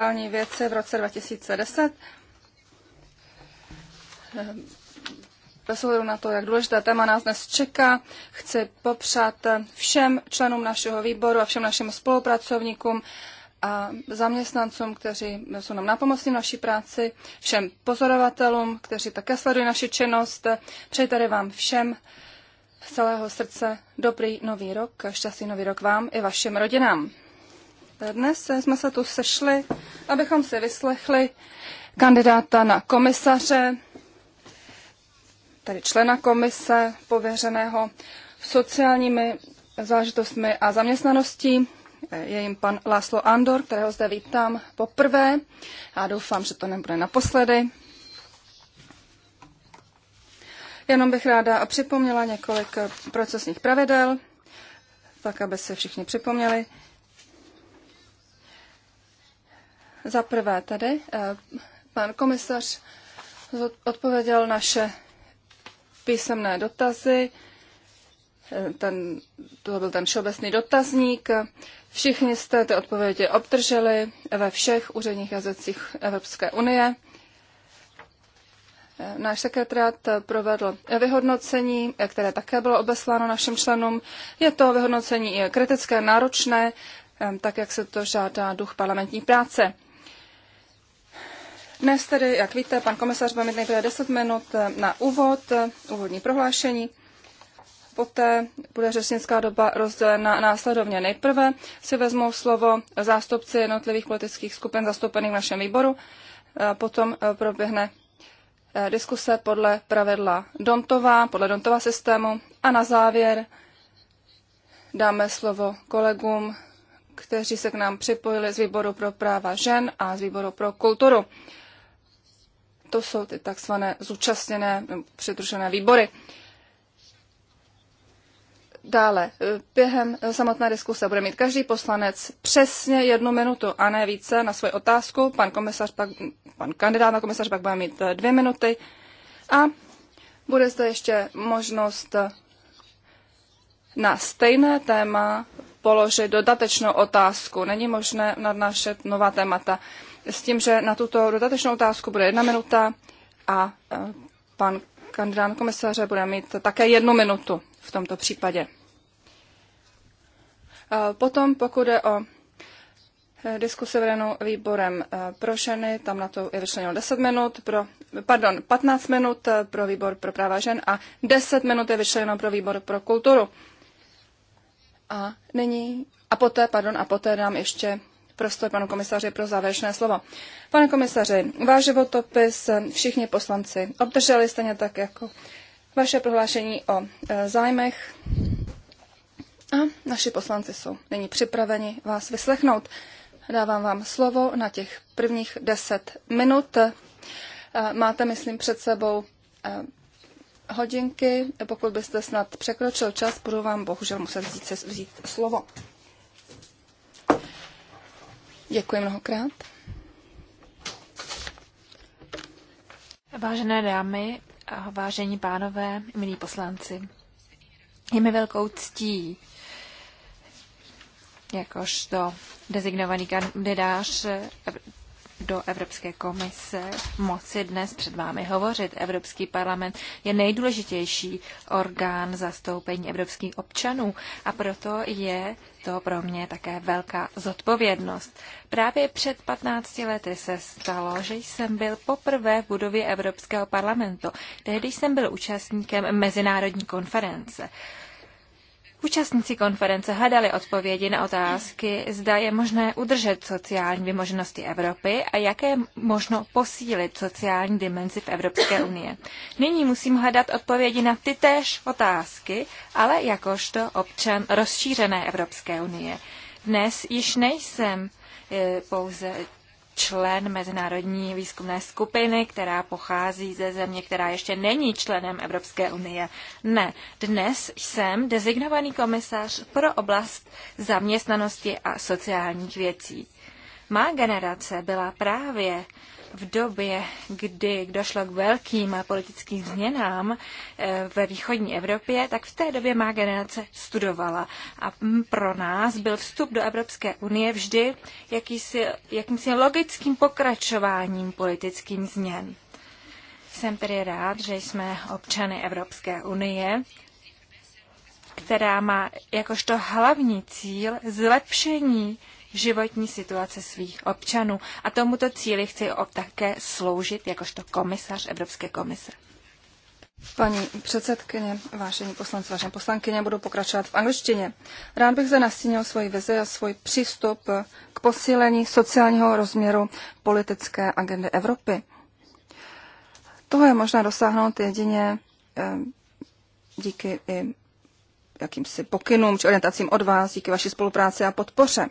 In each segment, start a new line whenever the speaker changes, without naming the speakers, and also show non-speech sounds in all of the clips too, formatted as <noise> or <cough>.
sociální věci v roce 2010. Ehm, bez na to, jak důležité téma nás dnes čeká, chci popřát všem členům našeho výboru a všem našim spolupracovníkům a zaměstnancům, kteří jsou nám napomocní v naší práci, všem pozorovatelům, kteří také sledují naši činnost. Přeji tady vám všem z celého srdce dobrý nový rok, šťastný nový rok vám i vašim rodinám. Dnes jsme se tu sešli, abychom si vyslechli kandidáta na komisaře, tedy člena komise pověřeného sociálními záležitostmi a zaměstnaností. Je jim pan Láslo Andor, kterého zde vítám poprvé a doufám, že to nebude naposledy. Jenom bych ráda připomněla několik procesních pravidel, tak aby se všichni připomněli. Za prvé tedy, eh, pan komisař odpověděl naše písemné dotazy, eh, ten, to byl ten všeobecný dotazník. Všichni jste ty odpovědi obdrželi ve všech úředních jazycích Evropské unie. Eh, náš sekretariat provedl vyhodnocení, které také bylo obesláno našim členům. Je to vyhodnocení kritické, náročné, tak jak se to žádá duch parlamentní práce. Dnes tedy, jak víte, pan komisař bude mít nejprve 10 minut na úvod, úvodní prohlášení. Poté bude řečnická doba rozdělena následovně. Nejprve si vezmou slovo zástupci jednotlivých politických skupin zastoupených v našem výboru. Potom eh, proběhne eh, diskuse podle pravidla Dontova, podle Dontova systému. A na závěr dáme slovo kolegům, kteří se k nám připojili z výboru pro práva žen a z výboru pro kulturu. To jsou ty takzvané zúčastněné přidružené výbory. Dále, eh, během eh, samotné diskuse bude mít každý poslanec přesně jednu minutu a ne více na svoji otázku. Pan, komisař pak, pan kandidát na komisař pak bude mít eh, dvě minuty a bude zde ještě možnost na stejné téma položit dodatečnou otázku. Není možné nadnášet nová témata s tím, že na tuto dodatečnou otázku bude jedna minuta a e, pan kandidát komisaře bude mít také jednu minutu v tomto případě. E, potom, pokud je o e, diskusi vedenou výborem pro ženy, tam na to je vyčleněno 10 minut, pro, pardon, 15 minut pro výbor pro práva žen a 10 minut je vyčleněno pro výbor pro kulturu. A nyní, a poté, pardon, a poté nám ještě prostor panu komisaři pro závěrečné slovo. Pane komisaři, váš životopis všichni poslanci obdrželi stejně tak jako vaše prohlášení o e, zájmech a naši poslanci jsou nyní připraveni vás vyslechnout. Dávám vám slovo na těch prvních deset minut. E, máte, myslím, před sebou e, hodinky. Pokud byste snad překročil čas, budu vám bohužel muset vzít, vzít
slovo. Děkuji mnohokrát. Vážené dámy a vážení pánové, milí poslanci, je mi velkou ctí, jakožto designovaný kandidář do Evropské komise moci dnes před vámi hovořit. Evropský parlament je nejdůležitější orgán zastoupení evropských občanů a proto je to pro mě také velká zodpovědnost. Právě před 15 lety se stalo, že jsem byl poprvé v budově Evropského parlamentu. Tehdy jsem byl účastníkem mezinárodní konference. Účastníci konference hledali odpovědi na otázky, zda je možné udržet sociální vymoženosti Evropy a jaké možno posílit sociální dimenzi v Evropské unie. Nyní musím hledat odpovědi na ty též otázky, ale jakožto občan rozšířené Evropské unie. Dnes již nejsem e, pouze člen mezinárodní výzkumné skupiny, která pochází ze země, která ještě není členem Evropské unie. Ne, dnes jsem dezignovaný komisař pro oblast zaměstnanosti a sociálních věcí. Má generace byla právě v době, kdy došlo k velkým politickým změnám eh, ve východní Evropě, tak v té době má generace studovala. A pro nás byl vstup do Evropské unie vždy jakýsi, jakýmsi logickým pokračováním politickým změn. Jsem tedy rád, že jsme občany Evropské unie, která má jakožto hlavní cíl zlepšení životní situace svých občanů. A tomuto cíli chci také sloužit jakožto komisař Evropské komise.
Paní předsedkyně, vážení poslanci, vážené poslankyně, budu pokračovat v angličtině. Rád bych zde nastínil svoji vizi a svůj přístup k posílení sociálního rozměru politické agendy Evropy. Toho je možné dosáhnout jedině eh, díky i jakýmsi pokynům či orientacím od vás, díky vaší spolupráci a podpoře.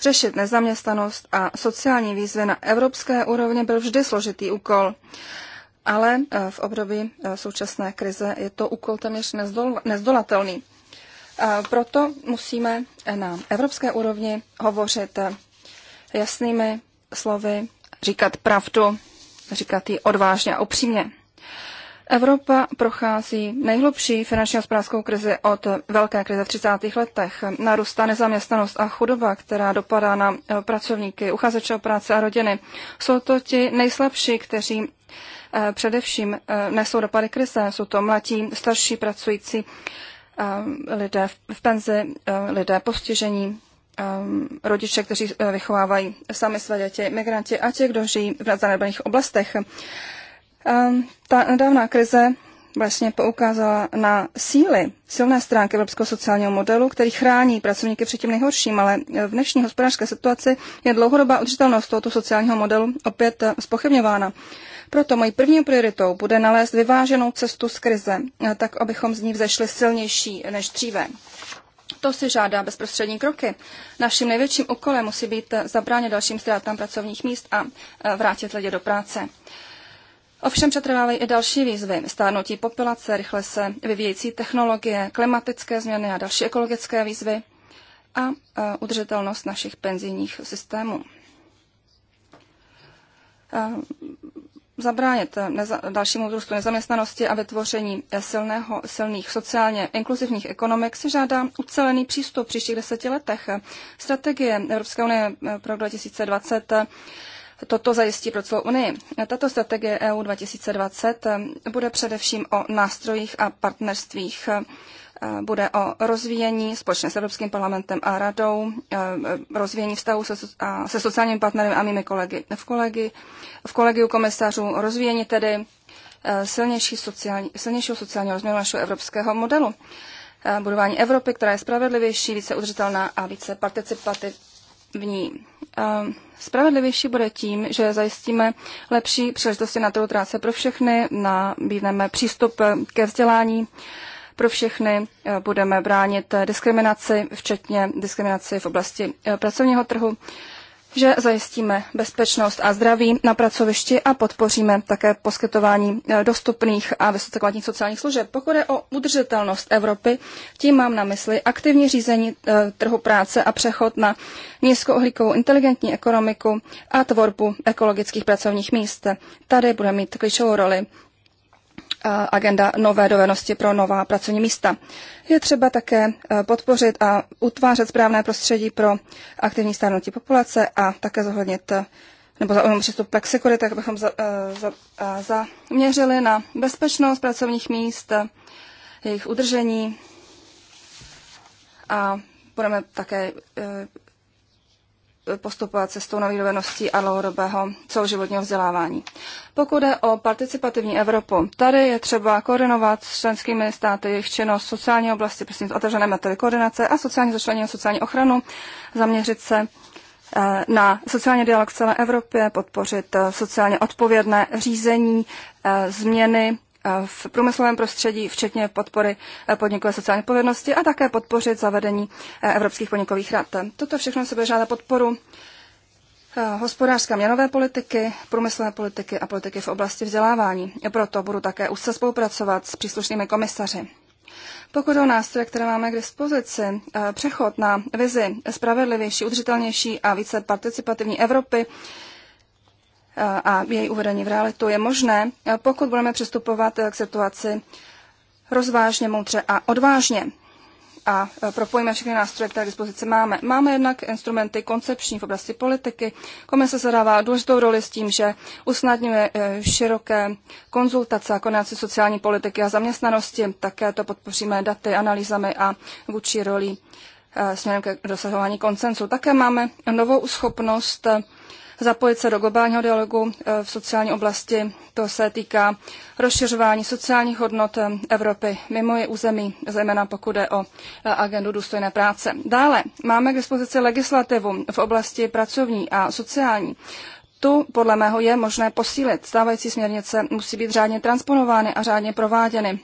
Řešit nezaměstnanost a sociální výzvy na evropské úrovni byl vždy složitý úkol, ale eh, v období eh, současné krize je to úkol téměř nezdolatelný. Proto musíme eh, na evropské úrovni hovořit jasnými slovy, říkat pravdu, říkat ji odvážně a upřímně. Evropa prochází nejhlubší finanční a hospodářskou krizi od velké krize v 30. letech. Narůstá nezaměstnanost a chudoba, která dopadá na eh, pracovníky, uchazeče o práce a rodiny. Jsou to ti nejslabší, kteří eh, především eh, nesou dopady krize. Jsou to mladí, starší pracující lidé v penzi, lidé postižení, rodiče, kteří vychovávají sami své děti, migranti a ti, kdo žijí v zanedbaných oblastech. Ehm, ta nedávná krize vlastně poukázala na síly, silné stránky evropského sociálního modelu, který chrání pracovníky před tím nejhorším, ale v dnešní hospodářské situaci je dlouhodobá udržitelnost tohoto sociálního modelu opět eh, spochybňována. Proto mojí první prioritou bude nalézt vyváženou cestu z krize, eh, tak abychom z ní vzešli silnější než dříve. To si žádá bezprostřední kroky. Naším největším úkolem musí být eh, zabránit dalším ztrátám pracovních míst a vrátit lidi do práce. Ovšem přetrvávají i další výzvy. Stárnutí populace, rychle se vyvíjející technologie, klimatické změny a další ekologické výzvy a e, udržitelnost našich penzijních systémů. E, zabránit neza- dalšímu růstu nezaměstnanosti a vytvoření silného, silných sociálně inkluzivních ekonomik si žádá ucelený přístup v příštích deseti letech. Strategie Evropské unie e, pro 2020 toto zajistí pro celou Unii. Tato strategie EU 2020 eh, bude především o nástrojích a partnerstvích eh, bude o rozvíjení společně s Evropským parlamentem a radou, eh, rozvíjení vztahu se, se sociálními partnery a mými kolegy v, kolegy, v kolegiu komisařů, rozvíjení tedy silnější sociální, silnějšího sociálního rozměru našeho evropského modelu. Budování Evropy, která je spravedlivější, více udržitelná a více participativ, v ní. Spravedlivější bude tím, že zajistíme lepší příležitosti na trhu práce pro všechny, nabídneme přístup ke vzdělání pro všechny, e, budeme bránit diskriminaci, včetně diskriminaci v oblasti e, pracovního trhu že zajistíme bezpečnost a zdraví na pracovišti a podpoříme také poskytování e, dostupných a vysokokvalitních sociálních služeb. Pokud je o udržitelnost Evropy, tím mám na mysli aktivní řízení e, trhu práce a přechod na nízkouhlíkovou inteligentní ekonomiku a tvorbu ekologických pracovních míst. Tady bude mít klíčovou roli agenda nové dovednosti pro nová pracovní místa. Je třeba také e, podpořit a utvářet správné prostředí pro aktivní stárnutí populace a také zohlednit e, nebo zaujmout přístup flexikury, tak abychom e, zaměřili za, za, na bezpečnost pracovních míst, jejich udržení a budeme také postupovat cestou nových a dlouhodobého celoživotního vzdělávání. Pokud je o participativní Evropu, tady je třeba koordinovat s členskými státy jejich činnost v sociální oblasti, prosím, otevřené metody koordinace a sociální začlenění sociální ochranu, zaměřit se eh, na sociální dialog v celé Evropě, podpořit eh, sociálně odpovědné řízení, eh, změny v průmyslovém prostředí, včetně podpory eh, podnikové sociální povinnosti a také podpořit zavedení eh, evropských podnikových rad. Toto všechno se bude žádat podporu eh, hospodářské měnové politiky, průmyslové politiky a politiky v oblasti vzdělávání. Proto budu také úzce spolupracovat s příslušnými komisaři. Pokud o nástroje, které máme k dispozici, přechod na vizi spravedlivější, udržitelnější a více participativní Evropy, a její uvedení v realitu je možné, eh, pokud budeme přistupovat eh, k situaci rozvážně, moudře a odvážně a eh, propojíme všechny nástroje, které k dispozici máme. Máme jednak instrumenty koncepční v oblasti politiky. Komise zadává důležitou roli s tím, že usnadňuje široké konzultace a konáci sociální politiky a zaměstnanosti. Také to podpoříme daty, analýzami a vůči roli směrem k dosahování koncensu. Také máme novou schopnost zapojit se do globálního dialogu eh, v sociální oblasti. To se týká rozšiřování sociálních hodnot eh, Evropy mimo je území, zejména pokud jde o eh, agendu důstojné práce. Dále máme k dispozici legislativu v oblasti pracovní a sociální. Tu podle mého je možné posílit. Stávající směrnice musí být řádně transponovány a řádně prováděny.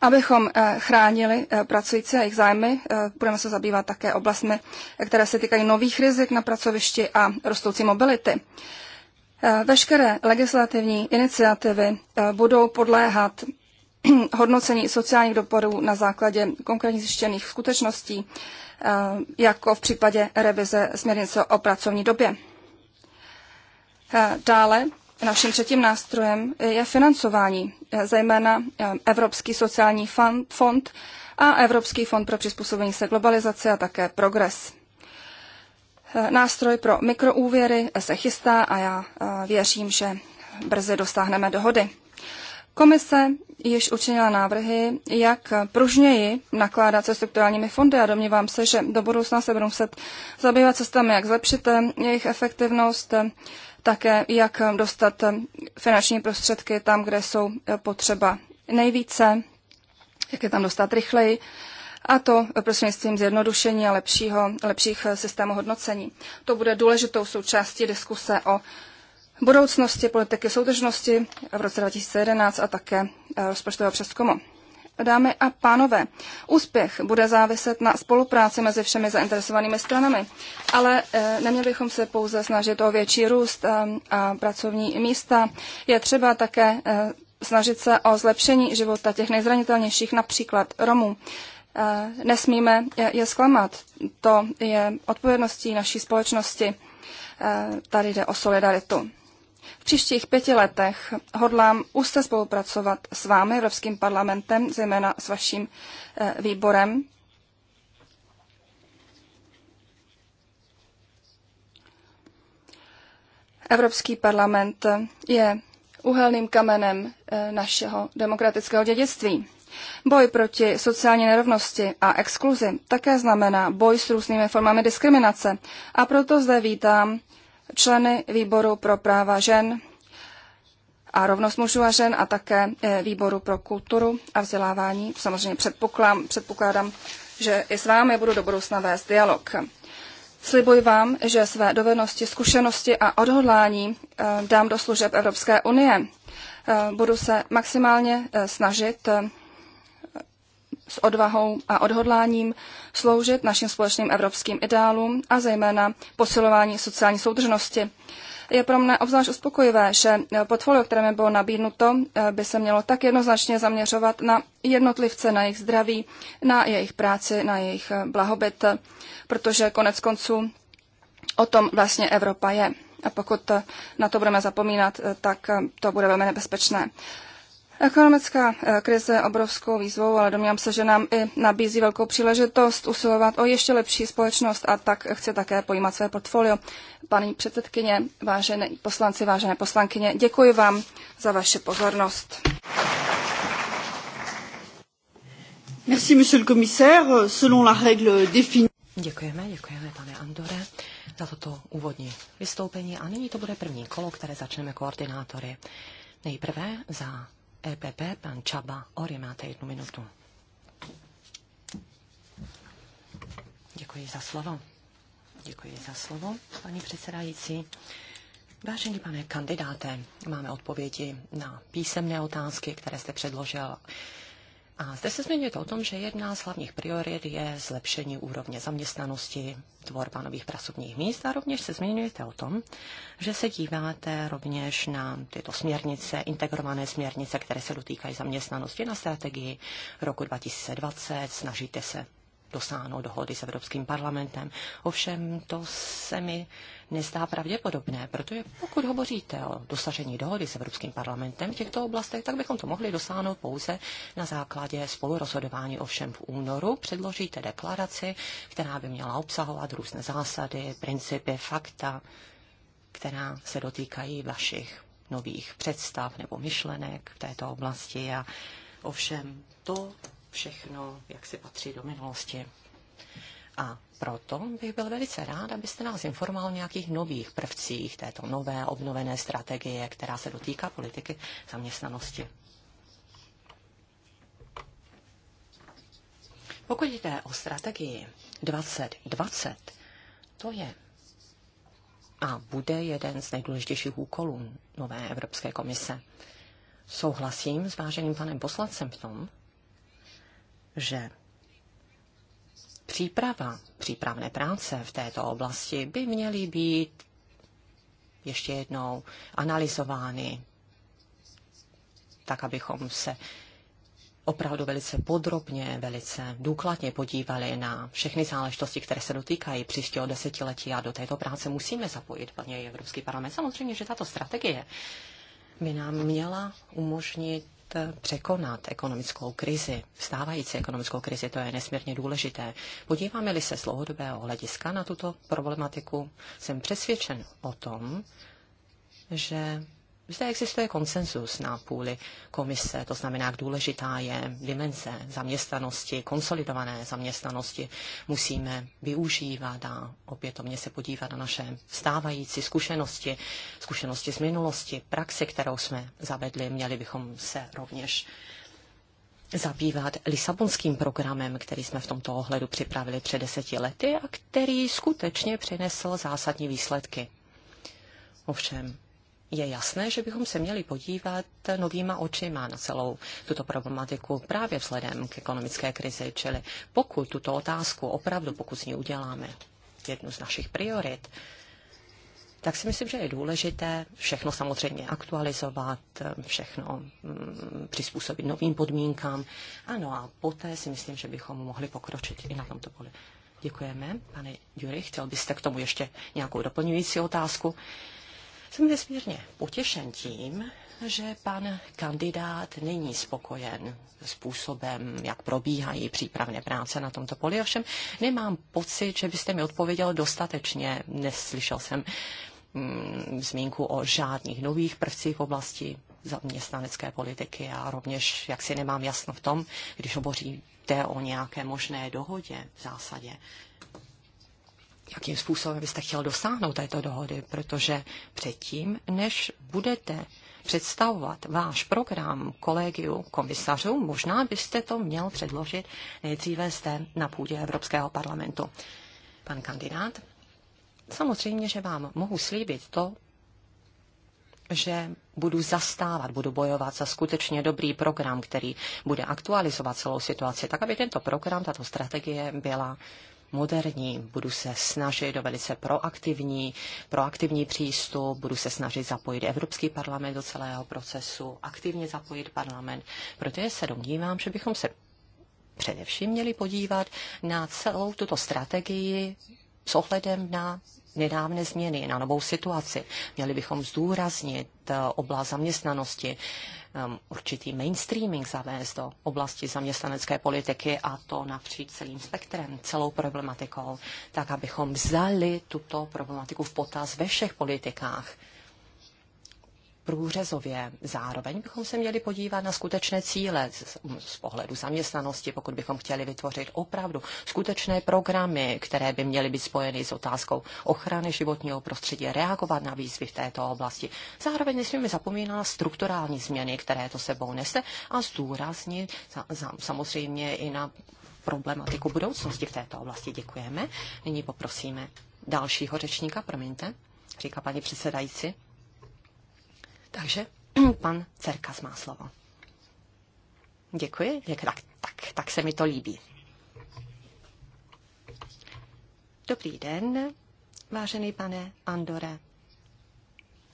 Abychom eh, chránili eh, pracující a jejich zájmy, eh, budeme se zabývat také oblastmi, které se týkají nových rizik na pracovišti a rostoucí mobility. Veškeré legislativní iniciativy budou podléhat <clears throat> hodnocení sociálních dopadů na základě konkrétně zjištěných skutečností, jako v případě revize směrnice o pracovní době. Dále naším třetím nástrojem je financování, eh, zejména eh, Evropský sociální fond a Evropský fond pro přizpůsobení se globalizaci a také progres. Eh, nástroj pro mikroúvěry se chystá a já věřím, že brzy dosáhneme dohody. Komise již učinila návrhy, jak pružněji nakládat se strukturálními fondy a domnívám se, že do budoucna se budou muset zabývat cestami, jak zlepšit jejich efektivnost, také, jak dostat finanční prostředky tam, kde jsou potřeba nejvíce, jak je tam dostat rychleji, a to prostřednictvím zjednodušení a lepšího, lepších systémů hodnocení. To bude důležitou součástí diskuse o budoucnosti politiky soudržnosti v roce 2011 a také eh, rozpočtového přeskumu. Dámy a pánové, úspěch bude záviset na spolupráci mezi všemi zainteresovanými stranami, ale eh, neměli bychom se pouze snažit o větší růst eh, a pracovní místa. Je třeba také eh, snažit se o zlepšení života těch nejzranitelnějších, například Romů. Nesmíme je zklamat. To je odpovědností naší společnosti. Tady jde o solidaritu. V příštích pěti letech hodlám úzce spolupracovat s vámi, Evropským parlamentem, zejména s vaším eh, výborem. Evropský parlament je uhelným kamenem eh, našeho demokratického dědictví. Boj proti sociální nerovnosti a exkluzi také znamená boj s různými formami diskriminace a proto zde vítám členy výboru pro práva žen a rovnost mužů a žen a také eh, výboru pro kulturu a vzdělávání. Samozřejmě předpokládám, předpokládám že i s vámi budu do budoucna vést dialog. Slibuji vám, že své dovednosti, zkušenosti a odhodlání eh, dám do služeb Evropské unie. Eh, budu se maximálně snažit s odvahou a odhodláním sloužit našim společným evropským ideálům a zejména posilování sociální soudržnosti. Je pro mne obzvlášť uspokojivé, že portfolio, které mi bylo nabídnuto, by se mělo tak jednoznačně zaměřovat na jednotlivce, na jejich zdraví, na jejich práci, na jejich eh, blahobyt, protože konec konců o tom vlastně Evropa je. A pokud eh, na to budeme zapomínat, eh, tak to bude velmi nebezpečné. Ekonomická eh, krize je obrovskou výzvou, ale domnívám se, že nám i nabízí velkou příležitost usilovat o ještě lepší společnost a tak chci také pojímat své portfolio. Paní předsedkyně, vážené poslanci, vážené poslankyně, děkuji vám za vaši pozornost.
Merci, monsieur le commissaire. Selon la règle définie... Děkujeme, děkujeme, pane Andore, za toto úvodní vystoupení. A nyní to bude první kolo, které začneme koordinátory. Nejprve za EPP, pan Čaba. Ory, máte jednu minutu. Děkuji za slovo. Děkuji za slovo, paní předsedající. Vážený pane kandidáte, máme odpovědi na písemné otázky, které jste předložil a zde se zmiňujete o tom, že jedna z hlavních priorit je zlepšení úrovně zaměstnanosti, tvorba nových pracovních míst a rovněž se zmiňujete o tom, že se díváte rovněž na tyto směrnice, integrované směrnice, které se dotýkají zaměstnanosti na strategii roku 2020, snažíte se dosáhnout dohody s Evropským parlamentem. Ovšem to se mi nezdá pravděpodobné, protože pokud hovoříte o dosažení dohody s Evropským parlamentem v těchto oblastech, tak bychom to mohli dosáhnout pouze na základě spolurozhodování. Ovšem v únoru předložíte deklaraci, která by měla obsahovat různé zásady, principy, fakta, která se dotýkají vašich nových představ nebo myšlenek v této oblasti. A ovšem to všechno, jak si patří do minulosti. A proto bych byl velice rád, abyste nás informoval o nějakých nových prvcích této nové obnovené strategie, která se dotýká politiky zaměstnanosti. Pokud jde o strategii 2020, to je a bude jeden z nejdůležitějších úkolů nové Evropské komise. Souhlasím s váženým panem poslancem v tom, že příprava, přípravné práce v této oblasti by měly být ještě jednou analyzovány, tak abychom se opravdu velice podrobně, velice důkladně podívali na všechny záležitosti, které se dotýkají příštího desetiletí a do této práce musíme zapojit plně Evropský parlament. Samozřejmě, že tato strategie by nám měla umožnit Eh, překonat ekonomickou krizi, stávající ekonomickou krizi, to je nesmírně důležité. Podíváme-li se z dlouhodobého hlediska na tuto problematiku, jsem přesvědčen o tom, že zde existuje konsensus na půli komise, to znamená, jak důležitá je dimenze zaměstnanosti, konsolidované zaměstnanosti. Musíme využívat a opětovně se podívat na naše stávající zkušenosti, zkušenosti z minulosti, praxi, kterou jsme zavedli. Měli bychom se rovněž zabývat Lisabonským programem, který jsme v tomto ohledu připravili před deseti lety a který skutečně přinesl zásadní výsledky. Ovšem, je jasné, že bychom se měli podívat novýma očima na celou tuto problematiku právě vzhledem k ekonomické krizi. Čili pokud tuto otázku opravdu, pokud s ní uděláme jednu z našich priorit, tak si myslím, že je důležité všechno samozřejmě aktualizovat, všechno mm, přizpůsobit novým podmínkám. Ano a poté si myslím, že bychom mohli pokročit i na tomto poli. Děkujeme. Pane Jury, chtěl byste k tomu ještě nějakou doplňující otázku? Jsem nesmírně potěšen tím, že pan kandidát není spokojen způsobem, jak probíhají přípravné práce na tomto poli. Ovšem nemám pocit, že byste mi odpověděl dostatečně. Neslyšel jsem mm, zmínku o žádných nových prvcích v oblasti zaměstnanecké politiky a rovněž, jak si nemám jasno v tom, když hovoříte o nějaké možné dohodě v zásadě jakým způsobem byste chtěl dosáhnout této dohody, protože předtím, než budete představovat váš program kolegiu komisařů, možná byste to měl předložit nejdříve zde na půdě Evropského parlamentu. Pan kandidát, samozřejmě, že vám mohu slíbit to, že budu zastávat, budu bojovat za skutečně dobrý program, který bude aktualizovat celou situaci, tak aby tento program, tato strategie byla moderní, budu se snažit o velice proaktivní, proaktivní přístup, budu se snažit zapojit Evropský parlament do celého procesu, aktivně zapojit parlament, protože se domnívám, že bychom se především měli podívat na celou tuto strategii s ohledem na nedávné změny, na novou situaci. Měli bychom zdůraznit eh, oblast zaměstnanosti, ehm, určitý mainstreaming zavést do oblasti zaměstnanecké politiky a to napříč celým spektrem, celou problematikou, tak abychom vzali tuto problematiku v potaz ve všech politikách průřezově. Zároveň bychom se měli podívat na skutečné cíle z, z pohledu zaměstnanosti, pokud bychom chtěli vytvořit opravdu skutečné programy, které by měly být spojeny s otázkou ochrany životního prostředí, reagovat na výzvy v této oblasti. Zároveň nesmíme zapomínat na strukturální změny, které to sebou nese a zdůraznit za, za, samozřejmě i na problematiku budoucnosti v této oblasti. Děkujeme. Nyní poprosíme dalšího řečníka, promiňte, říká paní předsedající. Takže <clears throat> pan Cerkas má slovo. Děkuji, děkuji. Tak, tak, tak se mi to líbí. Dobrý den, vážený pane Andore.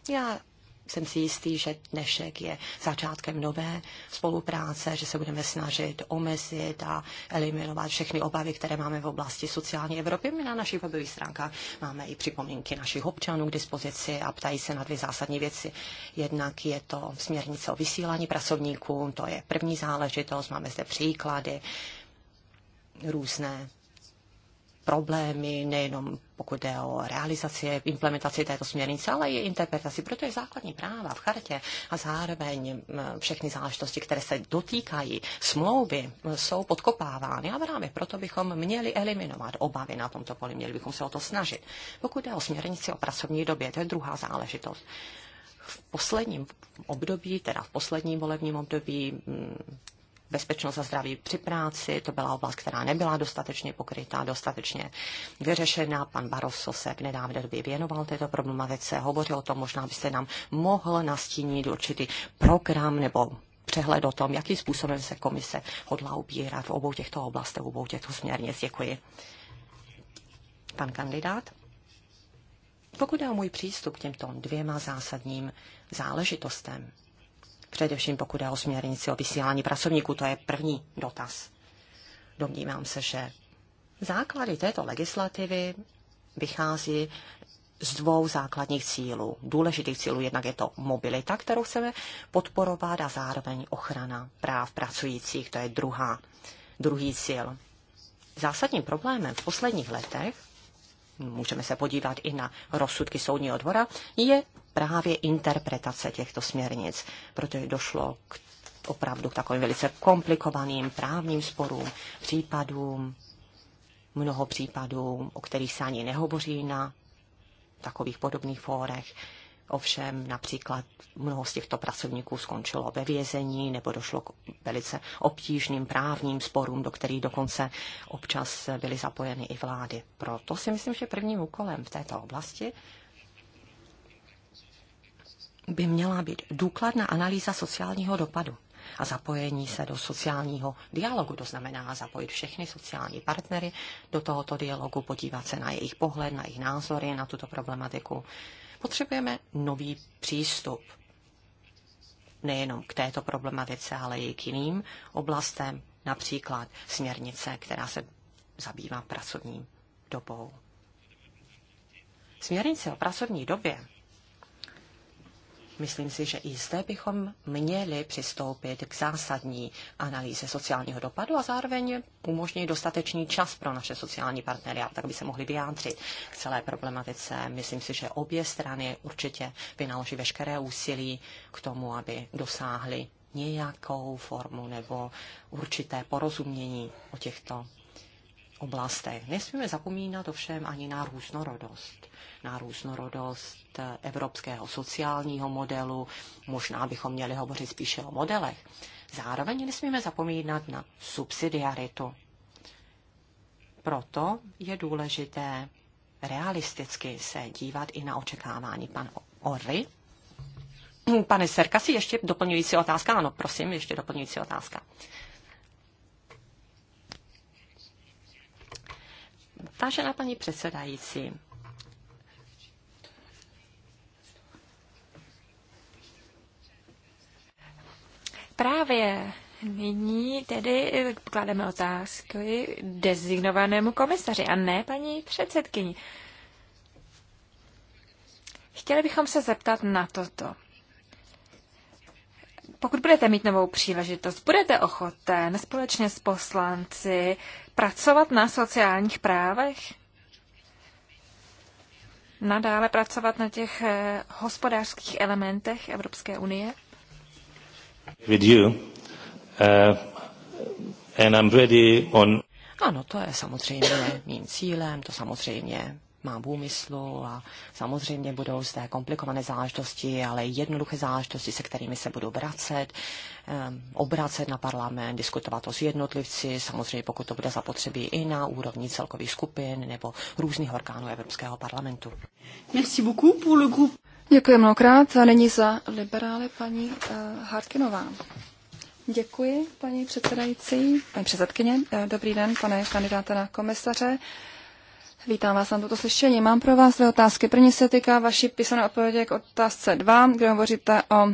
Já jsem si jistý, že dnešek je začátkem nové spolupráce, že se budeme snažit omezit a eliminovat všechny obavy, které máme v oblasti sociální Evropy. My na našich webových stránkách máme i připomínky našich občanů k dispozici a ptají se na dvě zásadní věci. Jednak je to směrnice o vysílání pracovníků, to je první záležitost, máme zde příklady, různé problémy, nejenom pokud jde o realizaci, implementaci této směrnice, ale i interpretaci, protože základní práva v chartě a zároveň všechny záležitosti, které se dotýkají smlouvy, jsou podkopávány a právě proto bychom měli eliminovat obavy na tomto poli, měli bychom se o to snažit. Pokud jde o směrnici o pracovní době, to je druhá záležitost v posledním období, teda v posledním volebním období, bezpečnost a zdraví při práci. To byla oblast, která nebyla dostatečně pokrytá, dostatečně vyřešená. Pan Barroso se v nedávné době věnoval této problematice, hovořil o tom, možná byste nám mohl nastínit určitý program nebo přehled o tom, jakým způsobem se komise hodlá ubírat v obou těchto oblastech, v obou těchto směrnic. Děkuji. Pan kandidát? Pokud je o můj přístup k těmto dvěma zásadním záležitostem, především pokud je o směrnici o vysílání pracovníků. To je první dotaz. Domnívám se, že základy této legislativy vychází z dvou základních cílů, důležitých cílů. Jednak je to mobilita, kterou chceme podporovat a zároveň ochrana práv pracujících, to je druhá, druhý cíl. Zásadním problémem v posledních letech, můžeme se podívat i na rozsudky soudního dvora, je právě interpretace těchto směrnic, protože došlo k opravdu k takovým velice komplikovaným právním sporům, případům, mnoho případů, o kterých se ani nehovoří na takových podobných fórech. Ovšem například mnoho z těchto pracovníků skončilo ve vězení nebo došlo k velice obtížným právním sporům, do kterých dokonce občas byly zapojeny i vlády. Proto si myslím, že prvním úkolem v této oblasti by měla být důkladná analýza sociálního dopadu a zapojení se do sociálního dialogu. To znamená zapojit všechny sociální partnery do tohoto dialogu, podívat se na jejich pohled, na jejich názory, na tuto problematiku. Potřebujeme nový přístup nejenom k této problematice, ale i k jiným oblastem, například směrnice, která se zabývá pracovním dobou. Směrnice o pracovní době Myslím si, že i zde bychom měli přistoupit k zásadní analýze sociálního dopadu a zároveň umožnit dostatečný čas pro naše sociální partnery, tak by se mohli vyjádřit k celé problematice. Myslím si, že obě strany určitě vynaloží veškeré úsilí k tomu, aby dosáhly nějakou formu nebo určité porozumění o těchto oblastech. Nesmíme zapomínat ovšem ani na různorodost. Na různorodost evropského sociálního modelu, možná bychom měli hovořit spíše o modelech. Zároveň nesmíme zapomínat na subsidiaritu. Proto je důležité realisticky se dívat i na očekávání. Pan Orry? Pane Serkasi, ještě doplňující otázka? Ano, prosím, ještě doplňující otázka. Vážená paní předsedající,
právě nyní tedy klademe otázky designovanému komisaři a ne paní předsedkyni. Chtěli bychom se zeptat na toto. Pokud budete mít novou příležitost, budete ochoten společně s poslanci pracovat na sociálních právech? Nadále pracovat na těch eh, hospodářských elementech Evropské unie?
With you. Uh, and I'm ready on...
Ano, to je samozřejmě mým
cílem, to samozřejmě má v úmyslu a samozřejmě budou zde komplikované záležitosti, ale jednoduché záležitosti, se kterými se budou vracet, um, obracet na parlament, diskutovat o s jednotlivci, samozřejmě pokud to bude zapotřebí i na úrovni celkových skupin nebo různých orgánů Evropského parlamentu. Merci beaucoup pour le groupe.
Děkuji mnohokrát a nyní za liberály paní uh, Harkinová. Děkuji, paní předsedající, paní předsedkyně. Eh, dobrý den, pane kandidáte na komisaře. Vítám vás na toto slyšení. Mám pro vás dvě otázky. První se týká vaší písané odpovědi k otázce 2, kde hovoříte o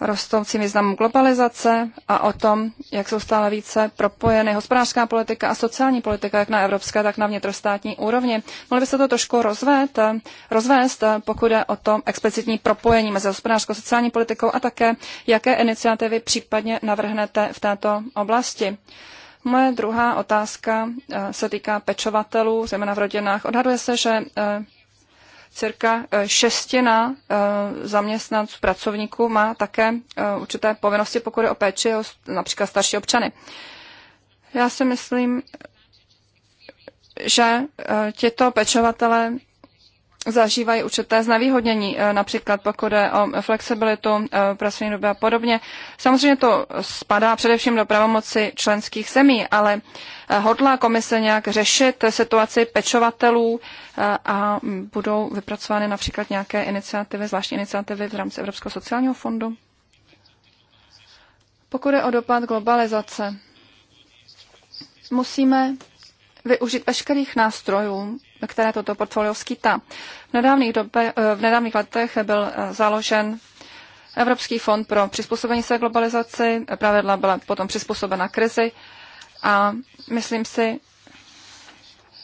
rostoucím významu globalizace a o tom, jak jsou stále více propojeny hospodářská politika a sociální politika, jak na evropské, tak na vnitrostátní úrovni. Mohli byste to trošku rozvést, rozvést pokud je o tom explicitní propojení mezi hospodářskou a sociální politikou a také, jaké iniciativy případně navrhnete v této oblasti. Moje druhá otázka eh, se týká pečovatelů, zejména v rodinách. Odhaduje se, že eh, cirka eh, šestina zaměstnanců pracovníků má také určité povinnosti, pokud je o péči, například starší občany. Já si myslím, že tito pečovatele zažívají určité znevýhodnění, eh, například pokud jde o flexibilitu eh, pracovní doby a podobně. Samozřejmě to spadá především do pravomoci členských zemí, ale eh, hodlá komise nějak řešit situaci pečovatelů a budou vypracovány například nějaké iniciativy, zvláštní iniciativy v rámci Evropského sociálního fondu? Pokud je o dopad globalizace, musíme využít veškerých nástrojů, které toto portfolio skýtá. V nedávných, eh, v nedávných letech byl eh, založen Evropský fond pro přizpůsobení se globalizaci, pravidla byla potom přizpůsobena krizi a myslím si,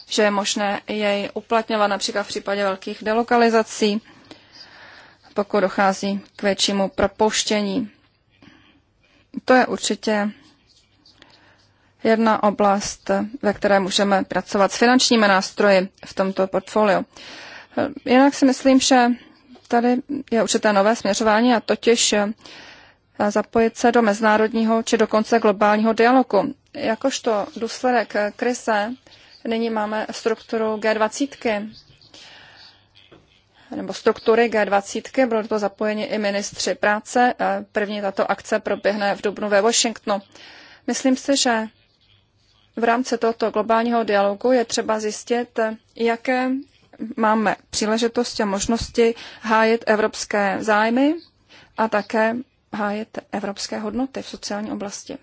že je možné jej uplatňovat například v případě velkých delokalizací, pokud dochází k většímu propouštění. To je určitě jedna oblast, ve které můžeme pracovat s finančními nástroji v tomto portfoliu. Jinak si myslím, že tady je určité nové směřování a totiž eh, zapojit se do mezinárodního či dokonce globálního dialogu. Jakožto důsledek krize nyní máme strukturu G20, nebo struktury G20, bylo to zapojeni i ministři práce. Eh, první tato akce proběhne v Dubnu ve Washingtonu. Myslím si, že v rámci tohoto globálního dialogu je třeba zjistit, jaké máme příležitosti a možnosti hájit evropské zájmy a také hájit evropské hodnoty v sociální oblasti.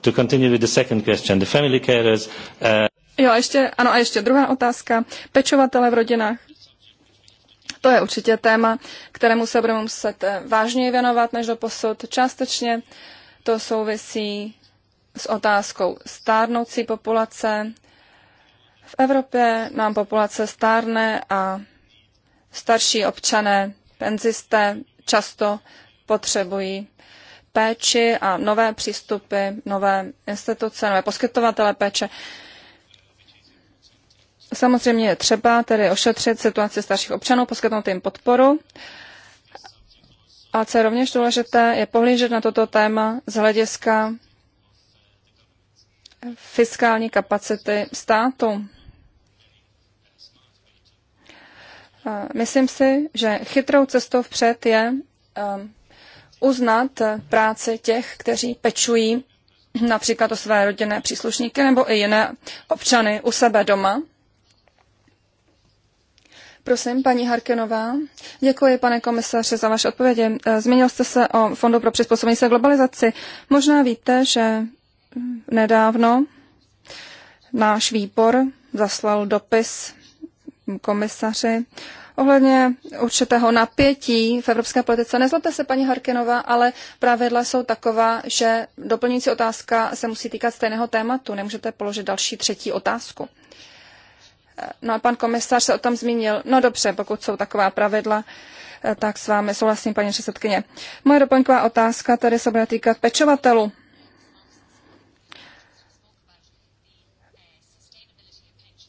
To continue with the second question, the family carers, uh...
Jo, a ještě, ano, a ještě druhá otázka. Pečovatele v rodinách. To je určitě téma, kterému se budeme muset eh, vážněji věnovat než do posud. Částečně to souvisí s otázkou stárnoucí populace. V Evropě nám populace stárne a starší občané, penzisté často potřebují péči a nové přístupy, nové instituce, nové poskytovatele péče. Samozřejmě je třeba tedy ošetřit situaci starších občanů, poskytnout jim podporu. A co je rovněž důležité, je pohlížet na toto téma z hlediska fiskální kapacity státu. Myslím si, že chytrou cestou vpřed je um, uznat práci těch, kteří pečují například o své rodinné příslušníky nebo i jiné občany u sebe doma, Prosím, paní Harkenová. Děkuji, pane komisaře za vaše odpovědi. Eh, zmínil jste se o Fondu pro přizpůsobení se globalizaci. Možná víte, že nedávno náš výbor zaslal dopis komisaři ohledně určitého napětí v evropské politice. Nezlobte se, paní Harkenová, ale pravidla jsou taková, že doplňující otázka se musí týkat stejného tématu. Nemůžete položit další třetí otázku. No a pan komisař se o tom zmínil. No dobře, pokud jsou taková pravidla, eh, tak s vámi souhlasím, paní předsedkyně. Moje doplňková otázka tady se bude týkat pečovatelů.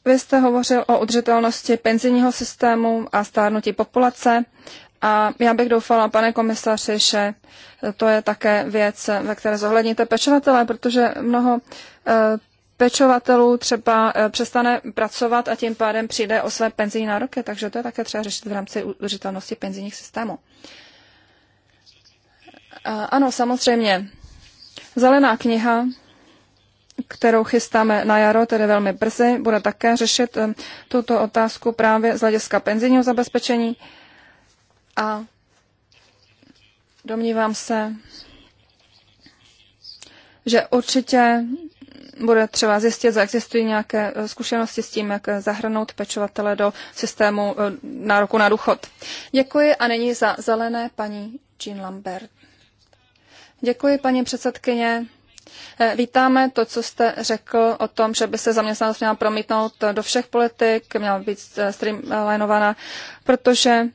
Vy jste hovořil o udržitelnosti penzijního systému a stárnutí populace a já bych doufala, pane komisaři, že to je také věc, ve které zohledníte pečovatele, protože mnoho eh, pečovatelů třeba eh, přestane pracovat a tím pádem přijde o své penzijní nároky, takže to je také třeba řešit v rámci udržitelnosti penzijních systémů. Ano, samozřejmě. Zelená kniha, kterou chystáme na jaro, tedy velmi brzy, bude také řešit eh, tuto otázku právě z hlediska penzijního zabezpečení a domnívám se, že určitě bude třeba zjistit, zda existují nějaké eh, zkušenosti s tím, jak eh, zahrnout pečovatele do systému eh, nároku na důchod. Děkuji a nyní za zelené paní Jean Lambert. Děkuji, paní předsedkyně. Vítáme to, co jste řekl o tom, že by se zaměstnanost měla promítnout do všech politik, měla být streamlinovaná, protože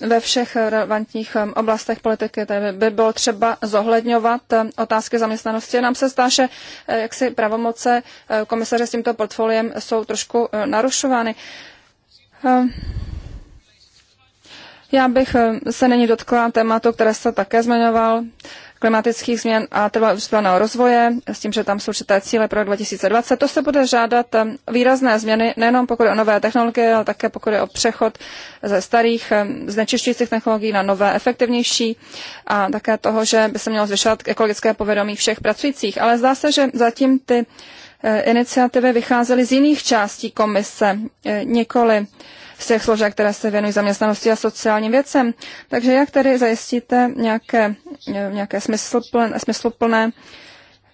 ve všech relevantních um, oblastech politiky tedy by bylo třeba zohledňovat um, otázky zaměstnanosti. Nám se zdá, že eh, jaksi pravomoce eh, komisaře s tímto portfoliem jsou trošku eh, narušovány. Ehm, já bych se není dotkla tématu, které jste také zmiňoval, klimatických změn a trvalého rozvoje, s tím, že tam jsou určité cíle pro 2020. To se bude žádat eh, výrazné změny, nejenom pokud je o nové technologie, ale také pokud je o přechod ze starých eh, znečišťujících technologií na nové, efektivnější a také toho, že by se mělo zvyšovat ekologické povědomí všech pracujících. Ale zdá se, že zatím ty eh, iniciativy vycházely z jiných částí komise, nikoli všech složek, které se věnují zaměstnanosti a sociálním věcem. Takže jak tedy zajistíte nějaké, nějaké smysluplné, smysluplné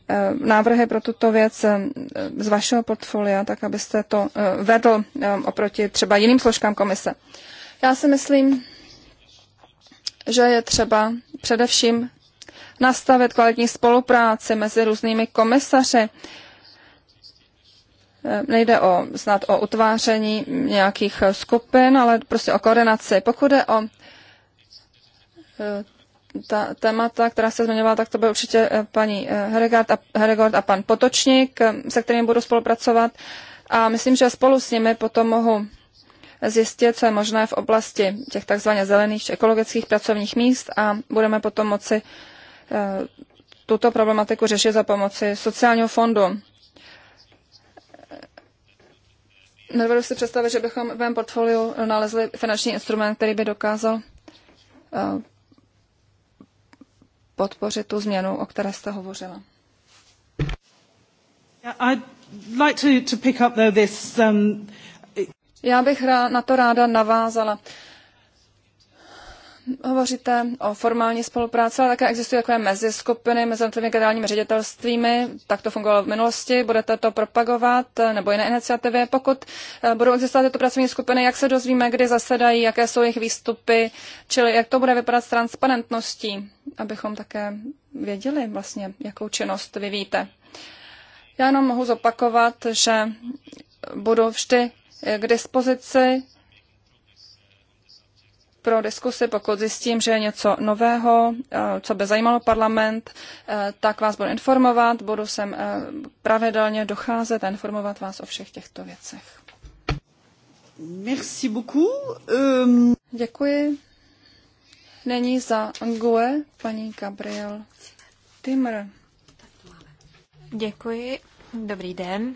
eh, návrhy pro tuto věc eh, z vašeho portfolia, tak abyste to eh, vedl oproti třeba jiným složkám komise. Já si myslím, že je třeba především nastavit kvalitní spolupráci mezi různými komisaři, Eh, nejde o, snad o utváření nějakých eh, skupin, ale prostě o koordinaci. Pokud je o eh, ta témata, která se zmiňovala, tak to byl určitě paní Heregard a, Heregard a pan Potočník, se kterým budu spolupracovat. A myslím, že spolu s nimi potom mohu zjistit, co je možné v oblasti těch takzvaně zelených či ekologických pracovních míst a budeme potom moci tuto problematiku řešit za pomoci sociálního fondu. Nedovedu si představit, že bychom v mém portfoliu nalezli finanční instrument, který by dokázal eh, podpořit tu změnu, o které jste hovořila. Um, Já bych na to ráda navázala hovoříte o formální spolupráci, ale také existují takové meziskupiny mezi jednotlivými generálními ředitelstvími. Tak to fungovalo v minulosti. Budete to propagovat eh, nebo jiné iniciativy? Pokud eh, budou existovat tyto pracovní skupiny, jak se dozvíme, kdy zasedají, jaké jsou jejich výstupy, čili jak to bude vypadat s transparentností, abychom také věděli vlastně, jakou činnost vyvíjíte. Já jenom mohu zopakovat, že budu vždy k dispozici pro diskusi, pokud zjistím, že je něco nového, eh, co by zajímalo parlament, eh, tak vás budu informovat, budu sem eh, pravidelně docházet a informovat vás o všech těchto věcech. Merci beaucoup. Um... Děkuji. Není za Angue paní Gabriel
Timr. Děkuji. Dobrý den.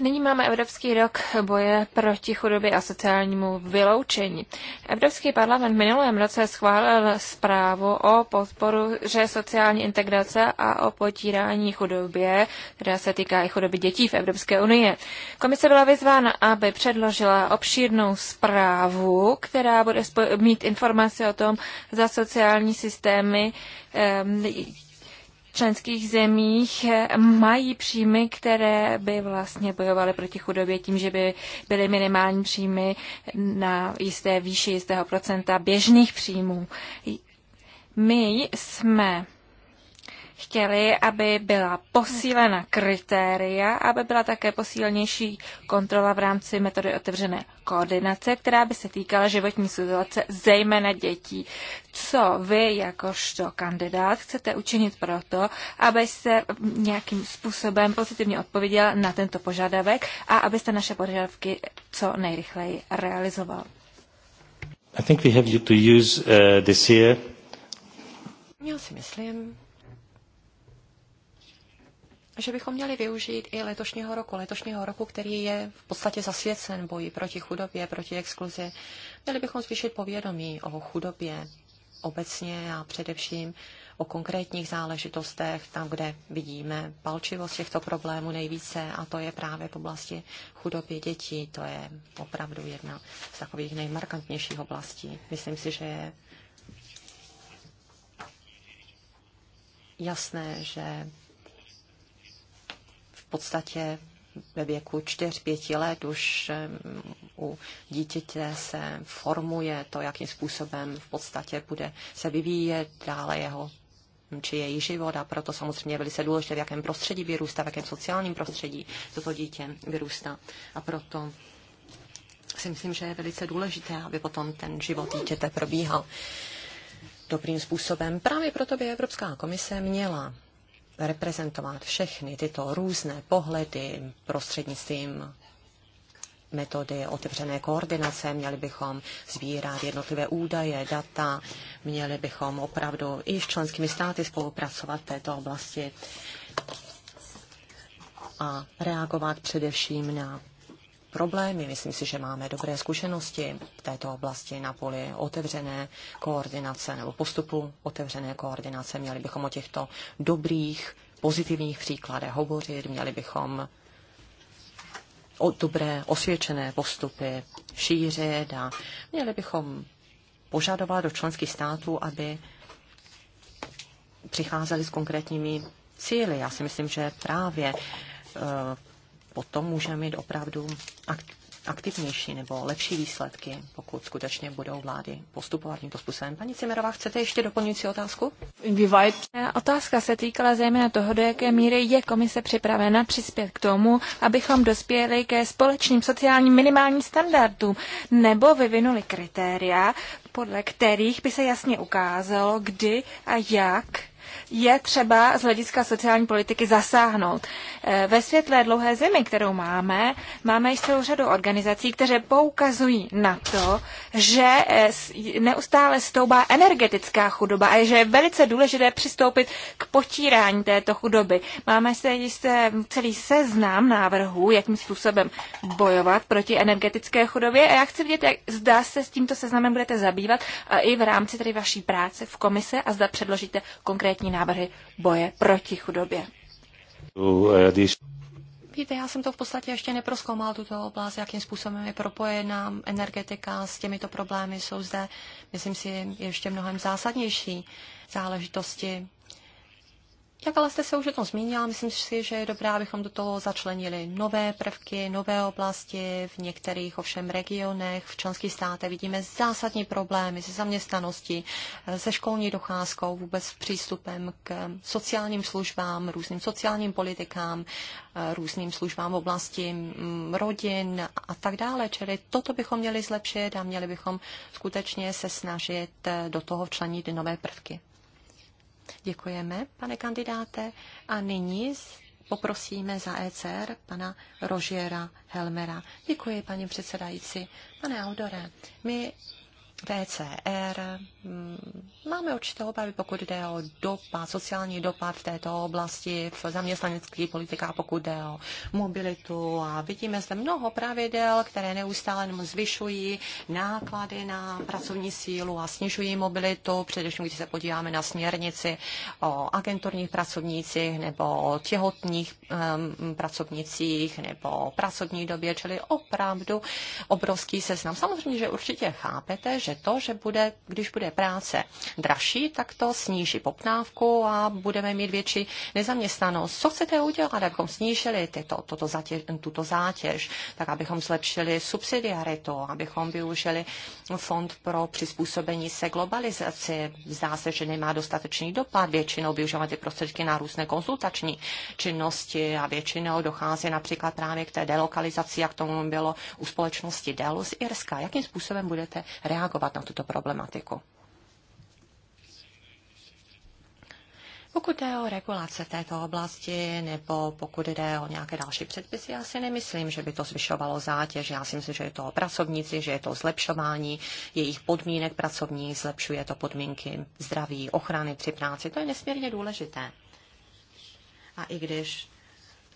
Nyní máme Evropský rok boje proti chudobě a sociálnímu vyloučení. Evropský parlament v minulém roce schválil zprávu o podporu, že sociální integrace a o potírání chudobě, která se týká i chudoby dětí v Evropské unii. Komise byla vyzvána, aby předložila obšírnou zprávu, která bude mít informace o tom, za sociální systémy, ehm, členských zemích eh, mají příjmy, které by vlastně bojovaly proti chudobě tím, že by byly minimální příjmy na jisté výši jistého procenta běžných příjmů. My jsme chtěli, aby byla posílena kritéria, aby byla také posílenější kontrola v rámci metody otevřené koordinace, která by se týkala životní situace zejména dětí. Co vy jakožto kandidát chcete učinit proto, aby se nějakým způsobem pozitivně odpověděl na tento požadavek a abyste naše požadavky co nejrychleji realizoval?
I think we have to use uh, this year.
Já si
myslím, že bychom měli využít i letošního roku, letošního roku, který je v podstatě zasvěcen boji proti chudobě, proti exkluzi. Měli bychom zvýšit povědomí o chudobě obecně a především o konkrétních záležitostech, tam, kde vidíme palčivost těchto problémů nejvíce, a to je právě v oblasti chudoby dětí. To je opravdu jedna z takových nejmarkantnějších oblastí. Myslím si, že je jasné, že podstatě ve věku 4-5 let už eh, u dítěte se formuje to, jakým způsobem v podstatě bude se vyvíjet dále jeho či její život a proto samozřejmě je velice důležité, v jakém prostředí vyrůstá, v jakém sociálním prostředí toto dítě vyrůstá. A proto si myslím, že je velice důležité, aby potom ten život dítěte probíhal dobrým způsobem. Právě proto by Evropská komise měla reprezentovat všechny tyto různé pohledy prostřednictvím metody otevřené koordinace, měli bychom sbírat jednotlivé údaje, data, měli bychom opravdu i s členskými státy spolupracovat v této oblasti a reagovat především na problémy. Myslím si, že máme dobré zkušenosti v této oblasti na poli otevřené koordinace nebo postupu otevřené koordinace. Měli bychom o těchto dobrých, pozitivních příkladech hovořit, měli bychom o dobré osvědčené postupy šířit a měli bychom požadovat do členských států, aby přicházeli s konkrétními cíly. Já si myslím, že právě eh, potom můžeme mít opravdu aktivnější nebo lepší výsledky, pokud skutečně budou vlády postupovat tímto způsobem.
Paní Cimerová, chcete ještě doplňující otázku? E, otázka se týkala zejména toho, do jaké míry je komise připravena přispět k tomu, abychom dospěli ke společným sociálním minimálním standardům nebo vyvinuli kritéria, podle kterých by se jasně ukázalo, kdy a jak je třeba z hlediska sociální politiky zasáhnout. E, ve světlé dlouhé zemi, kterou máme, máme i celou řadu organizací, které poukazují na to, že e, neustále stoubá energetická chudoba a že je velice důležité přistoupit k potírání této chudoby. Máme se jisté celý seznam návrhů, jakým způsobem bojovat proti energetické chudobě a já chci vědět, jak zda se s tímto seznamem budete zabývat a i v rámci tedy vaší práce v komise a zda předložíte konkrétní návrh návrhy boje proti chudobě. Víte,
já jsem to v podstatě ještě neproskoumal, tuto oblast, jakým způsobem je propojená energetika s těmito problémy. Jsou zde, myslím si, ještě mnohem zásadnější záležitosti jak ale jste se už o tom zmínila, myslím si, že je dobré, abychom do toho začlenili nové prvky, nové oblasti. V některých ovšem regionech, v členských státech vidíme zásadní problémy se zaměstnaností, se školní docházkou, vůbec s přístupem k sociálním službám, různým sociálním politikám, různým službám v oblasti mm, rodin a tak dále. Čili toto bychom měli zlepšit a měli bychom skutečně se snažit do toho včlenit nové prvky. Děkujeme, pane kandidáte. A nyní poprosíme za ECR pana Rožiera Helmera. Děkuji, paní předsedající. Pane Audore, my T.C.R. Máme určité obavy, pokud jde o dopad, sociální dopad v této oblasti, v zaměstnaneckých politikách, pokud jde o mobilitu. A vidíme zde mnoho pravidel, které neustále jenom zvyšují náklady na pracovní sílu a snižují mobilitu, především když se podíváme na směrnici o agenturních pracovnících nebo o těhotných um, pracovnicích nebo o pracovní době, čili opravdu obrovský seznam. Samozřejmě, že určitě chápete, že že to, že bude, když bude práce dražší, tak to sníží poptávku a budeme mít větší nezaměstnanost. Co chcete udělat, abychom snížili tyto, toto zatěž, tuto zátěž, tak abychom zlepšili subsidiaritu, abychom využili fond pro přizpůsobení se globalizaci. Zdá se, že nemá dostatečný dopad. Většinou využíváme ty prostředky na různé konzultační činnosti a většinou dochází například právě k té delokalizaci, jak tomu bylo u společnosti Dell z Irska. Jakým způsobem budete reagovat? reagovat na tuto problematiku. Pokud jde o regulace této oblasti nebo pokud jde o nějaké další předpisy, já si nemyslím, že by to zvyšovalo zátěž. Já si myslím, že je to o pracovníci, že je to zlepšování jejich podmínek pracovních, zlepšuje to podmínky zdraví, ochrany při práci. To je nesmírně důležité. A i když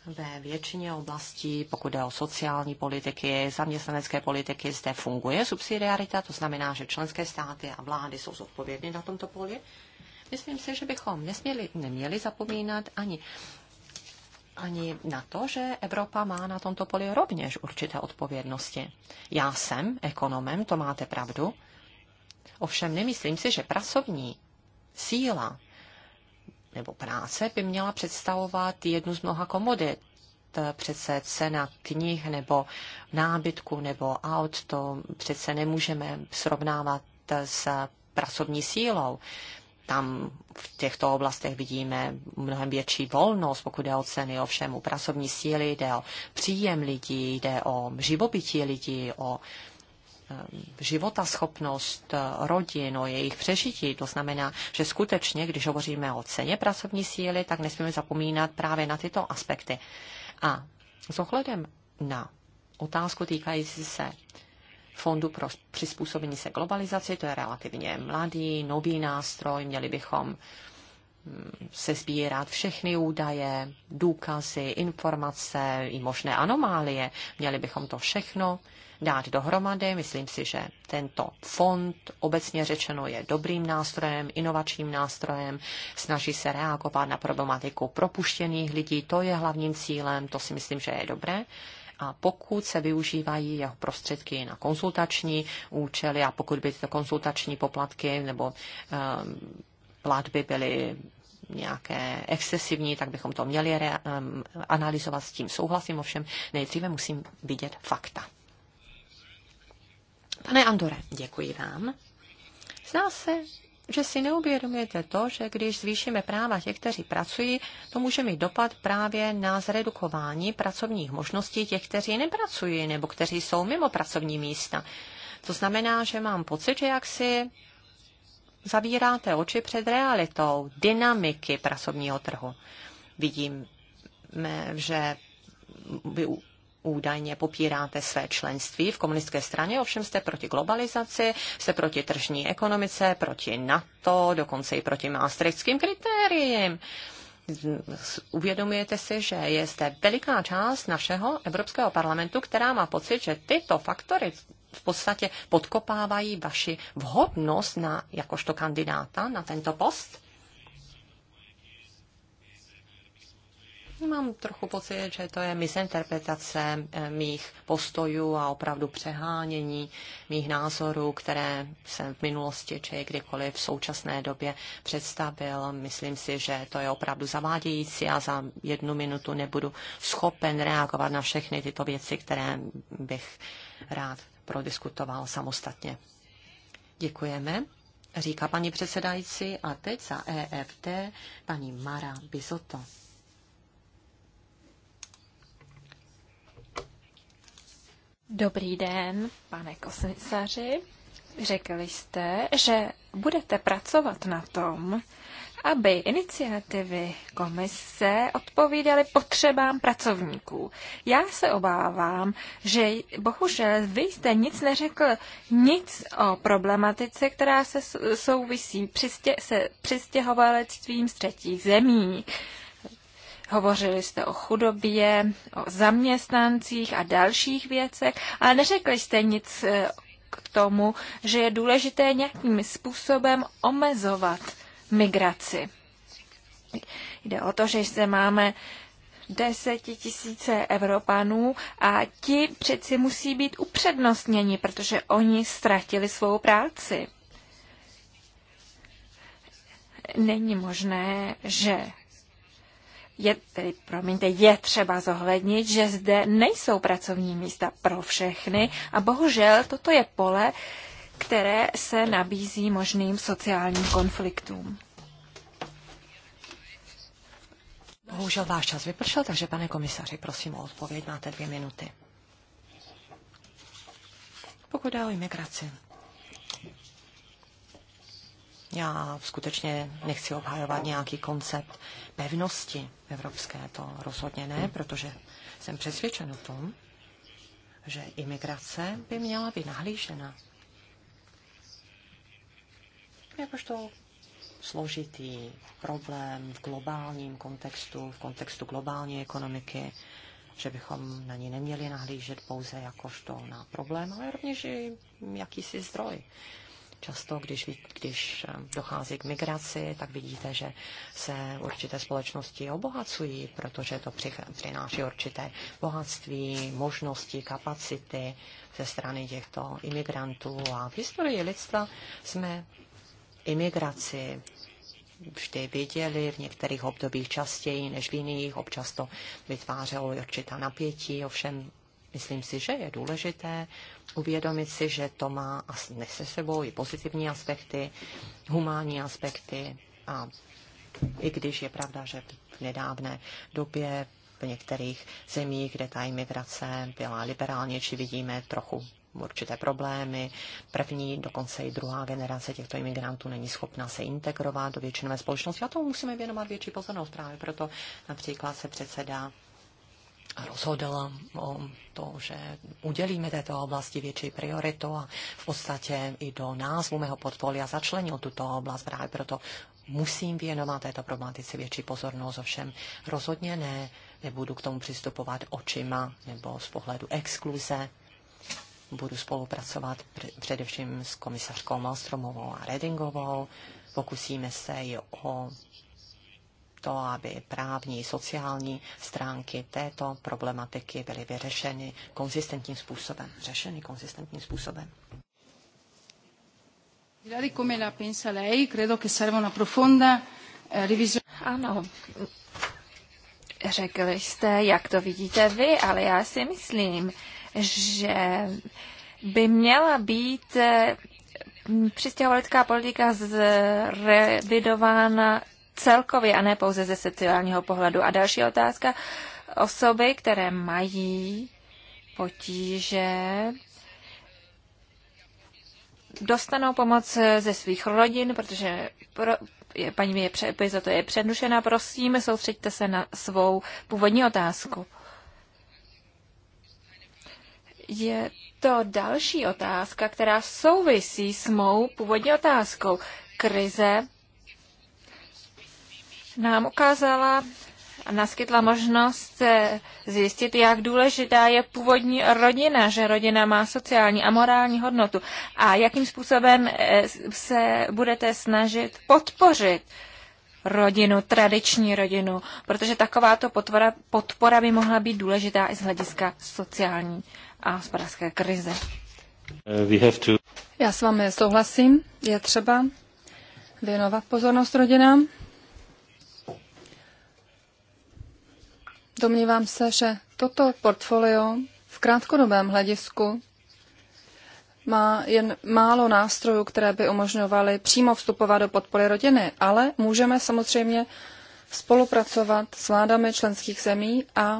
ve většině oblastí, pokud jde o sociální politiky, zaměstnanecké politiky, zde funguje subsidiarita, to znamená, že členské státy a vlády jsou zodpovědny na tomto poli. Myslím si, že bychom nesměli, neměli zapomínat ani ani na to, že Evropa má na tomto poli rovněž určité odpovědnosti. Já jsem ekonomem, to máte pravdu. Ovšem nemyslím si, že pracovní síla nebo práce by měla představovat jednu z mnoha komodit. Přece cena knih nebo nábytku nebo aut, to přece nemůžeme srovnávat s pracovní sílou. Tam v těchto oblastech vidíme mnohem větší volnost, pokud jde o ceny, ovšem u pracovní síly jde o příjem lidí, jde o živobytí lidí, o Eh, životaschopnost eh, rodin, o jejich přežití. To znamená, že skutečně, když hovoříme o ceně pracovní síly, tak nesmíme zapomínat právě na tyto aspekty. A s ohledem na otázku týkající se Fondu pro přizpůsobení se globalizaci, to je relativně mladý, nový nástroj, měli bychom mm, se sbírat všechny údaje, důkazy, informace i možné anomálie. Měli bychom to všechno dát dohromady. Myslím si, že tento fond obecně řečeno je dobrým nástrojem, inovačním nástrojem, snaží se reagovat na problematiku propuštěných lidí, to je hlavním cílem, to si myslím, že je dobré a pokud se využívají jeho prostředky na konsultační účely a pokud by tyto konsultační poplatky nebo um, platby byly nějaké excesivní, tak bychom to měli re, um, analyzovat s tím souhlasím, ovšem nejdříve musím vidět fakta. Pane Andore, děkuji vám. Zdá se, že si neuvědomujete to, že když zvýšíme práva těch, kteří pracují, to může mít dopad právě na zredukování pracovních možností těch, kteří nepracují nebo kteří jsou mimo pracovní místa. To znamená, že mám pocit, že si zavíráte oči před realitou dynamiky pracovního trhu. Vidím, že údajně popíráte své členství v komunistické straně, ovšem jste proti globalizaci, jste proti tržní ekonomice, proti NATO, dokonce i proti maastrichtským kritériím. Uvědomujete si, že je zde veliká část našeho Evropského parlamentu, která má pocit, že tyto faktory v podstatě podkopávají vaši vhodnost na, jakožto kandidáta na tento post? Mám trochu pocit, že to je misinterpretace eh, mých postojů a opravdu přehánění mých názorů, které jsem v minulosti či kdykoliv v současné době představil. Myslím si, že to je opravdu zavádějící a za jednu minutu nebudu schopen reagovat na všechny tyto věci, které bych rád prodiskutoval samostatně. Děkujeme říká paní předsedající, a teď za EFT paní Mara Bizoto.
Dobrý den, pane kosmicaři. Řekli jste, že budete pracovat na tom, aby iniciativy komise odpovídaly potřebám pracovníků. Já se obávám, že bohužel vy jste nic neřekl, nic o problematice, která se souvisí přistě, se přistěhovalectvím z třetích zemí. Hovořili jste o chudobě, o zaměstnancích a dalších věcech, ale neřekli jste nic eh, k tomu, že je důležité nějakým způsobem omezovat migraci. Jde o to, že se máme desetitisíce Evropanů a ti přeci musí být upřednostněni, protože oni ztratili svou práci. Není možné, že je, tedy, promiňte, je třeba zohlednit, že zde nejsou pracovní místa pro všechny a bohužel toto je pole, které se nabízí možným sociálním konfliktům. Bohužel váš čas vypršel, takže pane komisaři, prosím o odpověď,
máte dvě minuty. Pokud jde o imigraci, já skutečně nechci obhajovat nějaký koncept pevnosti evropské to rozhodně ne, protože jsem přesvědčen o tom, že imigrace by měla být nahlížena jakožto složitý problém v globálním kontextu, v kontextu globální ekonomiky, že bychom na ní neměli nahlížet pouze jakožto na problém, ale rovněž i jakýsi zdroj Často, když, když eh, dochází k migraci, tak vidíte, že se určité společnosti obohacují, protože to přináší určité bohatství, možnosti, kapacity ze strany těchto imigrantů. A v historii lidstva jsme imigraci vždy viděli, v některých obdobích častěji než v jiných, občas to vytvářelo určitá napětí, ovšem myslím si, že je důležité uvědomit si, že to má a nese sebou i pozitivní aspekty, humánní aspekty a i když je pravda, že v nedávné době v některých zemích, kde ta imigrace byla či vidíme trochu určité problémy. První, dokonce i druhá generace těchto imigrantů není schopná se integrovat do většinové společnosti a tomu musíme věnovat větší pozornost. Právě proto například se předseda rozhodl o to, že udělíme této oblasti větší prioritu a v podstatě i do názvu mého portfolia začlenil tuto oblast. Právě proto musím věnovat této problematice větší pozornost, ovšem rozhodně ne, nebudu k tomu přistupovat očima nebo z pohledu exkluze. Budu spolupracovat především s komisařkou Malstromovou a Redingovou. Pokusíme se i o to, aby právní, sociální stránky této problematiky byly vyřešeny konzistentním způsobem. Řešeny konzistentním způsobem.
Eh,
ano, řekli jste, jak to vidíte vy, ale já si myslím, že by měla být eh, přistěhovalická politika zrevidována celkově a ne pouze ze sociálního pohledu. A další otázka. Osoby, které mají potíže, dostanou pomoc ze svých rodin, protože pro, je, paní je, přepis, to je přednušena. Prosím, soustřeďte se na svou původní otázku. Je to další otázka, která souvisí s mou původní otázkou. Krize nám ukázala a naskytla možnost zjistit, jak důležitá je původní rodina, že rodina má sociální a morální hodnotu a jakým způsobem eh, se budete snažit podpořit rodinu, tradiční rodinu, protože takováto potvora podpora by mohla být důležitá i z hlediska sociální a hospodářské krize. We have to... Já s
vámi souhlasím, je třeba věnovat pozornost rodinám. Domnívám se, že toto portfolio v krátkodobém hledisku má jen málo nástrojů, které by umožňovaly přímo vstupovat do podpory rodiny, ale můžeme samozřejmě spolupracovat s vládami členských zemí a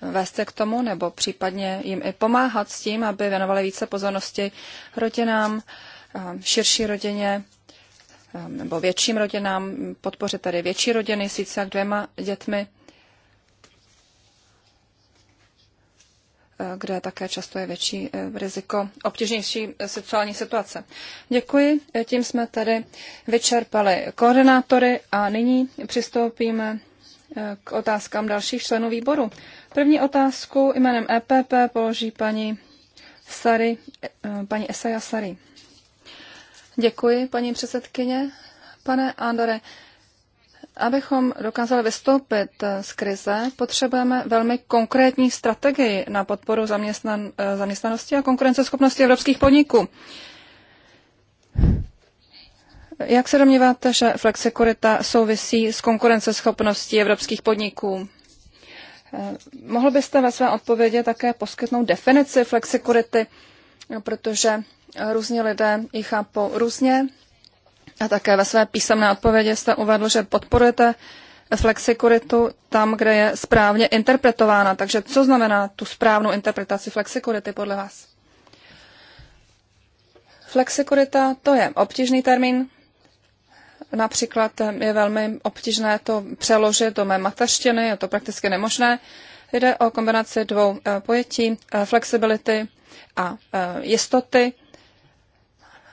vést se k tomu, nebo případně jim i pomáhat s tím, aby věnovali více pozornosti rodinám, širší rodině nebo větším rodinám, podpořit tady větší rodiny sice jak dvěma dětmi. kde také často je větší eh, riziko obtížnější eh, sexuální situace. Děkuji, eh, tím jsme tady vyčerpali koordinátory a nyní přistoupíme k otázkám dalších členů výboru. První otázku jménem EPP položí paní Sary, paní Esaja Sary. Děkuji, paní předsedkyně. Pane Andore, Abychom dokázali vystoupit eh, z krize, potřebujeme velmi konkrétní strategii na podporu zaměstnan- eh, zaměstnanosti a konkurenceschopnosti evropských podniků. Jak se domníváte, že flexikurita souvisí s konkurenceschopností evropských podniků? Eh, mohl byste ve své odpovědi také poskytnout definici flexikurity, protože různí lidé ji chápou různě a také ve své písemné odpovědi jste uvedl, že podporujete flexikuritu tam, kde je správně interpretována. Takže co znamená tu správnou interpretaci flexikurity podle vás? Flexikurita to je obtížný termín. Například je velmi obtížné to přeložit do mé mateřštiny, je to prakticky nemožné. Jde o kombinaci dvou eh, pojetí, eh, flexibility a eh, jistoty.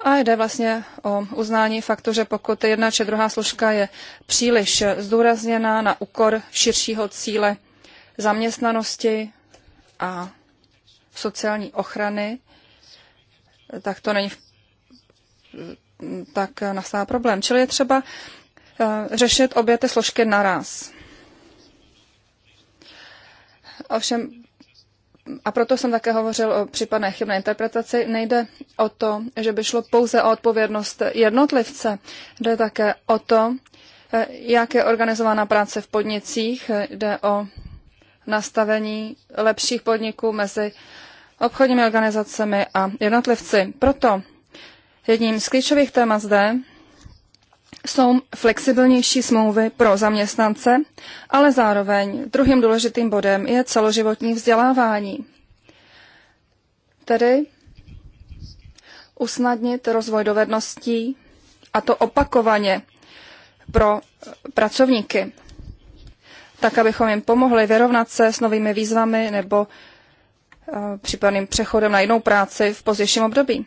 A jde vlastně o uznání faktu, že pokud jedna či druhá složka je příliš zdůrazněná na úkor širšího cíle zaměstnanosti a sociální ochrany, tak to není, tak nastává problém. Čili je třeba eh, řešit obě ty složky naraz. Ovšem a proto jsem také hovořil o případné chybné interpretaci. Nejde o to, že by šlo pouze o odpovědnost jednotlivce. Jde také o to, eh, jak je organizována práce v podnicích. Jde o nastavení lepších podniků mezi obchodními organizacemi a jednotlivci. Proto jedním z klíčových témat zde jsou flexibilnější smlouvy pro zaměstnance, ale zároveň druhým důležitým bodem je celoživotní vzdělávání. Tedy usnadnit rozvoj dovedností, a to opakovaně pro pracovníky, tak abychom jim pomohli vyrovnat se s novými výzvami nebo eh, případným přechodem na jinou práci v pozdějším období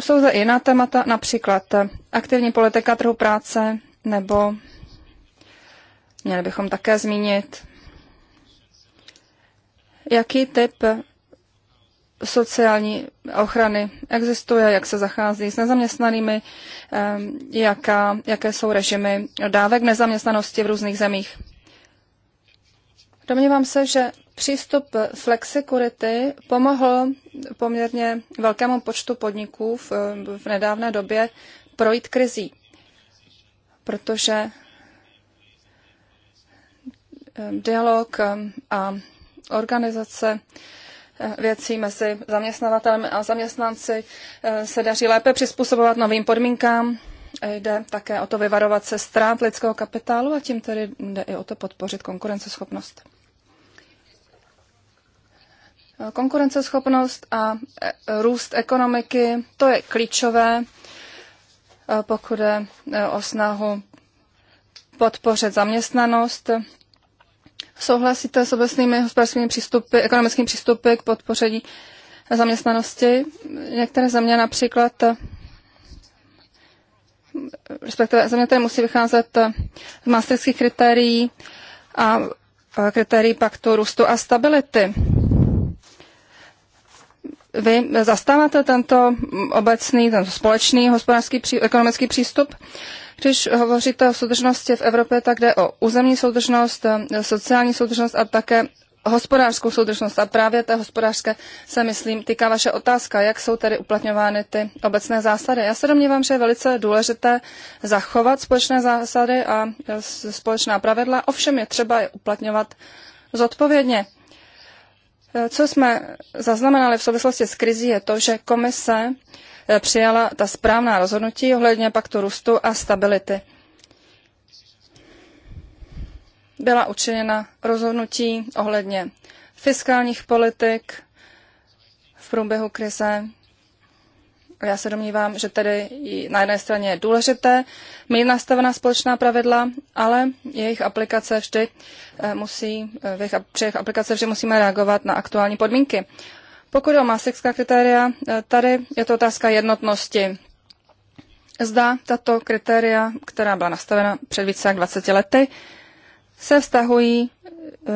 jsou zde jiná témata, například eh, aktivní politika trhu práce, nebo měli bychom také zmínit, jaký typ sociální ochrany existuje, jak se zachází s nezaměstnanými, eh, jaká, jaké jsou režimy dávek nezaměstnanosti v různých zemích. Domnívám se, že Přístup flexikurity pomohl poměrně velkému počtu podniků v, v nedávné době projít krizí, protože eh, dialog eh, a organizace eh, věcí mezi zaměstnavatelem a zaměstnanci se daří lépe přizpůsobovat novým podmínkám. Jde také o to vyvarovat se ztrát lidského kapitálu a tím tedy jde i o to podpořit konkurenceschopnost. Konkurenceschopnost a e, růst ekonomiky, to je klíčové, e, pokud je e, o snahu podpořit zaměstnanost. Souhlasíte s obecnými hospodářskými přístupy, ekonomickými přístupy k podpoření zaměstnanosti? Některé země například respektive země, které musí vycházet z masterských kritérií a kritérií paktu růstu a stability. Vy zastáváte tento obecný, ten společný hospodářský pří, ekonomický přístup? Když hovoříte o soudržnosti v Evropě, tak jde o územní soudržnost, sociální soudržnost a také hospodářskou soudržnost. A právě té hospodářské se, myslím, týká vaše otázka, jak jsou tedy uplatňovány ty obecné zásady. Já se domnívám, že je velice důležité zachovat společné zásady a společná pravidla, ovšem je třeba je uplatňovat zodpovědně. Eh, co jsme zaznamenali v souvislosti s krizí je to, že komise eh, přijala ta správná rozhodnutí ohledně paktu růstu a stability. Byla učiněna rozhodnutí ohledně fiskálních politik v průběhu krize já se domnívám, že tedy na jedné straně je důležité mít nastavená společná pravidla, ale jejich aplikace vždy eh, musí, eh, v jejich, při jejich aplikace vždy musíme reagovat na aktuální podmínky. Pokud o masická kritéria, eh, tady je to otázka jednotnosti. Zda tato kritéria, která byla nastavena před více jak 20 lety, se vztahují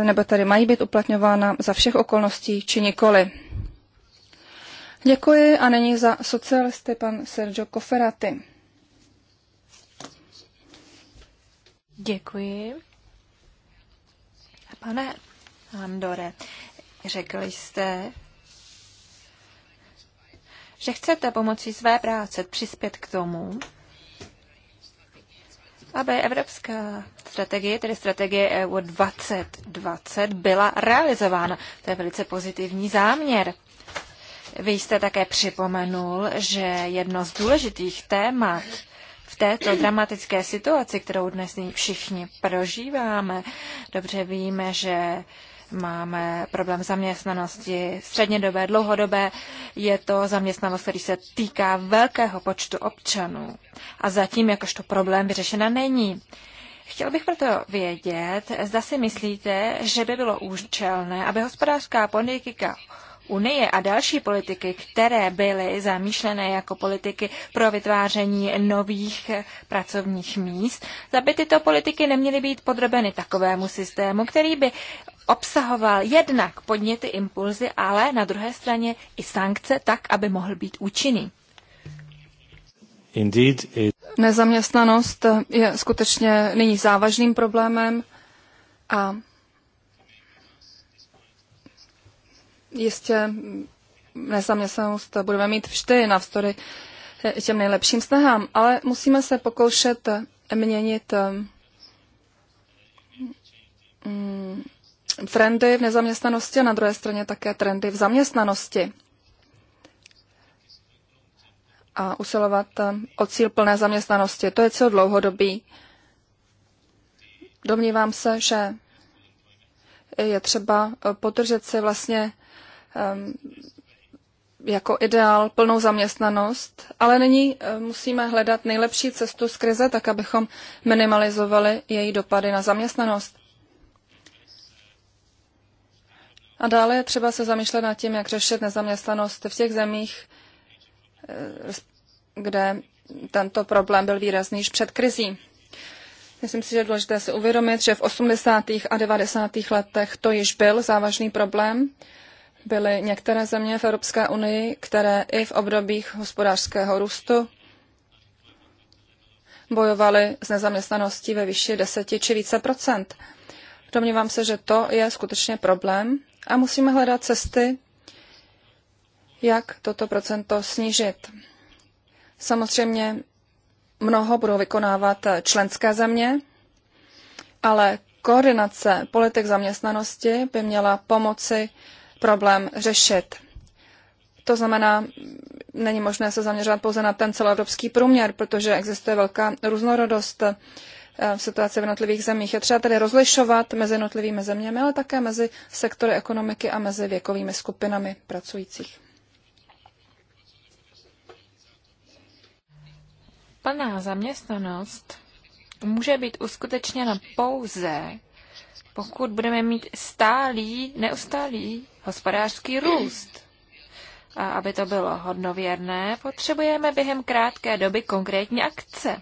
nebo tady mají být uplatňována za všech okolností či nikoli. Děkuji a nyní za socialisty pan Sergio Koferaty.
Děkuji. Pane Andore, řekl jste, že chcete pomocí své práce přispět k tomu, aby evropská strategie, tedy strategie EU 2020, byla realizována. To je velice pozitivní záměr. Vy jste také připomenul, že jedno z důležitých témat v této dramatické situaci, kterou dnes všichni prožíváme, dobře víme, že máme problém zaměstnanosti střednědobé, dlouhodobé. Je to zaměstnanost, který se týká velkého počtu občanů. A zatím jakožto problém vyřešena není. Chtěl bych proto vědět, zda si myslíte, že by bylo účelné, aby hospodářská politika unie a další politiky, které byly zamýšlené jako politiky pro vytváření nových pracovních míst, aby tyto politiky neměly být podrobeny takovému systému, který by obsahoval jednak podněty, impulzy, ale na druhé straně i sankce, tak, aby mohl být účinný.
Indeed, it...
Nezaměstnanost je skutečně nyní závažným problémem a jistě nezaměstnanost budeme mít vždy navzdory eh, těm nejlepším snahám, ale musíme se pokoušet měnit eh, mm, trendy v nezaměstnanosti a na druhé straně také trendy v zaměstnanosti a usilovat eh, o cíl plné zaměstnanosti. To je cíl dlouhodobý. Domnívám se, že je třeba podržet si vlastně Ehm, jako ideál plnou zaměstnanost, ale nyní eh, musíme hledat nejlepší cestu z krize, tak abychom minimalizovali její dopady na zaměstnanost. A dále je třeba se zamýšlet nad tím, jak řešit nezaměstnanost v těch zemích, eh, kde tento problém byl výrazný již před krizí. Myslím si, že je důležité si uvědomit, že v 80. a 90. letech to již byl závažný problém byly některé země v Evropské unii, které i v obdobích hospodářského růstu bojovaly s nezaměstnaností ve výši 10 či více procent. Domnívám se, že to je skutečně problém a musíme hledat cesty, jak toto procento snížit. Samozřejmě mnoho budou vykonávat členské země, ale koordinace politik zaměstnanosti by měla pomoci problém řešit. To znamená, není možné se zaměřovat pouze na ten celoevropský průměr, protože existuje velká různorodost eh, v situaci v jednotlivých zemích. Je třeba tedy rozlišovat mezi jednotlivými zeměmi, ale také mezi sektory ekonomiky a mezi věkovými skupinami pracujících.
Plná zaměstnanost může být uskutečněna pouze, pokud budeme mít stálý, neustálý hospodářský růst. A aby to bylo hodnověrné, potřebujeme během krátké doby konkrétní akce.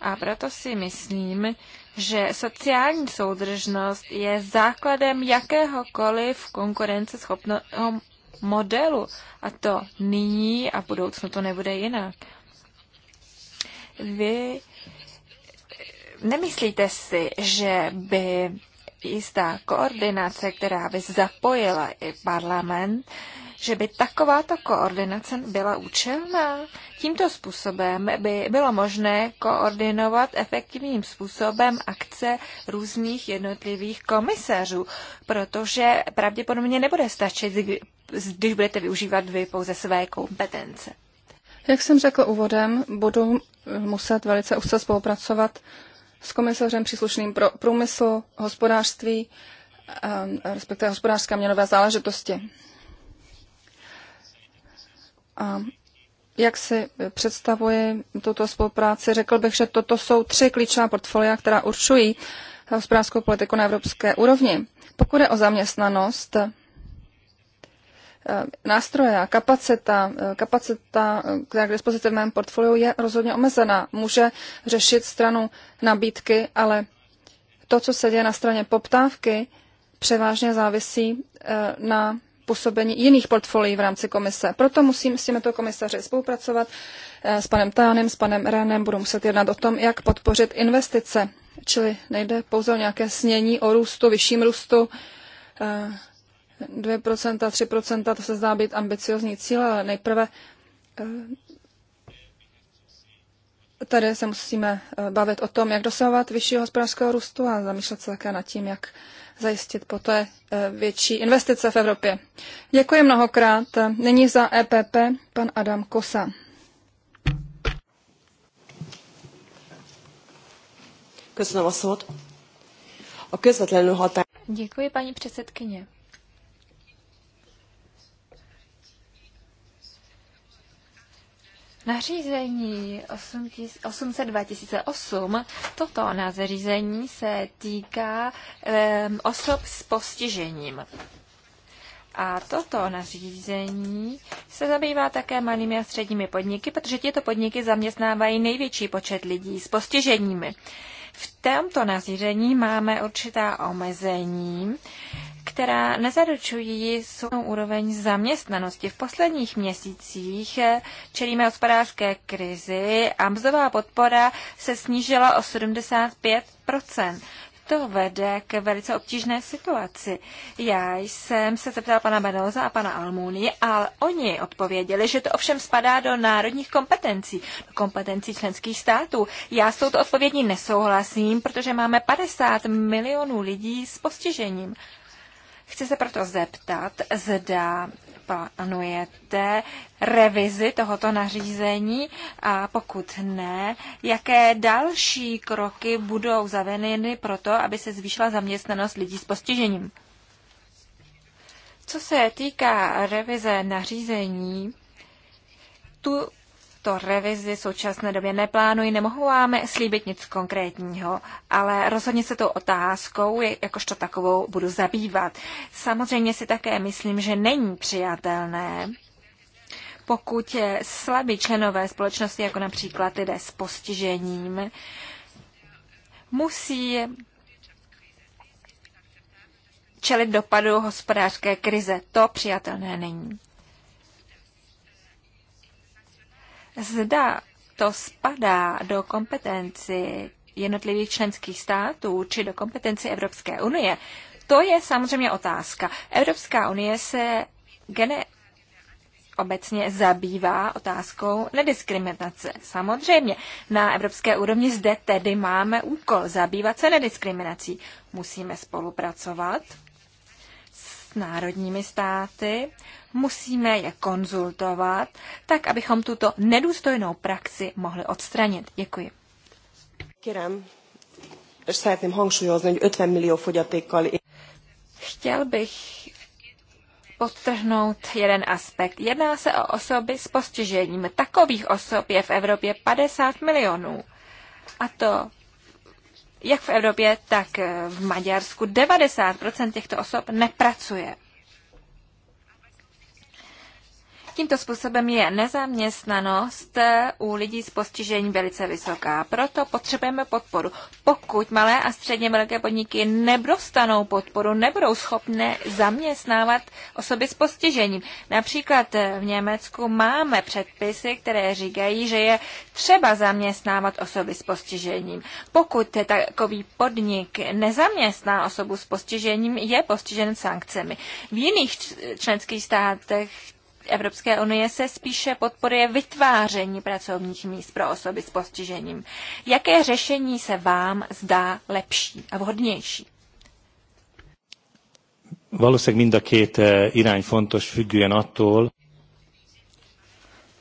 A proto si myslím, že sociální soudržnost je základem jakéhokoliv konkurenceschopného modelu. A to nyní a v budoucnu to nebude jinak. Vy nemyslíte si, že by jistá koordinace, která by zapojila i parlament, že by takováto koordinace byla účelná. Tímto způsobem by bylo možné koordinovat efektivním způsobem akce různých jednotlivých komisařů, protože pravděpodobně nebude stačit, když budete využívat vy pouze své kompetence.
Jak jsem řekl úvodem, budu muset velice úzce spolupracovat s komisařem příslušným pro průmysl, hospodářství, ehm, respektive hospodářské měnové záležitosti. A jak si představuji tuto spolupráci, řekl bych, že toto jsou tři klíčová portfolia, která určují hospodářskou politiku na evropské úrovni. Pokud je o zaměstnanost, Eh, nástroje a kapacita, eh, kapacita, eh, která k dispozici v mém portfoliu je rozhodně omezená. Může řešit stranu nabídky, ale to, co se děje na straně poptávky, převážně závisí na působení jiných portfolií v rámci komise. Proto musím s těmito komisaři spolupracovat. S panem Tánem, s panem Renem budu muset jednat o tom, jak podpořit investice. Čili nejde pouze o nějaké snění o růstu, vyšším růstu, 2%, 3%, to se zdá být ambiciozní cíl, ale nejprve eh, tady se musíme eh, bavit o tom, jak dosahovat vyššího hospodářského růstu a zamýšlet se také nad tím, jak zajistit poté eh, větší investice v Evropě. Děkuji mnohokrát. Nyní za EPP pan Adam Kosa.
Köszönöm a szót. A közvetlenül határ... Děkuji, paní předsedkyně. Nařízení 802.008, toto nařízení se týká um, osob s postižením. A toto nařízení se zabývá také malými a středními podniky, protože tyto podniky zaměstnávají největší počet lidí s postiženími. V tomto nařízení máme určitá omezení, která nezaručují svou úroveň zaměstnanosti. V posledních měsících eh, čelíme hospodářské krizi a mzdová podpora se snížila o 75 to vede k velice obtížné situaci. Já jsem se zeptal pana Benoza a pana Almuni, ale oni odpověděli, že to ovšem spadá do národních kompetencí, do kompetencí členských států. Já s touto odpovědí nesouhlasím, protože máme 50 milionů lidí s postižením. Chci se proto zeptat, zda plánujete revizi tohoto nařízení a pokud ne, jaké další kroky budou zaveněny pro to, aby se zvýšila zaměstnanost lidí s postižením? Co se týká revize nařízení, tu to revizi v současné době neplánuji, nemohu vám slíbit nic konkrétního, ale rozhodně se tou otázkou, jakožto takovou, budu zabývat. Samozřejmě si také myslím, že není přijatelné, pokud slabí členové společnosti, jako například lidé s postižením, musí čelit dopadu hospodářské krize. To přijatelné není. Zda to spadá do kompetenci jednotlivých členských států či do kompetenci Evropské unie, to je samozřejmě otázka. Evropská unie se gene obecně zabývá otázkou nediskriminace. Samozřejmě, na evropské úrovni zde tedy máme úkol zabývat se nediskriminací. Musíme spolupracovat národními státy, musíme je konzultovat, tak abychom tuto nedůstojnou praxi mohli odstranit. Děkuji.
Kérem, szeretném hangsúlyozni, hogy 50 millió fogyatékkal...
Chtěl bych podtrhnout jeden aspekt. Jedná se o osoby s postižením. Takových osob je v Evropě 50 milionů. A to jak v Evropě, tak v Maďarsku 90% těchto osob nepracuje. Tímto způsobem je nezaměstnanost eh, u lidí s postižením velice vysoká. Proto potřebujeme podporu. Pokud malé a středně velké podniky nedostanou podporu, nebudou schopné zaměstnávat osoby s postižením. Například eh, v Německu máme předpisy, které říkají, že je třeba zaměstnávat osoby s postižením. Pokud takový podnik nezaměstná osobu s postižením, je postižen sankcemi. V jiných členských státech Evropské unie se spíše podporuje vytváření pracovních míst pro osoby s postižením. Jaké řešení se vám zdá lepší a vhodnější?
Valószínűleg mind a két eh, irány fontos függően attól.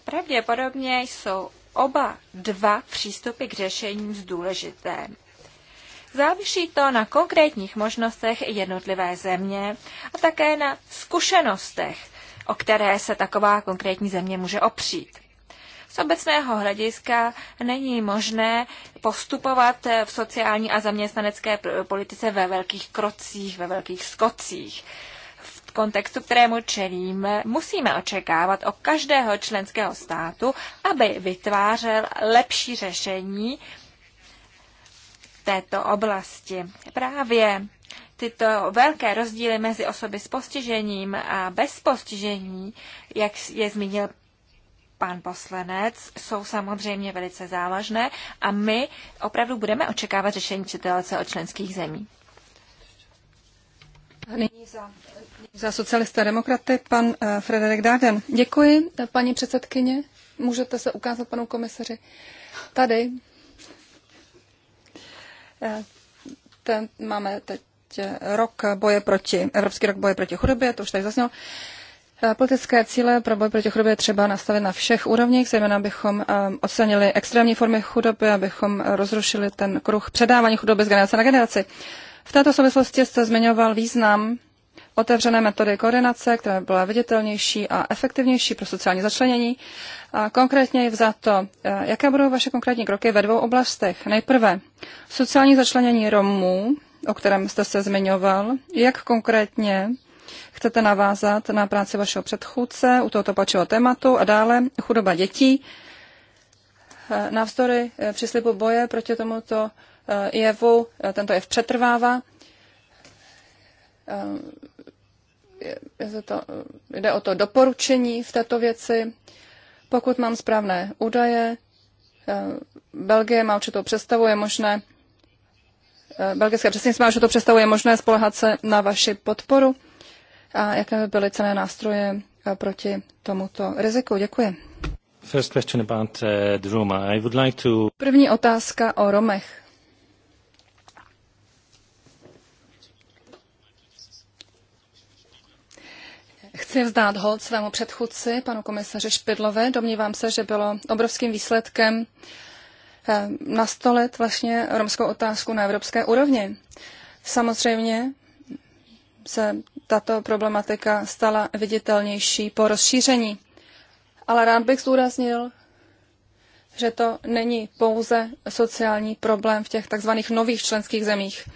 Pravděpodobně jsou oba dva přístupy k řešení důležité. Závisí to na konkrétních možnostech jednotlivé země a také na zkušenostech o které se taková konkrétní země může opřít. Z obecného hlediska není možné postupovat v sociální a zaměstnanecké politice ve velkých krocích, ve velkých skocích kontextu, kterému čelíme, musíme očekávat od každého členského státu, aby vytvářel lepší řešení této oblasti. Právě tyto velké rozdíly mezi osoby s postižením a bez postižení, jak je zmínil pan poslanec, jsou samozřejmě velice závažné a my opravdu budeme očekávat řešení čitelce od členských zemí. Nyní
za, za socialisté demokraty pan eh, Frederik Darden. Děkuji, eh, paní předsedkyně. Můžete se ukázat panu komisaři. Tady eh, ten, máme teď rok boje proti, Evropský rok boje proti chudobě, to už tady zaznělo. E, politické cíle pro boj proti chudobě třeba nastavit na všech úrovních, zejména abychom e, odstranili extrémní formy chudoby, abychom rozrušili ten kruh předávání chudoby z generace na generaci. V této souvislosti jste zmiňoval význam otevřené metody koordinace, která by byla viditelnější a efektivnější pro sociální začlenění. A konkrétně za to, e, jaké budou vaše konkrétní kroky ve dvou oblastech. Nejprve sociální začlenění Romů o kterém jste se zmiňoval. Jak konkrétně chcete navázat na práci vašeho předchůdce u tohoto pačového tématu a dále chudoba dětí? Eh, navzdory eh, příslibu boje proti tomuto eh, jevu, tento jev přetrvává. Je to, jde o to doporučení v této věci. Pokud mám správné údaje, Belgie má určitou představu, je možné Eh, belgické předsednictví, že to přestalo. je možné spolehat se na vaši podporu a jaké by byly cené nástroje eh, proti tomuto riziku. Děkuji.
First question about, eh, the Roma. I would like to...
První otázka o Romech. Chci vzdát hold svému předchůdci, panu komisaři Špidlové. Domnívám se, že bylo obrovským výsledkem uh, Eh, nastolit vlastně romskou otázku na evropské úrovni. Samozřejmě se tato problematika stala viditelnější po rozšíření. Ale rád bych zdůraznil, že to není pouze sociální problém v těch takzvaných nových členských zemích.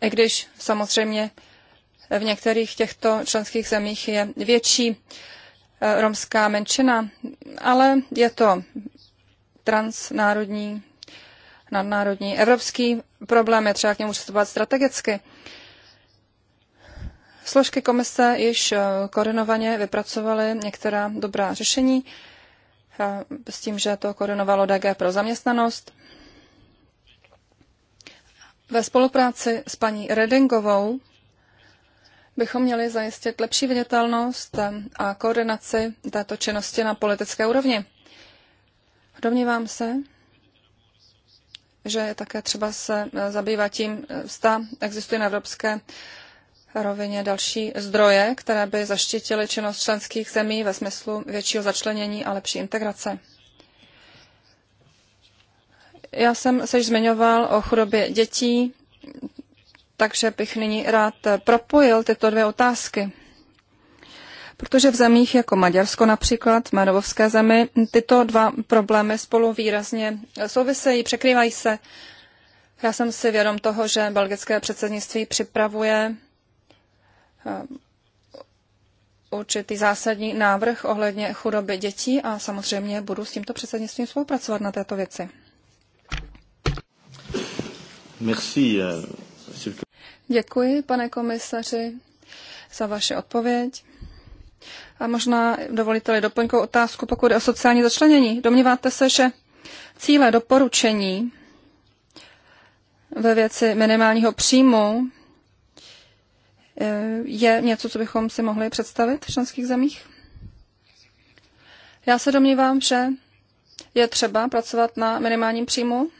I když samozřejmě v některých těchto členských zemích je větší eh, romská menšina, ale je to transnárodní, nadnárodní, evropský problém, je třeba k němu přistupovat strategicky. Složky komise již eh, koordinovaně vypracovaly některá dobrá řešení eh, s tím, že to koordinovalo DG pro zaměstnanost. Ve spolupráci s paní Redingovou bychom měli zajistit lepší viditelnost eh, a koordinaci této činnosti na politické úrovni. Domnívám se, že je také třeba se eh, zabývat tím, eh, zda existuje na evropské rovině další zdroje, které by zaštítily činnost členských zemí ve smyslu většího začlenění a lepší integrace. Já jsem se již zmiňoval o chudobě dětí, takže bych nyní rád eh, propojil tyto dvě otázky. Protože v zemích jako Maďarsko například, Marovské zemi, tyto dva problémy spolu výrazně souvisejí, překrývají se. Já jsem si vědom toho, že belgické předsednictví připravuje eh, určitý zásadní návrh ohledně chudoby dětí a samozřejmě budu s tímto předsednictvím spolupracovat na této věci.
Merci. Eh,
Děkuji, pane komisaři, za vaši odpověď. A možná dovolíte-li doplňkou otázku, pokud je o sociální začlenění. Domníváte se, že cíle doporučení ve věci minimálního příjmu eh, je něco, co bychom si mohli představit v členských zemích? Já se domnívám, že je třeba pracovat na minimálním příjmu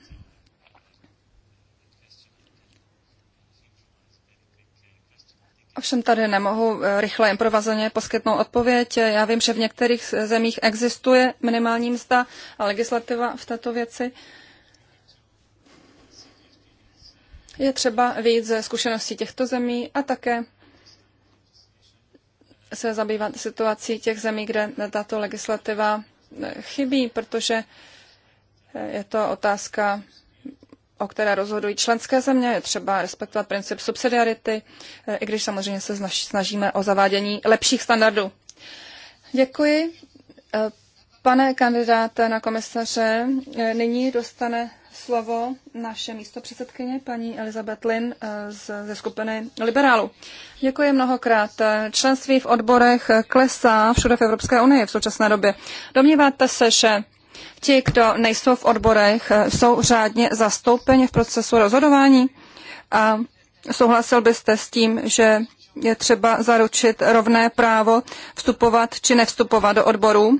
Ovšem tady nemohu eh, rychle improvazeně poskytnout odpověď. Já vím, že v některých zemích existuje minimální mzda a legislativa v této věci. Je třeba vyjít ze zkušeností těchto zemí a také se zabývat situací těch zemí, kde tato legislativa eh, chybí, protože eh, je to otázka o které rozhodují členské země. Je třeba respektovat princip subsidiarity, eh, i když samozřejmě se snažíme o zavádění lepších standardů. Děkuji. Eh, pane kandidáte na komisaře, eh, nyní dostane slovo naše místo předsedkyně, paní Elizabeth Lin z, ze skupiny Liberálu. Děkuji mnohokrát. Členství v odborech klesá všude v Evropské unii v současné době. Domníváte se, že ti, kdo nejsou v odborech, eh, jsou řádně zastoupeni v procesu rozhodování? A souhlasil byste s tím, že je třeba zaručit rovné právo vstupovat či nevstupovat do odborů?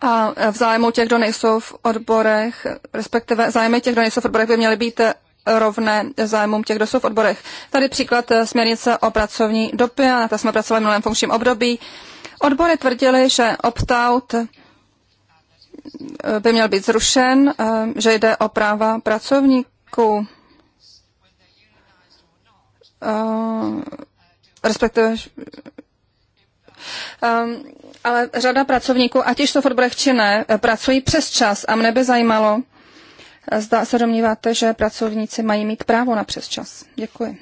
A eh, v zájmu těch, kdo nejsou v odborech, respektive zájmy těch, kdo nejsou v odborech, by měly být eh, rovné zájmům těch, kdo jsou v odborech. Tady příklad směrnice o pracovní době, na ta jsme pracovali v minulém funkčním období. Odbory tvrdili, že opt-out Eh, by měl být zrušen, eh, že jde o práva pracovníků, eh, respektive Um, ale řada pracovníků, ať již to v odborech či ne, pracují přes čas a mne by zajímalo, zda se domníváte, že pracovníci mají mít právo na přesčas. Děkuji.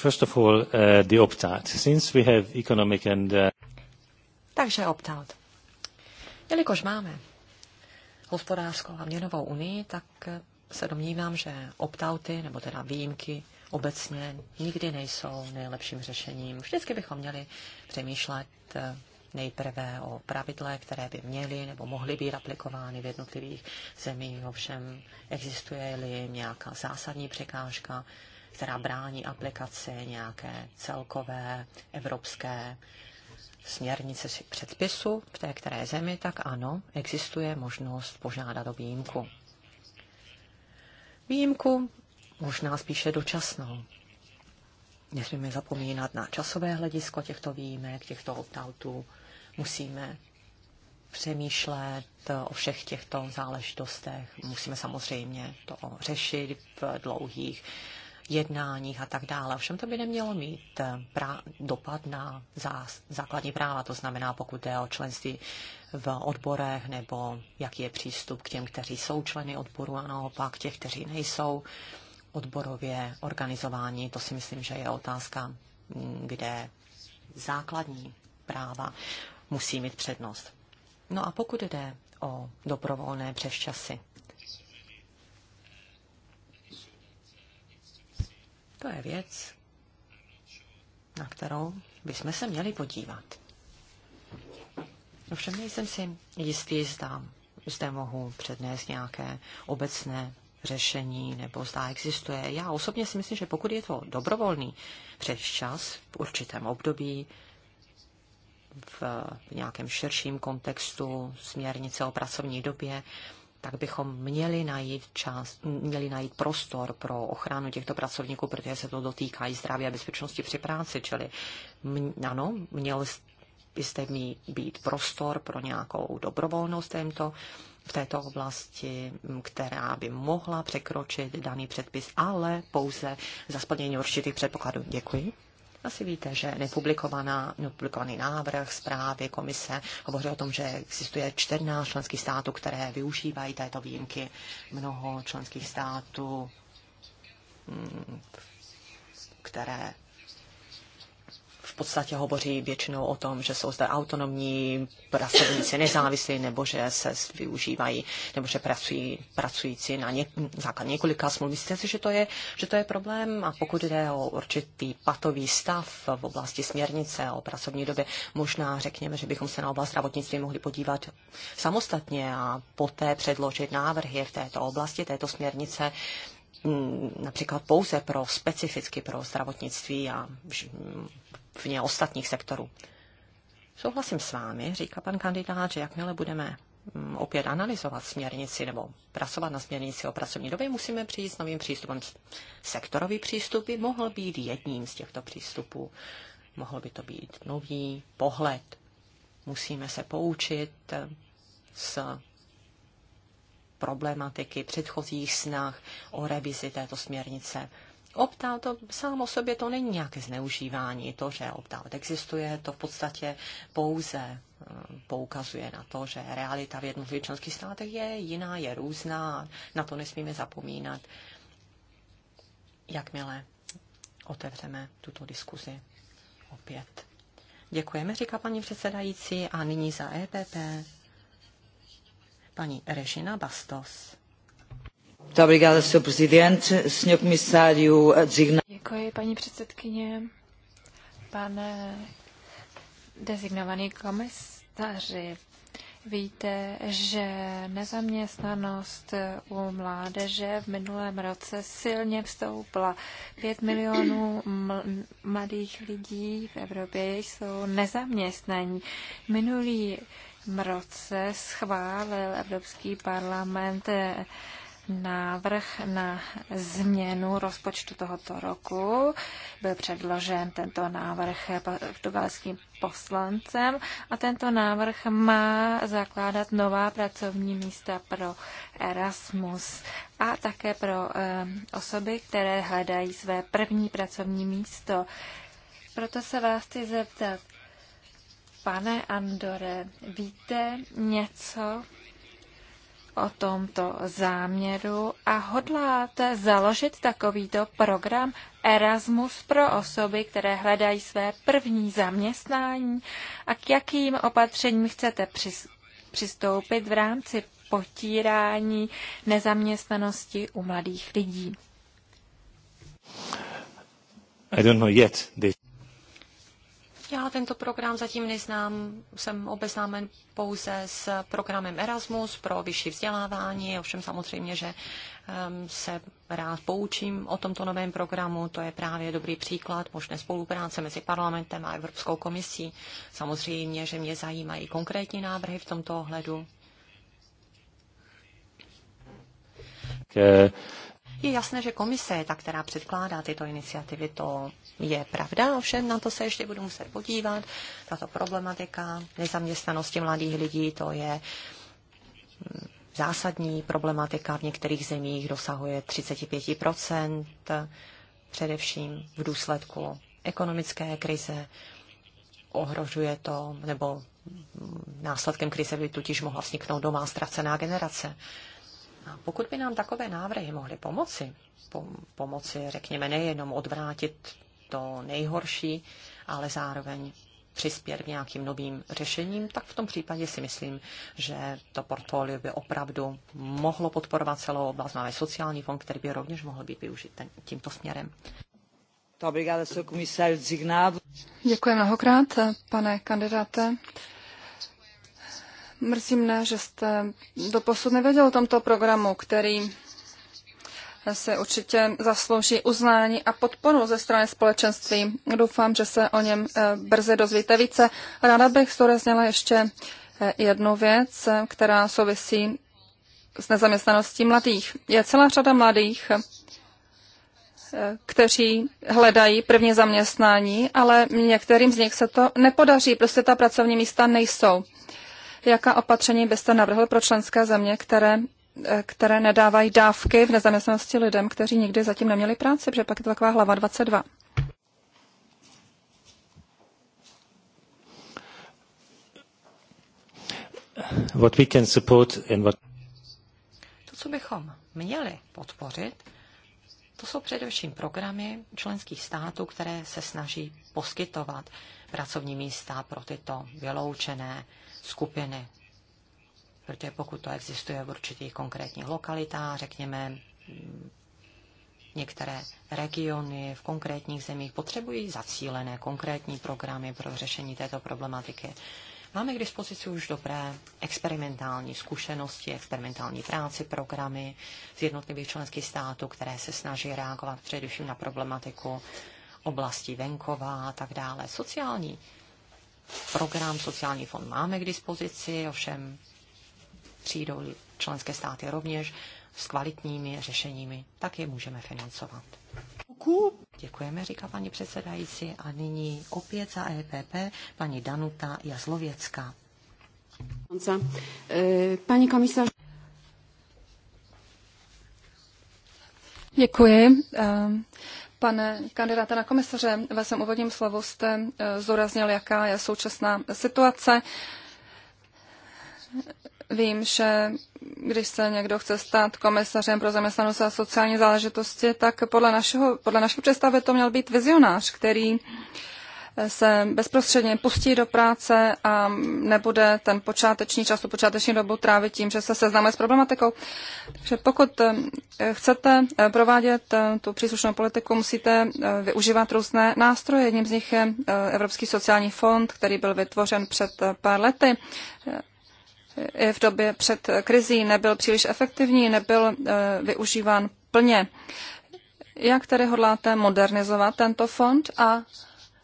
First of all, uh, the opt-out. Since we have economic and... Uh...
Takže opt-out. Jelikož máme hospodářskou a měnovou unii, tak eh, se domnívám, že optauty nebo teda výjimky obecně nikdy nejsou nejlepším řešením. Vždycky bychom měli přemýšlet eh, nejprve o pravidle, které by měly nebo mohly být aplikovány v jednotlivých zemích. Ovšem existuje-li nějaká zásadní překážka, která brání aplikaci nějaké celkové evropské směrnice předpisu v té které zemi, tak ano, existuje možnost požádat o výjimku. Výjimku možná spíše dočasnou. Nesmíme zapomínat na časové hledisko těchto výjimek, těchto optautů. Musíme přemýšlet o všech těchto záležitostech. Musíme samozřejmě to řešit v dlouhých jednáních a tak dále. Ovšem to by nemělo mít eh, dopad na základní práva, to znamená, pokud je o členství v odborech nebo jaký je přístup k těm, kteří jsou členy odboru a naopak těch, kteří nejsou odborově organizováni. To si myslím, že je otázka, mm, kde základní práva musí mít přednost. No a pokud jde o dobrovolné přesčasy, To je věc, na kterou bychom se měli podívat. Ovšem nejsem si jistý, zda zde mohu přednést nějaké obecné řešení nebo zda existuje. Já osobně si myslím, že pokud je to dobrovolný předčas v určitém období, v nějakém širším kontextu směrnice o pracovní době, tak bychom měli najít čas, měli najít prostor pro ochranu těchto pracovníků, protože se to dotýká i zdraví a bezpečnosti při práci, čili ano, měl byste mít být prostor pro nějakou dobrovolnost tento, v této oblasti, která by mohla překročit daný předpis, ale pouze za splnění určitých předpokladů. Děkuji. Asi víte, že nepublikovaná, nepublikovaný návrh zprávy komise hovoří o tom, že existuje 14 členských států, které využívají této výjimky. Mnoho členských států, mm, které v podstatě hovoří většinou o tom, že jsou zde autonomní pracovníci nezávislí, nebo že se využívají, nebo že pracují, pracující na ně, základ několika smluv. Myslíte si, že to, je, že to je problém? A pokud jde o určitý patový stav v oblasti směrnice o pracovní době, možná řekněme, že bychom se na oblast zdravotnictví mohli podívat samostatně a poté předložit návrhy v této oblasti, této směrnice mm, například pouze pro specificky pro zdravotnictví a vně ostatních sektorů. Souhlasím s vámi, říká pan kandidát, že jakmile budeme mm, opět analyzovat směrnici nebo pracovat na směrnici o pracovní době, musíme přijít s novým přístupem. Sektorový přístup by mohl být jedním z těchto přístupů. Mohl by to být nový pohled. Musíme se poučit s eh, problematiky předchozích snah o revizi této směrnice Optál to sám o sobě to není nějaké zneužívání, to, že optál existuje, to v podstatě pouze hm, poukazuje na to, že realita v jednotlivých členských státech je jiná, je různá, na to nesmíme zapomínat, jakmile otevřeme tuto diskuzi opět. Děkujeme, říká paní předsedající, a nyní za EPP paní Režina Bastos.
Eh, Děkuji, paní předsedkyně. Pane designovaný komisaři, víte, že nezaměstnanost u mládeže v minulém roce silně vstoupla. Pět milionů mladých lidí v Evropě jsou nezaměstnaní. Minulý roce schválil Evropský parlament Návrh na změnu rozpočtu tohoto roku byl předložen tento návrh portugalským poslancem a tento návrh má zakládat nová pracovní místa pro Erasmus a také pro eh, osoby, které hledají své první pracovní místo. Proto se vás chci zeptat, pane Andore, víte něco o tomto záměru a hodláte založit takovýto program Erasmus pro osoby, které hledají své první zaměstnání a k jakým opatřením chcete přistoupit v rámci potírání nezaměstnanosti u mladých lidí.
I don't know yet. This.
Já tento program zatím neznám, jsem obeznámen pouze s programem Erasmus pro vyšší vzdělávání, ovšem samozřejmě, že ehm, se rád poučím o tomto novém programu. To je právě dobrý příklad možné spolupráce mezi parlamentem a Evropskou komisí. Samozřejmě, že mě zajímají konkrétní návrhy v tomto ohledu. Je jasné, že komise je ta, která předkládá tyto iniciativy, to je pravda, ovšem na to se ještě budu muset podívat. Tato problematika nezaměstnanosti mladých lidí, to je mm, zásadní problematika. V některých zemích dosahuje 35 především v důsledku ekonomické krize. Ohrožuje to, nebo mm, následkem krize by totiž mohla vzniknout doma ztracená generace. A pokud by nám takové návrhy mohly pomoci, pomoci, řekněme, nejenom odvrátit to nejhorší, ale zároveň přispět k nějakým novým řešením, tak v tom případě si myslím, že to portfolio by opravdu mohlo podporovat celou oblast. Máme sociální fond, který by rovněž mohl být využit ten, tímto směrem.
Děkuji mnohokrát, pane kandidáte. Mrzí mne, že jste doposud nevěděl o tomto programu, který se určitě zaslouží uznání a podporu ze strany společenství. Doufám, že se o něm eh, brzy dozvíte více. Ráda bych zdůraznila ještě eh, jednu věc, eh, která souvisí s nezaměstnaností mladých. Je celá řada mladých, kteří hledají první zaměstnání, ale některým z nich se to nepodaří, prostě ta pracovní místa nejsou. Jaká opatření byste navrhl pro členské země, které, eh, které nedávají dávky v nezaměstnanosti lidem, kteří nikdy zatím neměli práci, protože pak je to taková hlava 22.
What we can support and what... To, co
bychom měli podpořit, to jsou především programy členských států, které se snaží poskytovat pracovní místa pro tyto vyloučené skupiny. Protože pokud to existuje v určitých konkrétních lokalitách, řekněme, některé regiony v konkrétních zemích potřebují zacílené konkrétní programy pro řešení této problematiky. Máme k dispozici už dobré experimentální zkušenosti, experimentální práci, programy z jednotlivých členských států, které se snaží reagovat především na problematiku oblastí venkova a tak dále. Sociální program Sociální fond máme k dispozici, ovšem přijdou členské státy rovněž s kvalitními řešeními, tak je můžeme financovat. Děkujeme, říká paní předsedající. A nyní opět za EPP paní Danuta Jazlověcká.
Paní komisař.
Děkuji. Pane kandidáte na komisaře, ve svém úvodním slovu jste eh, zdůraznil, jaká je současná situace. Vím, že když se někdo chce stát komisařem pro zaměstnanost a sociální záležitosti, tak podle, našeho, podle naší představy to měl být vizionář, který se bezprostředně pustí do práce a nebude ten počáteční čas, tu počáteční dobu trávit tím, že se seznáme s problematikou. Takže pokud eh, chcete eh, provádět eh, tu příslušnou politiku, musíte využívat různé nástroje. Jedním z nich je Evropský sociální fond, který byl vytvořen před pár lety i v době před krizí nebyl příliš efektivní, nebyl využíván plně. Jak tedy hodláte modernizovat tento fond a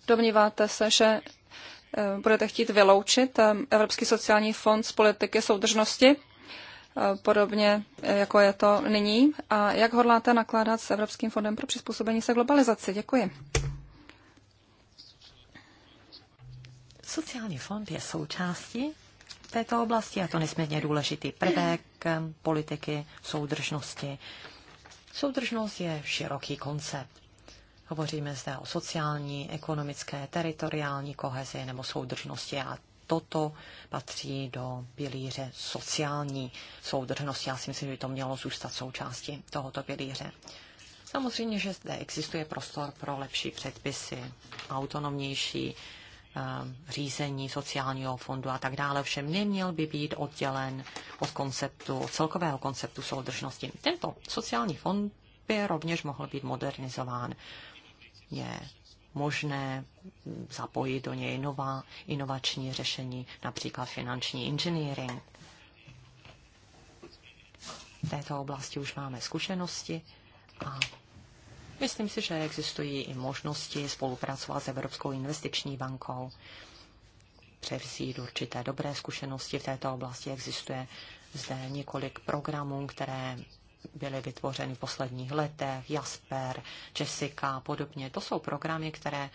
Domníváte se, že eh, budete chtít vyloučit eh, Evropský sociální fond z politiky soudržnosti, eh, podobně jako je to nyní? A jak hodláte nakládat s Evropským fondem pro přizpůsobení se globalizaci? Děkuji.
Sociální fond je součástí této oblasti a to nesmírně důležitý prvek politiky soudržnosti. Soudržnost je široký koncept Hovoříme zde o sociální, ekonomické, teritoriální kohezi nebo soudržnosti a toto patří do pilíře sociální soudržnosti. Já si myslím, že by to mělo zůstat součástí tohoto pilíře. Samozřejmě, že zde existuje prostor pro lepší předpisy, autonomnější ehm, řízení sociálního fondu a tak dále. Všem neměl by být oddělen od konceptu, od celkového konceptu soudržnosti. Tento sociální fond by rovněž mohl být modernizován je možné zapojit do něj nová inovační řešení, například finanční inženýring. V této oblasti už máme zkušenosti a myslím si, že existují i možnosti spolupracovat s Evropskou investiční bankou, převzít určité dobré zkušenosti v této oblasti. Existuje zde několik programů, které byly vytvořeny v posledních letech, Jasper, Jessica a podobně. To jsou programy, které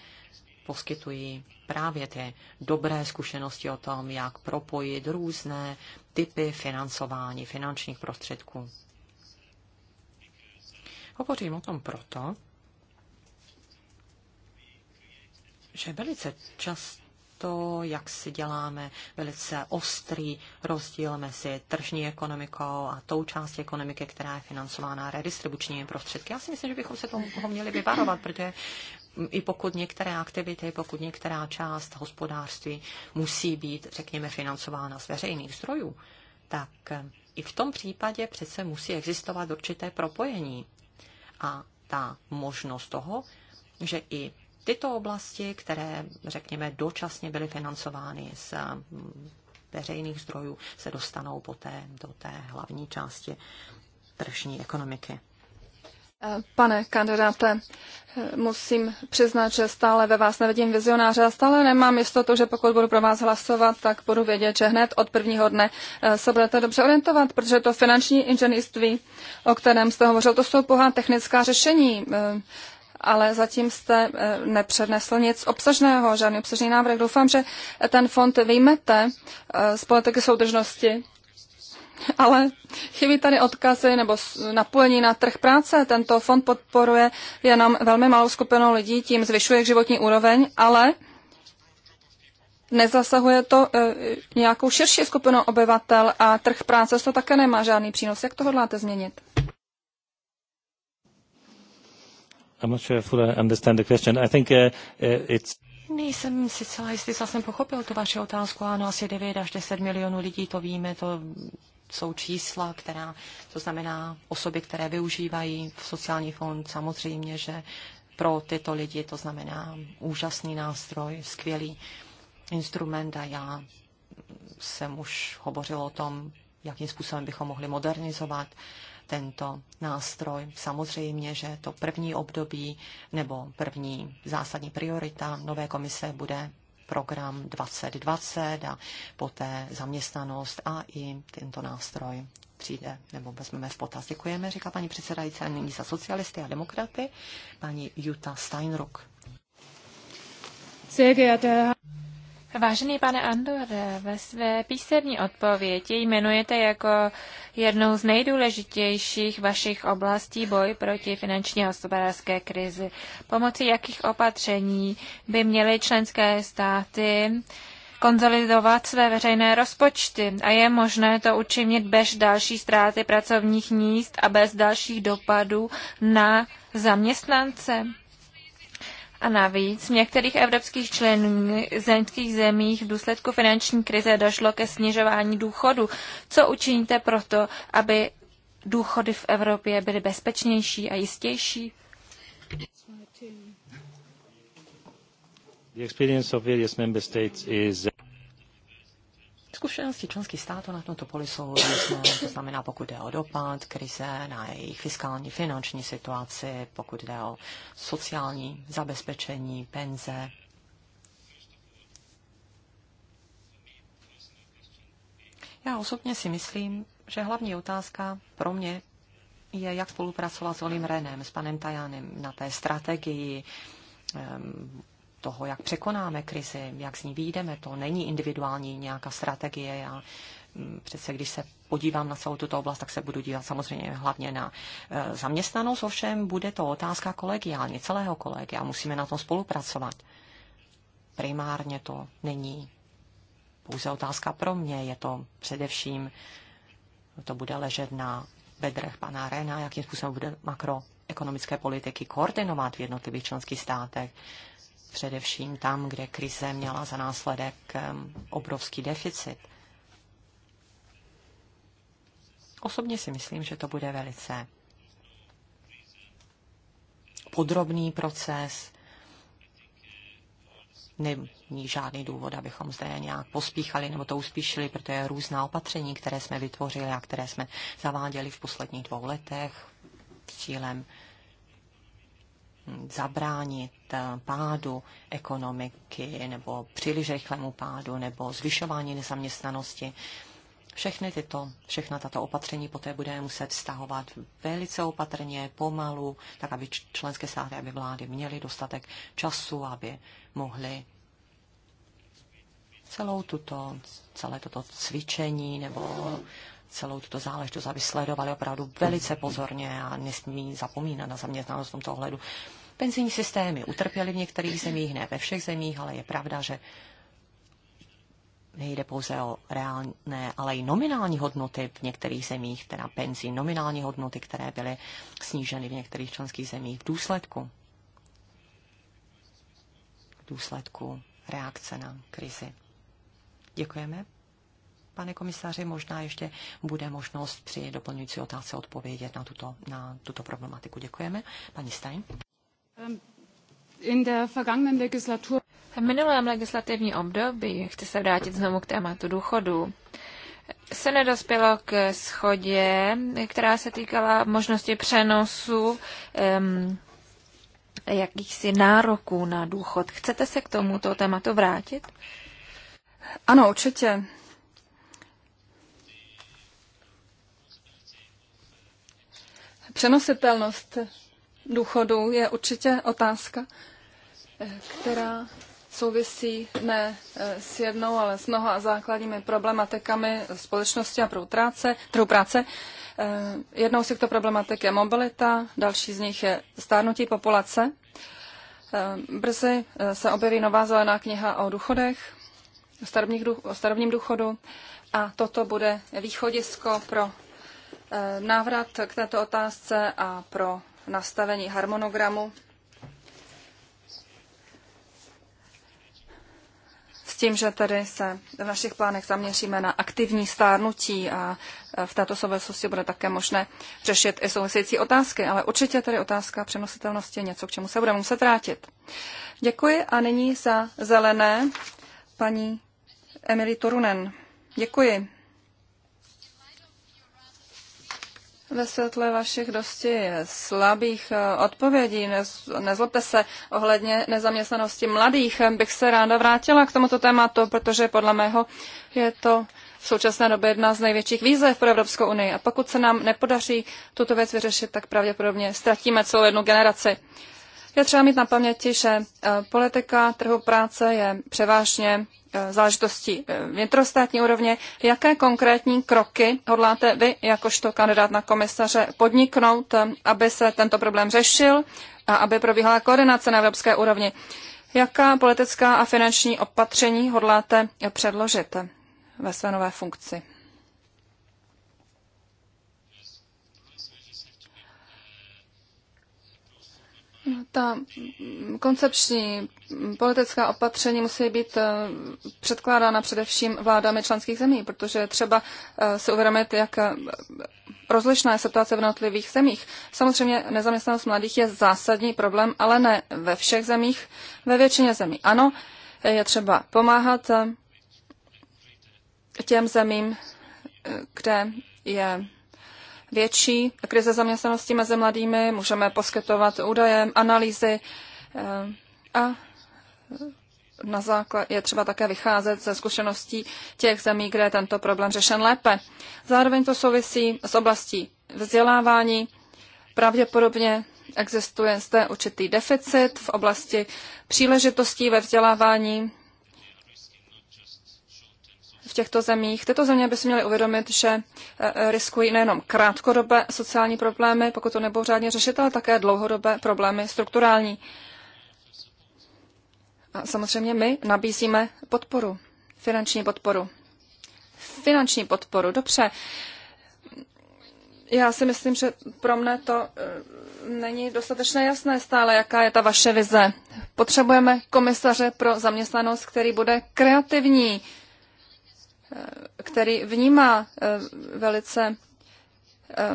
poskytují právě ty dobré zkušenosti o tom, jak propojit různé typy financování finančních prostředků. Hovořím o tom proto, že velice často to, jak si děláme velice ostrý rozdíl mezi tržní ekonomikou a tou částí ekonomiky, která je financována redistribučními prostředky. Já si myslím, že bychom se toho měli vyvarovat, protože i pokud některé aktivity, pokud některá část hospodářství musí být, řekněme, financována z veřejných zdrojů, tak i v tom případě přece musí existovat určité propojení. A ta možnost toho, že i tyto oblasti, které, řekněme, dočasně byly financovány z mm, veřejných zdrojů, se dostanou poté do té hlavní části tržní ekonomiky.
Pane kandidáte, musím přiznat, že stále ve vás nevidím vizionáře a stále nemám jistotu, že pokud budu pro vás hlasovat, tak budu vědět, že hned od prvního dne e, se budete dobře orientovat, protože to finanční inženýrství, o kterém jste hovořil, to jsou pohá technická řešení. E, ale zatím jste eh, nepřednesl nic obsažného, žádný obsažný návrh. Doufám, že ten fond vyjmete eh, z politiky soudržnosti, <laughs> ale chybí tady odkazy nebo napojení na trh práce. Tento fond podporuje jenom velmi malou skupinu lidí, tím zvyšuje životní úroveň, ale nezasahuje to e, nějakou širší skupinu obyvatel a trh práce to také nemá žádný přínos. Jak to hodláte změnit?
I'm not sure if I understand the question. I think uh, uh, it's
Nejsem si celá jistý, co jsem pochopil tu vaši otázku. Ano, asi 9 až 10 milionů lidí, to víme, to jsou čísla, která, to znamená osoby, které využívají sociální fond. Samozřejmě, že pro tyto lidi to znamená úžasný nástroj, skvělý instrument a já jsem už hovořil o tom, jakým způsobem bychom mohli modernizovat uh, tento nástroj. Samozřejmě, že to první období nebo první zásadní priorita nové komise bude program 2020 a poté zaměstnanost a i tento nástroj přijde nebo vezmeme v potaz. Děkujeme, říká paní předsedající, a nyní za socialisty a demokraty, paní Jutta Steinruck.
Vážený pane Andor, ve své písemní odpovědi jmenujete jako jednou z nejdůležitějších vašich oblastí boj proti finanční a hospodářské krizi. Pomocí jakých opatření by měly členské státy konzolidovat své veřejné rozpočty a je možné to učinit bez další ztráty pracovních míst a bez dalších dopadů na zaměstnance? A navíc v některých evropských členských zemích v důsledku finanční krize došlo ke snižování důchodu. Co učiníte proto, aby důchody v Evropě byly bezpečnější a jistější?
The experience of various member states is
Zkušenosti členských států na tomto poli jsou různé, to znamená pokud jde o dopad krize na jejich fiskální, finanční situaci, pokud jde o sociální zabezpečení, penze. Já osobně si myslím, že hlavní otázka pro mě je, jak spolupracovat s Olim Renem, s panem Tajanem na té strategii toho, jak překonáme krizi, jak z ní výjdeme. To není individuální nějaká strategie. Já mm, přece, když se podívám na celou tuto oblast, tak se budu dívat samozřejmě hlavně na e, zaměstnanost, ovšem bude to otázka kolegiálně, celého kolegia. Musíme na tom spolupracovat. Primárně to není pouze otázka pro mě, je to především, to bude ležet na bedrech pana Rena, jakým způsobem bude makroekonomické politiky koordinovat v jednotlivých členských státech především tam, kde krize měla za následek obrovský deficit. Osobně si myslím, že to bude velice podrobný proces. Není žádný důvod, abychom zde nějak pospíchali nebo to uspíšili, protože různá opatření, které jsme vytvořili a které jsme zaváděli v posledních dvou letech s cílem zabránit eh, pádu ekonomiky nebo příliš rychlému pádu nebo zvyšování nezaměstnanosti. Všechny tyto, všechna tato opatření poté budeme muset stahovat velice opatrně, pomalu, tak aby členské státy, aby vlády měly dostatek času, aby mohly celou tuto, celé toto cvičení nebo celou tuto záležitost, aby sledovali opravdu velice pozorně a nesmí zapomínat na zaměstnanost v tomto ohledu. Penzijní systémy utrpěly v některých zemích, ne ve všech zemích, ale je pravda, že nejde pouze o reálné, ale i nominální hodnoty v některých zemích, teda penzí, nominální hodnoty, které byly sníženy v některých členských zemích v důsledku v důsledku reakce na krizi. Děkujeme. Pane komisaři, možná ještě bude možnost při doplňující otázce odpovědět na tuto, na tuto problematiku. Děkujeme. Pani Stein.
Ehm,
v minulém legislativním období, chci se vrátit znovu k tématu důchodu, se nedospělo k schodě, která se týkala možnosti přenosu um, jakýchsi nároků na důchod. Chcete se k tomuto tématu vrátit? Ano, určitě.
Přenositelnost důchodu je určitě otázka, eh, která souvisí ne eh, s jednou, ale s mnoha základními problematikami společnosti a práce, trhu práce. Eh, jednou z těchto problematik je mobilita, další z nich je stárnutí populace. Brzy se objeví nová zelená kniha o důchodech, o starobním důchodu a toto bude východisko pro návrat k této otázce a pro nastavení harmonogramu s tím, že tedy se v našich plánech zaměříme na aktivní stárnutí a v této souvislosti bude také možné řešit i související otázky, ale určitě tedy otázka přenositelnosti je něco, k čemu se budeme muset vrátit. Děkuji a nyní za zelené paní Emily Torunen. Děkuji. Ve světle vašich dosti slabých eh, odpovědí, nez, nezlobte se, ohledně nezaměstnanosti mladých, eh, bych se ráda vrátila k tomuto tématu, protože podle mého je to v současné době jedna z největších výzev pro Evropskou unii. A pokud se nám nepodaří tuto věc vyřešit, tak pravděpodobně ztratíme celou jednu generaci. Je třeba mít na paměti, že eh, politika trhu práce je převážně E, záležitosti e, vnitrostátní úrovně. Jaké konkrétní kroky hodláte vy, jakožto kandidát na komisaře, podniknout, e, aby se tento problém řešil a aby probíhala koordinace na evropské úrovni? Jaká politická a finanční opatření hodláte předložit ve své nové funkci? Ta koncepční politická opatření musí být eh, předkládána především vládami členských zemí, protože třeba eh, se uvědomit, jak eh, rozlišná je situace v jednotlivých zemích. Samozřejmě nezaměstnanost mladých je zásadní problém, ale ne ve všech zemích, ve většině zemí. Ano, je třeba pomáhat těm zemím, kde je větší krize zaměstnanosti mezi mladými, můžeme poskytovat údaje, analýzy eh, a na základ, je třeba také vycházet ze zkušeností těch zemí, kde je tento problém řešen lépe. Zároveň to souvisí s oblastí vzdělávání. Pravděpodobně existuje zde určitý deficit v oblasti příležitostí ve vzdělávání v těchto zemích. Tyto země by si měly uvědomit, že e, e, riskují nejenom krátkodobé sociální problémy, pokud to nebudou řádně řešit, ale také dlouhodobé problémy strukturální. A samozřejmě my nabízíme podporu, finanční podporu. Finanční podporu, dobře. Já si myslím, že pro mne to e, není dostatečně jasné stále, jaká je ta vaše vize. Potřebujeme komisaře pro zaměstnanost, který bude kreativní, Eh, který vnímá eh, velice eh,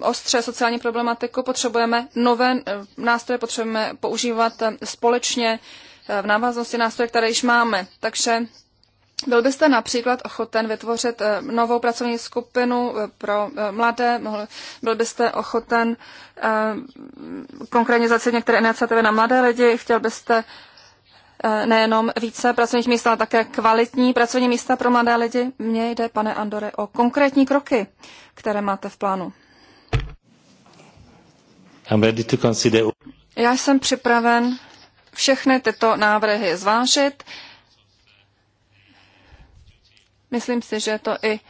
ostře sociální problematiku, potřebujeme nové nástroje, potřebujeme používat společně v návaznosti nástroje, které již máme. Takže byl byste například ochoten vytvořit novou pracovní skupinu pro mladé? Mohl, byl byste ochoten konkrétně zacít některé iniciativy na mladé lidi? Chtěl byste Eh, nejenom více pracovních míst, ale také kvalitní pracovní místa pro mladé lidi. Mně jde, pane Andore, o konkrétní kroky, které máte v plánu.
I'm ready to consider...
Já jsem připraven všechny tyto návrhy zvážit. Myslím si, že je to i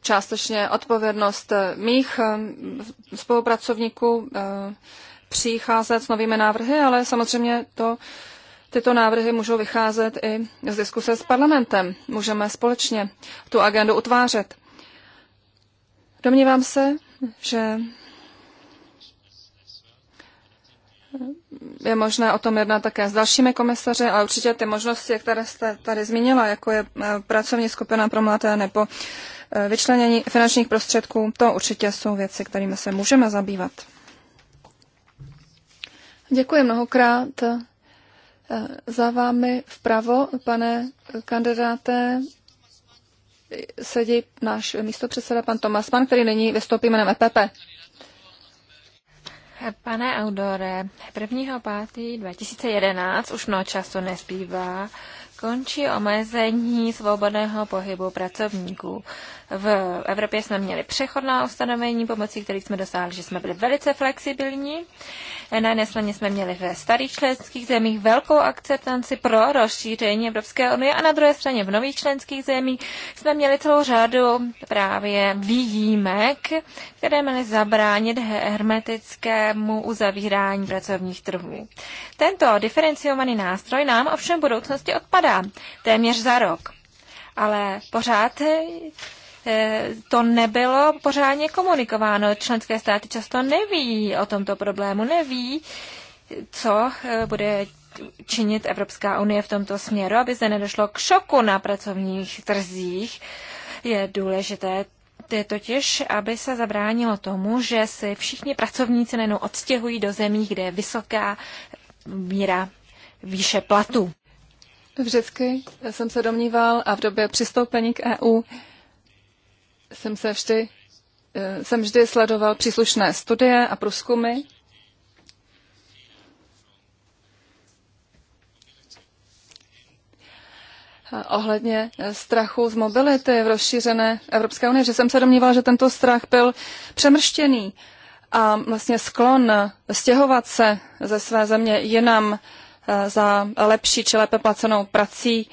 částečně odpovědnost mých eh, spolupracovníků, eh, přicházet s novými návrhy, ale samozřejmě to, tyto návrhy můžou vycházet i z diskuse s parlamentem. Můžeme společně tu agendu utvářet. Domnívám se, že je možné o tom jednat také s dalšími komisaři, A určitě ty možnosti, které jste tady zmínila, jako je eh, pracovní skupina pro mladé nebo eh, vyčlenění finančních prostředků, to určitě jsou věci, kterými se můžeme zabývat. Děkuji mnohokrát. Eh, za vámi vpravo, pane kandidáte, sedí náš místopředseda pan Tomas Mann, který nyní vystoupí jménem EPP.
Pane Audore, 1.5.2011 už mnoho času nezbývá, končí omezení svobodného pohybu pracovníků. V Evropě jsme měli přechodná ustanovení, pomocí kterých jsme dosáhli, že jsme byli velice flexibilní. Na jedné straně jsme měli ve starých členských zemích velkou akceptanci pro rozšíření Evropské unie a na druhé straně v nových členských zemích jsme měli celou řadu právě výjimek, které měly zabránit hermetickému uzavírání pracovních trhů. Tento diferenciovaný nástroj nám ovšem v budoucnosti odpadá téměř za rok. Ale pořád Eh, to nebylo pořádně komunikováno. Členské státy často neví o tomto problému, neví, co eh, bude činit Evropská unie v tomto směru, aby se nedošlo k šoku na pracovních trzích. Je důležité je totiž, aby se zabránilo tomu, že si všichni pracovníci nejenom odstěhují do zemí, kde je vysoká míra výše platu. Vždycky jsem
se domníval a v době přistoupení k EU jsem se vždy, eh, jsem vždy sledoval příslušné studie a průzkumy. Eh, ohledně eh, strachu z mobility v rozšířené Evropské unii, že jsem se domníval, že tento strach byl přemrštěný a vlastně sklon stěhovat se ze své země jinam za lepší či lépe placenou prací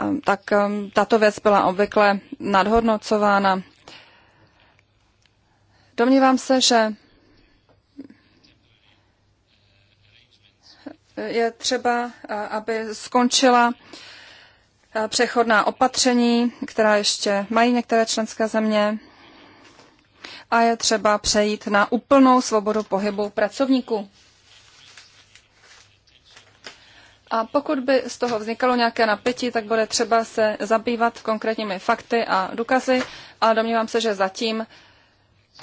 Ehm, tak ehm, tato věc byla obvykle nadhodnocována. Domnívám se, že je třeba, aby skončila přechodná opatření, která ještě mají některé členské země a je třeba přejít na úplnou svobodu pohybu pracovníků. A pokud by z toho vznikalo nějaké napětí, tak bude třeba se zabývat konkrétními fakty a důkazy, ale domnívám se, že zatím eh,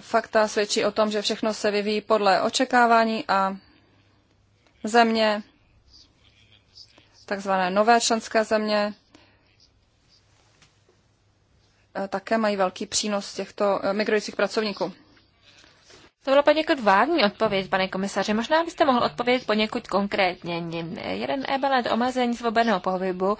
fakta svědčí o tom, že všechno se vyvíjí podle očekávání a země, takzvané nové členské země, eh, také mají
velký přínos těchto eh, migrujících pracovníků. To byla poněkud vágní odpověď, pane komisaře. Možná byste mohl odpovědět poněkud konkrétně. Jeden ebelet omezení svobodného pohybu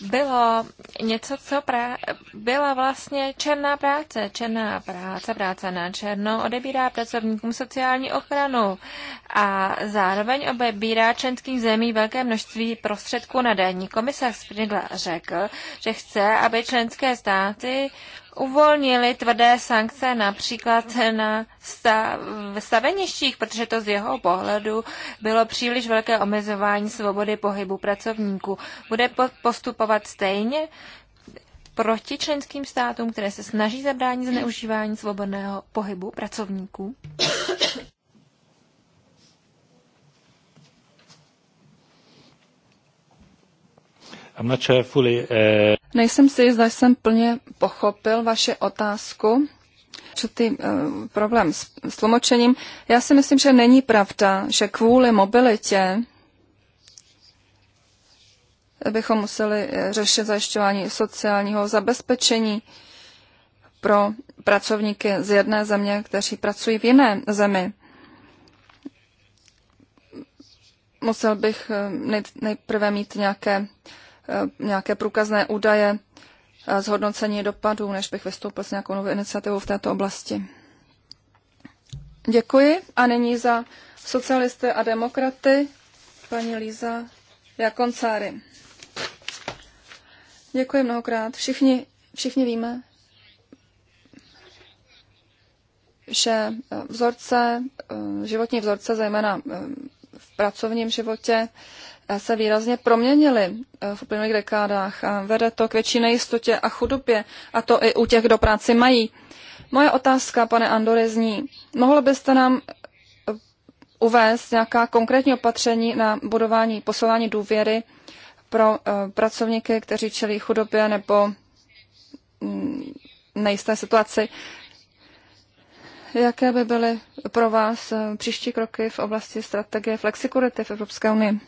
bylo něco, co pra- byla vlastně černá práce. Černá práce, práce na černo, odebírá pracovníkům sociální ochranu a zároveň obebírá členským zemí velké množství prostředků na daní. Komisař Spridla řekl, že chce, aby členské státy uvolnili tvrdé sankce například na stav, staveništích, protože to z jeho pohledu bylo příliš velké omezování svobody pohybu pracovníků. Bude po, postupovat stejně proti členským státům, které se snaží zabránit zneužívání svobodného pohybu pracovníků?
Sure fully, uh...
Nejsem si, zda jsem plně pochopil vaše otázku. ty uh, problém s, s tlumočením. Já si myslím, že není pravda, že kvůli mobilitě bychom museli eh, řešit zajišťování sociálního zabezpečení pro pracovníky z jedné země, kteří pracují v jiné zemi. Musel bych nejprve mít nějaké Eh, nějaké průkazné údaje eh, zhodnocení dopadů, než bych vystoupil s nějakou novou iniciativou v této oblasti. Děkuji a nyní za socialisty a demokraty paní Líza Jakoncáry. Děkuji mnohokrát. Všichni, všichni víme, že eh, vzorce, životní vzorce, zejména v pracovním životě, se výrazně proměnily eh, v uplynulých dekádách a vede to k větší nejistotě a chudobě, a to i u těch, kdo práci mají. Moje otázka, pane Andore, zní, mohl byste nám eh, uvést nějaká konkrétní opatření na budování, posilování důvěry pro eh, pracovníky, kteří čelí chudobě nebo mm, nejisté situaci. Jaké by byly pro vás příští kroky v oblasti strategie Flexicurity v Evropské unii?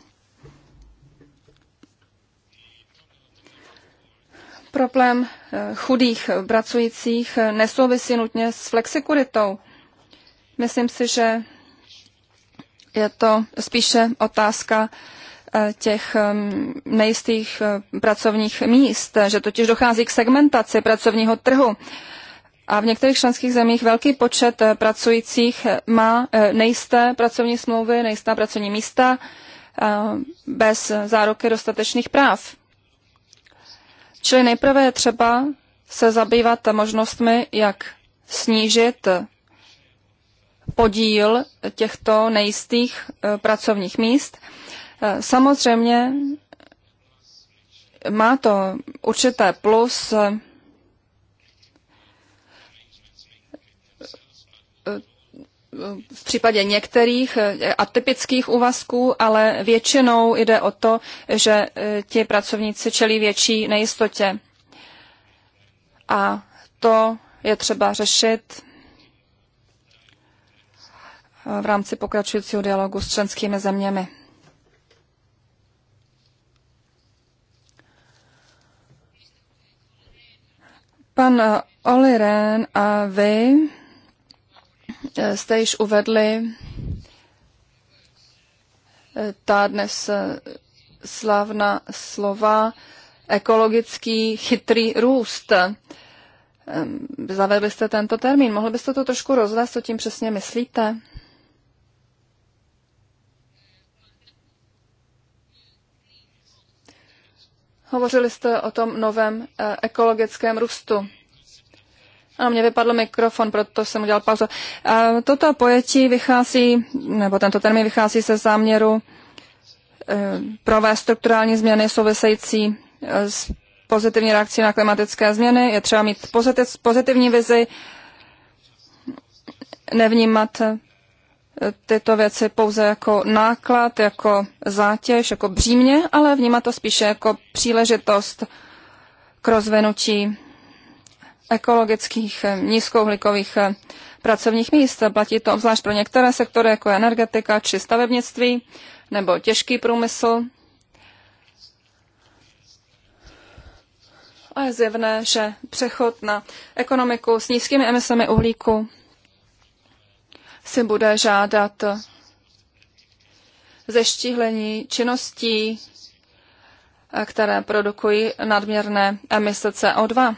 Problém eh, chudých pracujících eh, nesouvisí nutně s flexikuritou. Myslím si, že je to spíše otázka eh, těch nejistých pracovních míst, že totiž dochází k segmentaci pracovního trhu. A v některých členských zemích velký počet pracujících má nejisté pracovní smlouvy, nejistá pracovní místa bez záruky dostatečných práv. Čili nejprve je třeba se zabývat možnostmi, jak snížit podíl těchto nejistých eh, pracovních míst. Eh, samozřejmě má to určité plus eh, v případě některých eh, atypických úvazků, ale většinou jde o to, že eh, ti pracovníci čelí větší nejistotě. A to je třeba řešit eh, v rámci pokračujícího dialogu s členskými zeměmi. Pan Oliren a vy Eh, jste již uvedli, eh, ta dnes eh, slavná slova ekologický chytrý růst. Zavedli jste tento termín. Mohli byste to trošku rozvést, co tím přesně myslíte? Hovořili jste o tom novém ekologickém růstu. A mě vypadl mikrofon, proto jsem udělal pauzu. Toto pojetí vychází, nebo tento termín vychází se záměru eh, provést strukturální změny související eh, s pozitivní reakcí na klimatické změny. Je třeba mít pozitiv, pozitivní vizi, nevnímat eh, tyto věci pouze jako náklad, jako zátěž, jako břímě, ale vnímat to spíše jako příležitost k rozvinutí ekologických eh, nízkouhlíkových eh, pracovních míst. Platí to obzvlášť pro některé sektory, jako je energetika či stavebnictví nebo těžký průmysl. A je zjevné, že přechod na ekonomiku s nízkými emisemi uhlíku si bude žádat zeštíhlení činností, eh, které produkují nadměrné emise CO2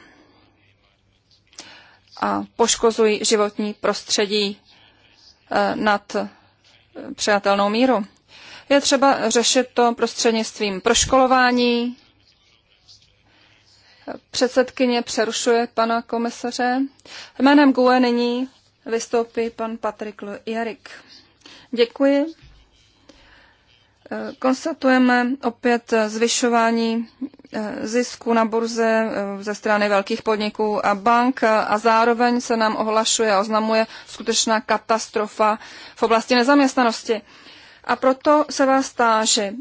a poškozují životní prostředí eh, nad eh, přijatelnou míru. Je třeba řešit to prostřednictvím proškolování. Předsedkyně přerušuje pana komisaře. Jménem GUE nyní vystoupí pan Patrik Jarik. Děkuji, Konstatujeme opět zvyšování eh, zisku na burze eh, ze strany velkých podniků a bank a zároveň se nám ohlašuje a oznamuje skutečná katastrofa v oblasti nezaměstnanosti. A proto se vás táži,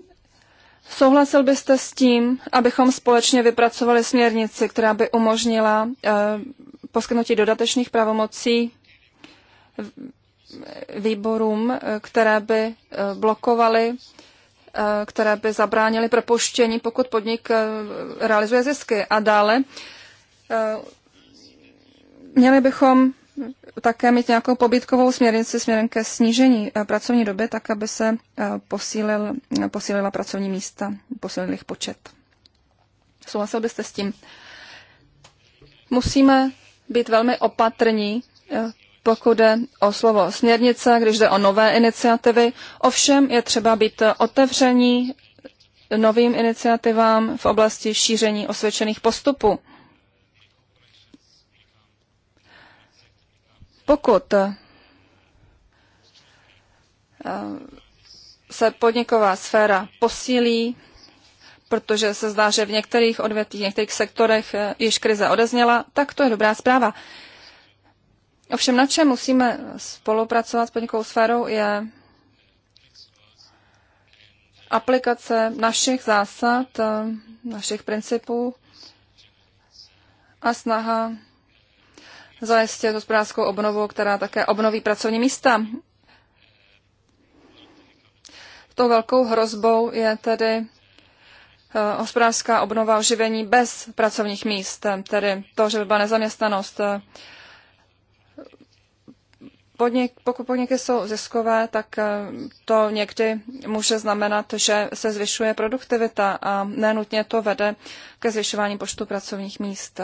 souhlasil byste s tím, abychom společně vypracovali směrnici, která by umožnila eh, poskytnutí dodatečných pravomocí výborům, které by blokovaly Eh, které by zabránily propuštění, pokud podnik eh, realizuje zisky. A dále eh, měli bychom také mít nějakou pobytkovou směrnici směrem ke snížení pracovní doby, tak aby se posílil, posílila pracovní místa, posílil jejich počet. Souhlasil byste s tím? Musíme být velmi opatrní, pokud jde o slovo směrnice, když jde o nové iniciativy. Ovšem je třeba být otevření novým iniciativám v oblasti šíření osvědčených postupů. Pokud eh, se podniková sféra posílí, protože se zdá, že v některých odvětvích, v některých sektorech eh, již krize odezněla, tak to je dobrá zpráva. Ovšem na čem musíme spolupracovat s podnikovou sférou je aplikace našich zásad, našich principů a snaha zajistit hospodářskou obnovu, která také obnoví pracovní místa. Tou velkou hrozbou je tedy eh, hospodářská obnova oživení bez pracovních míst, tedy to, že by byla nezaměstnanost, eh, podnik, pokud podniky jsou ziskové, tak eh, to někdy může znamenat, že se zvyšuje produktivita a nenutně to vede ke zvyšování počtu pracovních míst.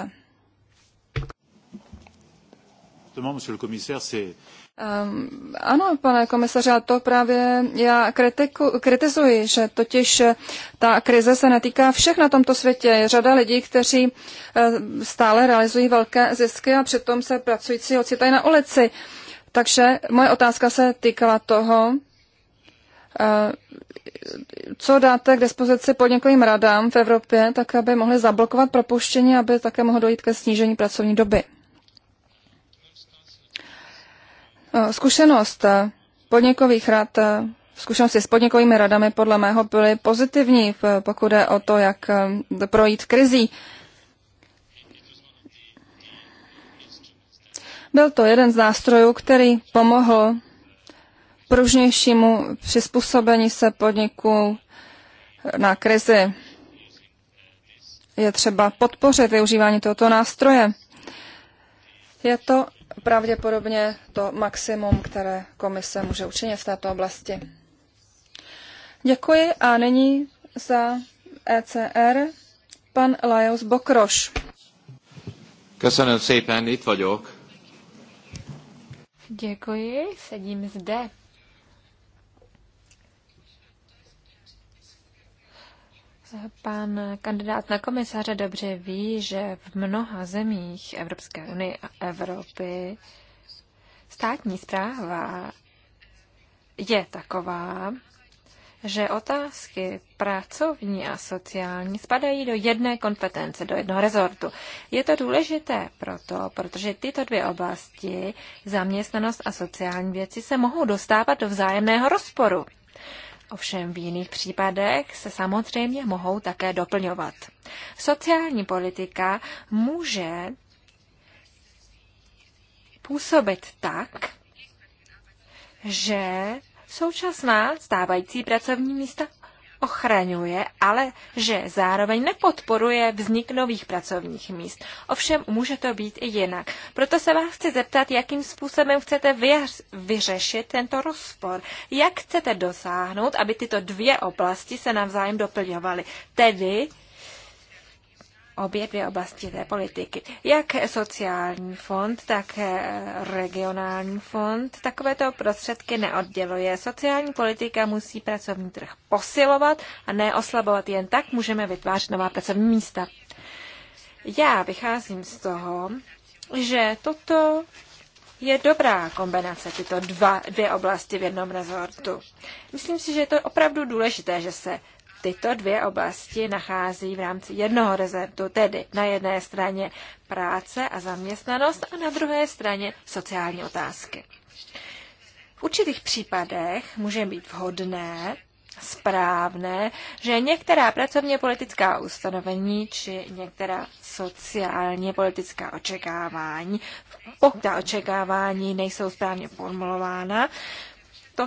Ehm, ano, pane komisaře, a to právě já kritiku, kritizuji, že totiž eh, ta krize se netýká všech na tomto světě. Je řada lidí, kteří eh, stále realizují velké zisky a přitom se pracující ocitají na ulici. Takže moje otázka se týkala toho, eh, co dáte k dispozici podnikovým radám v Evropě, tak aby mohli zablokovat propuštění, aby také mohlo dojít ke snížení pracovní doby. Eh, zkušenost eh, podnikových rad, zkušenosti s podnikovými radami podle mého byly pozitivní, pokud je o to, jak projít krizí. Byl to jeden z nástrojů, který pomohl pružnějšímu přizpůsobení se podniků na krizi. Je třeba podpořit využívání tohoto nástroje. Je to pravděpodobně to maximum, které komise může učinit v této oblasti. Děkuji a nyní za ECR pan Lajos Bokroš.
Köszönöm szépen, itt vagyok.
Děkuji, sedím zde. Pan kandidát na komisaře dobře ví, že v mnoha zemích Evropské unie a Evropy státní zpráva je taková, že otázky pracovní a sociální spadají do jedné kompetence, do jednoho rezortu. Je to důležité proto, protože tyto dvě oblasti, zaměstnanost a sociální věci, se mohou dostávat do vzájemného rozporu. Ovšem v jiných případech se samozřejmě mohou také doplňovat. Sociální politika může působit tak, že současná stávající pracovní místa ochraňuje, ale že zároveň nepodporuje vznik nových pracovních míst. Ovšem může to být i jinak. Proto se vás chci zeptat, jakým způsobem chcete vyřešit tento rozpor. Jak chcete dosáhnout, aby tyto dvě oblasti se navzájem doplňovaly? Tedy obě dvě oblasti té politiky. Jak sociální fond, tak eh, regionální fond takovéto prostředky neodděluje. Sociální politika musí pracovní trh posilovat a ne oslabovat. Jen tak můžeme vytvářet nová pracovní místa. Já vycházím z toho, že toto je dobrá kombinace tyto dva, dvě oblasti v jednom rezortu. Myslím si, že je to opravdu důležité, že se tyto dvě oblasti nachází v rámci jednoho rezervu, tedy na jedné straně práce a zaměstnanost a na druhé straně sociální otázky. V určitých případech může být vhodné správné, že některá pracovně politická ustanovení či některá sociálně politická očekávání, pokud ta očekávání nejsou správně formulována,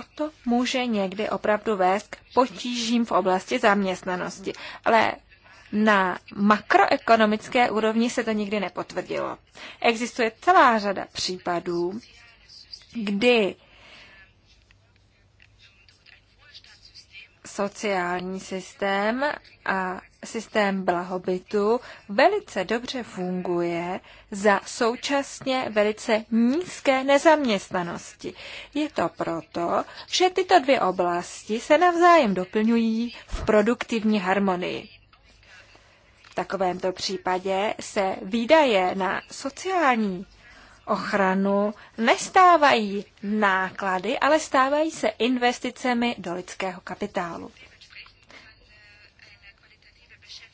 toto může někdy opravdu vést k potížím v oblasti zaměstnanosti. Ale na makroekonomické úrovni se to nikdy nepotvrdilo. Existuje celá řada případů, kdy sociální systém a systém blahobytu velice dobře funguje za současně velice nízké nezaměstnanosti. Je to proto, že tyto dvě oblasti se navzájem doplňují v produktivní harmonii. V takovémto případě se výdaje na sociální ochranu nestávají náklady, ale stávají se investicemi do lidského kapitálu.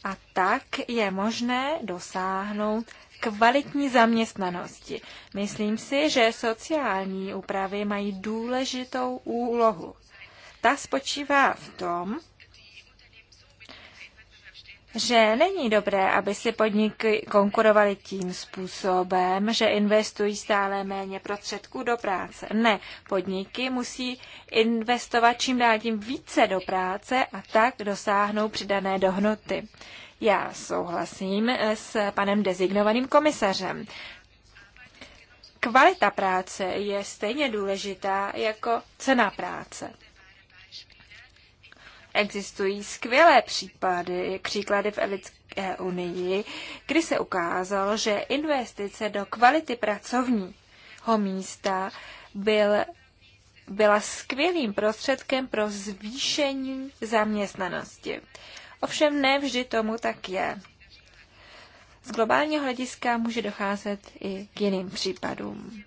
A tak je možné dosáhnout kvalitní zaměstnanosti. Myslím si, že sociální úpravy mají důležitou úlohu. Ta spočívá v tom, že není dobré, aby si podniky konkurovaly tím způsobem, že investují stále méně prostředků do práce. Ne, podniky musí investovat čím dál tím více do práce a tak dosáhnou přidané dohnoty. Já souhlasím s panem dezignovaným komisařem. Kvalita práce je stejně důležitá jako cena práce. Existují skvělé případy, příklady v Evropské unii, kdy se ukázalo, že investice do kvality pracovního místa byl, byla skvělým prostředkem pro zvýšení zaměstnanosti. Ovšem ne vždy tomu tak je. Z globálního hlediska může docházet i k jiným případům.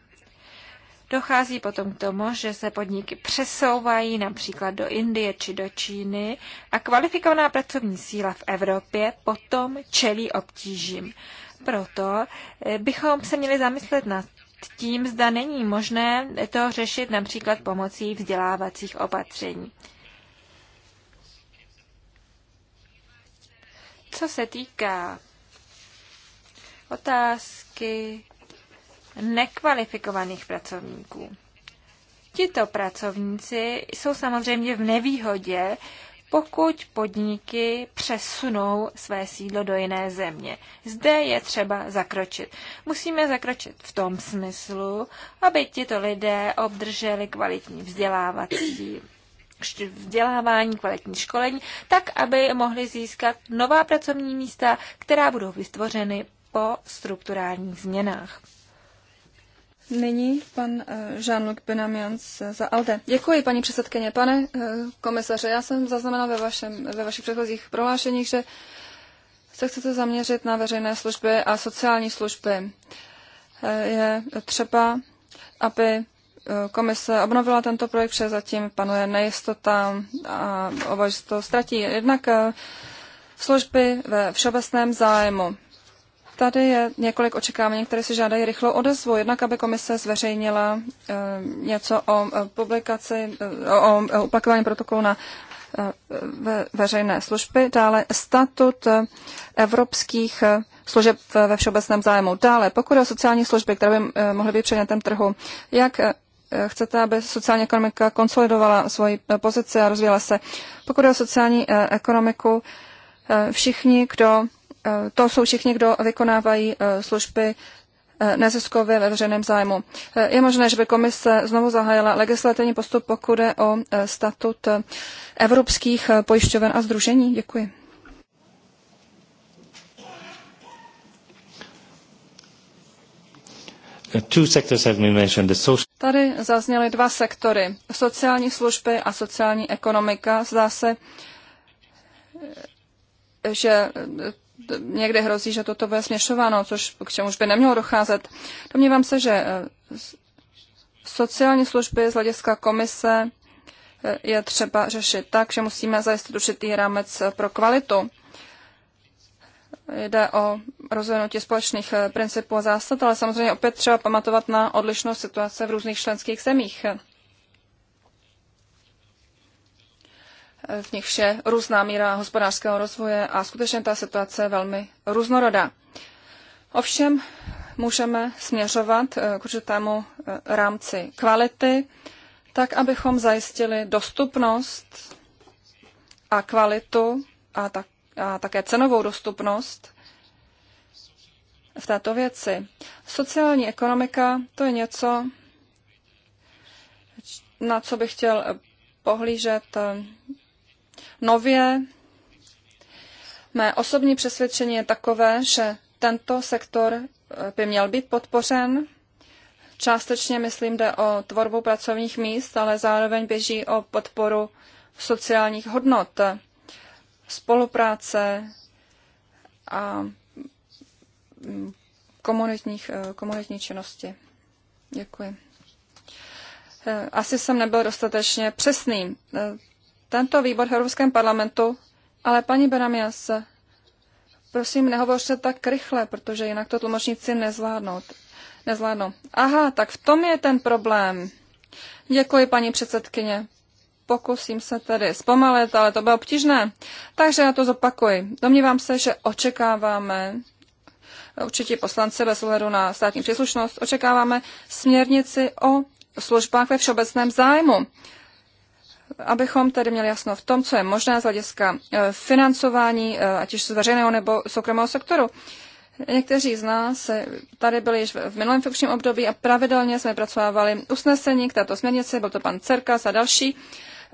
Dochází potom k tomu, že se podniky přesouvají například do Indie či do Číny a kvalifikovaná pracovní síla v Evropě potom čelí obtížím. Proto eh, bychom se měli zamyslet nad tím, zda není možné to řešit například pomocí vzdělávacích opatření. Co se týká otázky nekvalifikovaných pracovníků. Tito pracovníci jsou samozřejmě v nevýhodě, pokud podniky přesunou své sídlo do jiné země. Zde je třeba zakročit. Musíme zakročit v tom smyslu, aby tito lidé obdrželi kvalitní vzdělávací vzdělávání, kvalitní školení, tak, aby mohli získat nová pracovní místa, která budou vytvořeny po strukturálních změnách.
Nyní pan eh, Jean-Luc za ALDE. Děkuji, paní předsedkyně. Pane eh, komisaře, já jsem zaznamenal ve, vašem, ve vašich předchozích prohlášeních, že se chcete zaměřit na veřejné služby a sociální služby. Eh, je třeba, aby komise obnovila tento projekt, protože zatím panuje nejistota a oba, že to ztratí. Jednak služby ve všeobecném zájmu. Tady je několik očekávání, které si žádají rychlou odezvu. Jednak, aby komise zveřejnila eh, něco o eh, publikaci, eh, o uplakování protokolu na ve veřejné služby, dále statut evropských služeb ve všeobecném zájmu. Dále, pokud o sociální služby, které by mohly být předmětem trhu, jak chcete, aby sociální ekonomika konsolidovala svoji pozici a rozvíjela se. Pokud je o sociální ekonomiku, všichni, kdo Eh, to jsou všichni, kdo vykonávají eh, služby eh, neziskově ve veřejném zájmu. Je možné, že by komise znovu zahájila legislativní postup, pokud je o statut evropských pojišťoven a združení? Děkuji.
Uh,
Tady zazněly dva sektory. Sociální služby a sociální ekonomika. Zdá se, že Někde hrozí, že toto bude směšováno, což k čemu už by nemělo docházet. Domnívám se, že eh, sociální služby z hlediska komise eh, je třeba řešit tak, že musíme zajistit určitý rámec eh, pro kvalitu. Jde o rozvinutí společných principů a zásad, ale samozřejmě opět třeba pamatovat na odlišnou situace v různých členských zemích. v nich je různá míra hospodářského rozvoje a skutečně ta situace je velmi různorodá. Ovšem můžeme směřovat eh, k určitému eh, rámci kvality, tak abychom zajistili dostupnost a kvalitu a, tak, a také cenovou dostupnost v této věci. Sociální ekonomika to je něco, na co bych chtěl pohlížet eh, nově. Mé osobní přesvědčení je takové, že tento sektor eh, by měl být podpořen. Částečně, myslím, jde o tvorbu pracovních míst, ale zároveň běží o podporu sociálních hodnot, spolupráce a mm, komunitních, eh, komunitní činnosti. Děkuji. Eh, asi jsem nebyl dostatečně přesný tento výbor v Evropském parlamentu, ale paní Benamias, prosím, nehovořte tak rychle, protože jinak to tlumočníci nezvládnou. nezvládnou. Aha, tak v tom je ten problém. Děkuji, paní předsedkyně. Pokusím se tedy zpomalit, ale to bylo obtížné. Takže já to zopakuji. Domnívám se, že očekáváme, určitě poslanci bez ohledu na státní příslušnost, očekáváme směrnici o službách ve všeobecném zájmu abychom tedy měli jasno v tom, co je možné z hlediska e, financování, e, ať už z veřejného nebo soukromého sektoru. Někteří z nás tady byli již v minulém funkčním období a pravidelně jsme pracovávali usnesení k této směrnici, byl to pan Cerkas a další.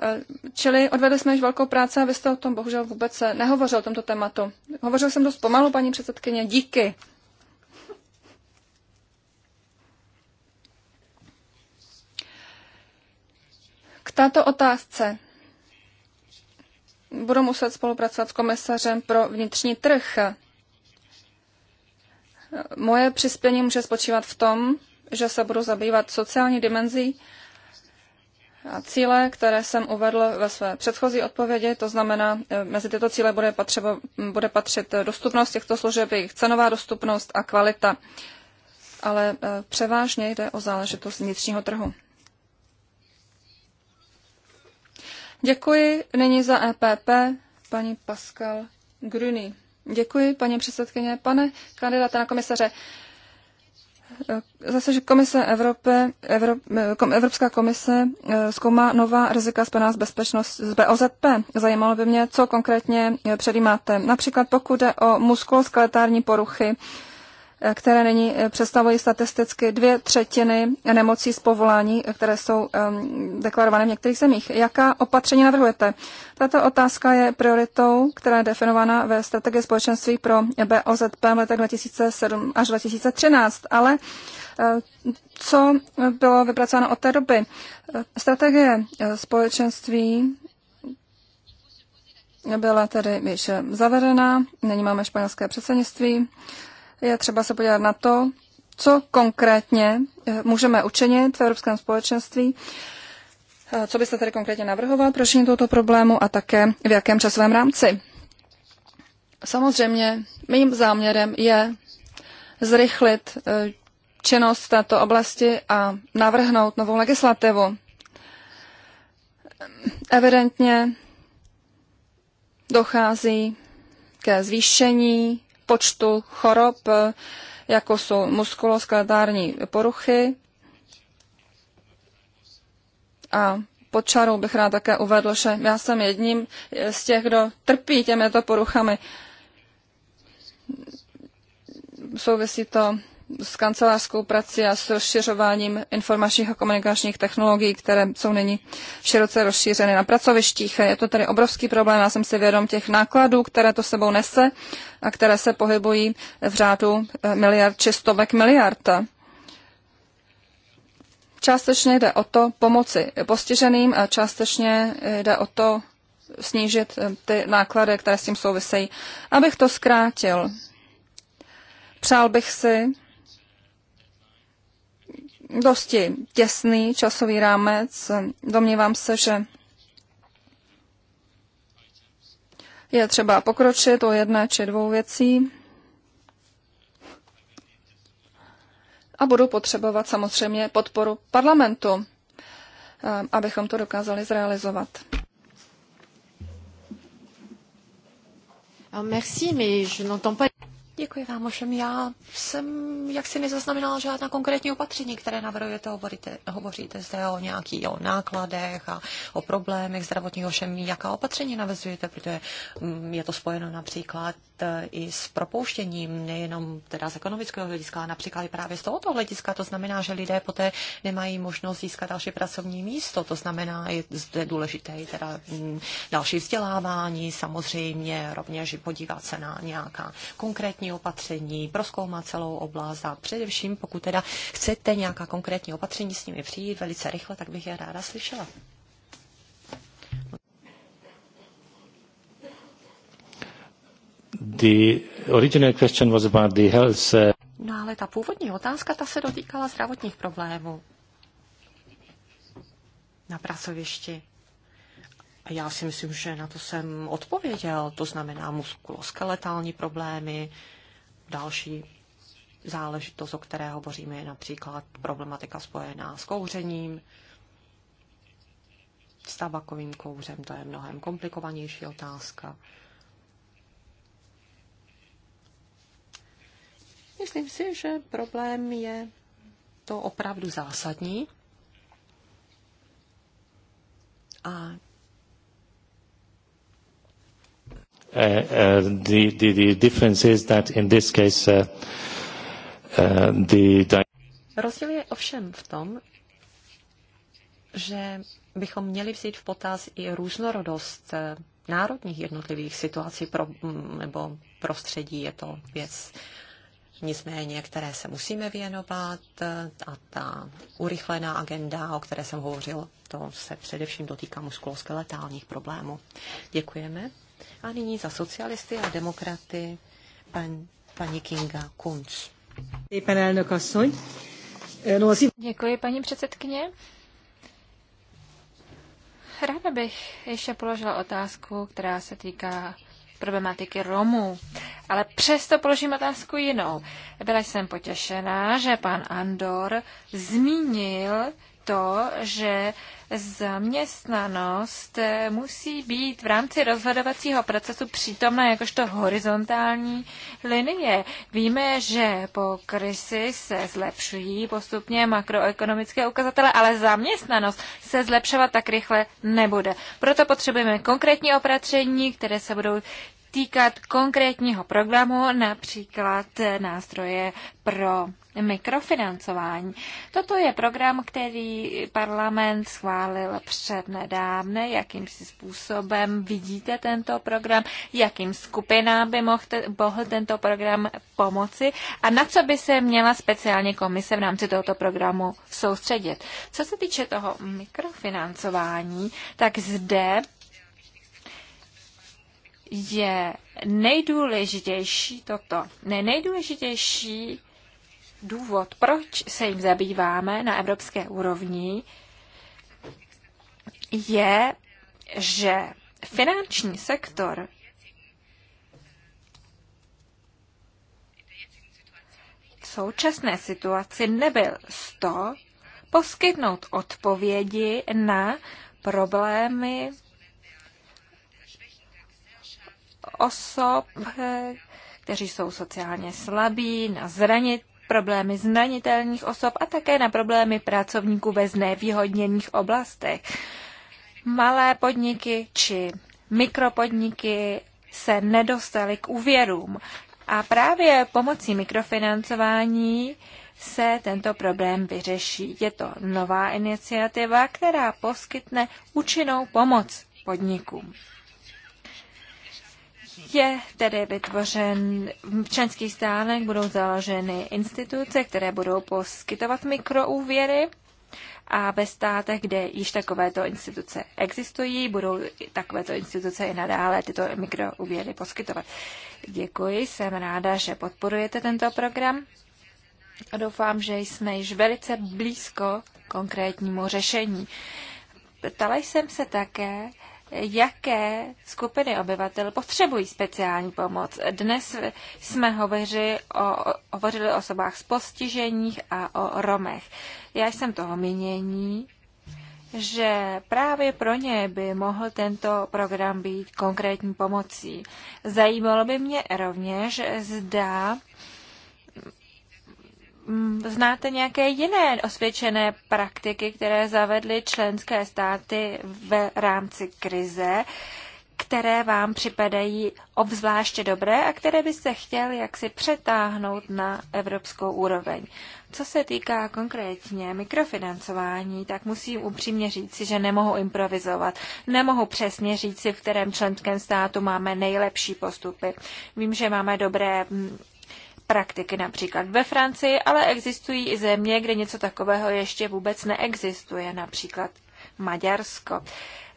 E, čili odvedli jsme již velkou práci a vy jste o tom bohužel vůbec nehovořil, o tomto tématu. Hovořil jsem dost pomalu, paní předsedkyně, díky. K této otázce budu muset spolupracovat s komisařem pro vnitřní trh. Moje přispění může spočívat v tom, že se budu zabývat sociální dimenzí a cíle, které jsem uvedl ve své předchozí odpovědi, to znamená, mezi tyto cíle bude, patřebo, bude patřit dostupnost těchto služeb, jejich cenová dostupnost a kvalita. Ale eh, převážně jde o záležitost vnitřního trhu. Děkuji nyní za EPP paní Pascal Gruny. Děkuji, paní předsedkyně. Pane kandidáte na komisaře, eh, Zase, že komise Evropy, Evrop, eh, Evropská komise eh, zkoumá nová rizika spojená s bezpečnost z BOZP. Zajímalo by mě, co konkrétně předjímáte. Například pokud jde o muskuloskeletární poruchy, které není eh, představují statisticky dvě třetiny nemocí z povolání, eh, které jsou ehm, deklarované v některých zemích. Jaká opatření navrhujete? Tato otázka je prioritou, která je definovaná ve strategii společenství pro BOZP v letech 2007 až 2013, ale eh, co bylo vypracováno od té doby? Strategie společenství byla tedy již zavedena, není máme španělské předsednictví je třeba se podívat na to, co konkrétně eh, můžeme učinit v Evropském společenství, eh, co byste tedy konkrétně navrhoval pro řešení tohoto problému a také v jakém časovém rámci. Samozřejmě mým záměrem je zrychlit eh, činnost v této oblasti a navrhnout novou legislativu. Evidentně dochází ke zvýšení počtu chorob, jako jsou muskuloskladární poruchy. A pod čarou bych rád také uvedl, že já jsem jedním z těch, kdo trpí těmito poruchami. Souvisí to s kancelářskou prací a s rozšiřováním informačních a komunikačních technologií, které jsou nyní široce rozšířeny na pracovištích. Je to tedy obrovský problém, já jsem si vědom těch nákladů, které to sebou nese a které se pohybují v řádu eh, miliard či stovek miliard. Částečně jde o to pomoci postiženým a částečně jde o to snížit eh, ty náklady, které s tím souvisejí. Abych to zkrátil, přál bych si, dosti těsný časový rámec. Domnívám se, že je třeba pokročit o jedné či dvou věcí. A budu potřebovat samozřejmě podporu parlamentu, eh, abychom to dokázali zrealizovat.
Merci, mais je n'entends pas. Děkuji vám, ovšem já jsem jaksi nezaznamenala žádná konkrétní opatření, které navrhujete, hovoríte, hovoříte zde o nějakých o nákladech a o problémech zdravotních, ovšem jaká opatření navezujete, protože mm, je to spojeno například Eh, i s propouštěním, nejenom teda z ekonomického hlediska, ale například i právě z tohoto hlediska. To znamená, že lidé poté nemají možnost získat další pracovní místo. To znamená, je zde důležité i teda mm, další vzdělávání, samozřejmě rovněž podívat se na nějaká konkrétní opatření, proskoumat celou oblast a především, pokud teda chcete nějaká konkrétní opatření s nimi přijít velice rychle, tak bych je ráda slyšela.
The original question was about the health. Uh,
no ale ta původní otázka, ta se dotýkala zdravotních problémů na pracovišti. A já si myslím, že na to jsem odpověděl. To znamená muskuloskeletální problémy, další záležitost, o které hovoříme, je například problematika spojená s kouřením, s tabakovým kouřem, to je mnohem komplikovanější otázka. Myslím si, že problém je to opravdu zásadní. A
Uh, uh, the, the, the difference is that in this case uh, uh, the
Rozdíl je ovšem v tom, že bychom měli vzít v potaz i různorodost národních jednotlivých situací pro, mm, nebo prostředí. Je to věc nicméně které se musíme věnovat a ta urychlená agenda, o které jsem hovořil, to se především dotýká muskuloskeletálních problémů. Děkujeme. A nyní za socialisty a demokraty
pan, paní Kinga Kunc. Děkuji, paní předsedkyně. Ráda bych ještě položila otázku, která se týká problematiky Romů. Ale přesto položím otázku jinou. Byla jsem potěšená, že pan Andor zmínil to, že zaměstnanost musí být v rámci rozhodovacího procesu přítomna jakožto horizontální linie. Víme, že po krizi se zlepšují postupně makroekonomické ukazatele, ale zaměstnanost se zlepšovat tak rychle nebude. Proto potřebujeme konkrétní opatření, které se budou týkat konkrétního programu, například nástroje pro mikrofinancování. Toto je program, který parlament schválil přednedávne. Jakým si způsobem vidíte tento program, jakým skupinám by mohl, mohl tento program pomoci a na co by se měla speciálně komise v rámci tohoto programu soustředit. Co se týče toho mikrofinancování, tak zde je nejdůležitější toto. Ne, nejdůležitější důvod, proč se jim zabýváme na evropské úrovni, je, že finanční sektor v současné situaci nebyl z to poskytnout odpovědi na problémy osob, kteří jsou sociálně slabí, na zranit, problémy zranitelných osob a také na problémy pracovníků ve znevýhodněných oblastech. Malé podniky či mikropodniky se nedostaly k úvěrům a právě pomocí mikrofinancování se tento problém vyřeší. Je to nová iniciativa, která poskytne účinnou pomoc podnikům je tedy vytvořen, v členských stánech budou založeny instituce, které budou poskytovat mikroúvěry a ve státech, kde již takovéto instituce existují, budou takovéto instituce i nadále tyto mikroúvěry poskytovat. Děkuji, jsem ráda, že podporujete tento program. A doufám, že jsme již velice blízko konkrétnímu řešení. Ptala jsem se také, jaké skupiny obyvatel potřebují speciální pomoc. Dnes jsme hovořili o, hovořili o osobách s postiženích a o Romech. Já jsem toho mínění, že právě pro ně by mohl tento program být konkrétní pomocí. Zajímalo by mě rovněž, zda Mm, znáte nějaké jiné osvědčené praktiky, které zavedly členské státy v rámci krize, které vám připadají obzvláště dobré a které byste chtěl jaksi přetáhnout na evropskou úroveň. Co se týká konkrétně mikrofinancování, tak musím upřímně říci, že nemohu improvizovat. Nemohu přesně říci, v kterém členském státu máme nejlepší postupy. Vím, že máme dobré mm, praktiky například ve Francii, ale existují i země, kde něco takového ještě vůbec neexistuje, například Maďarsko.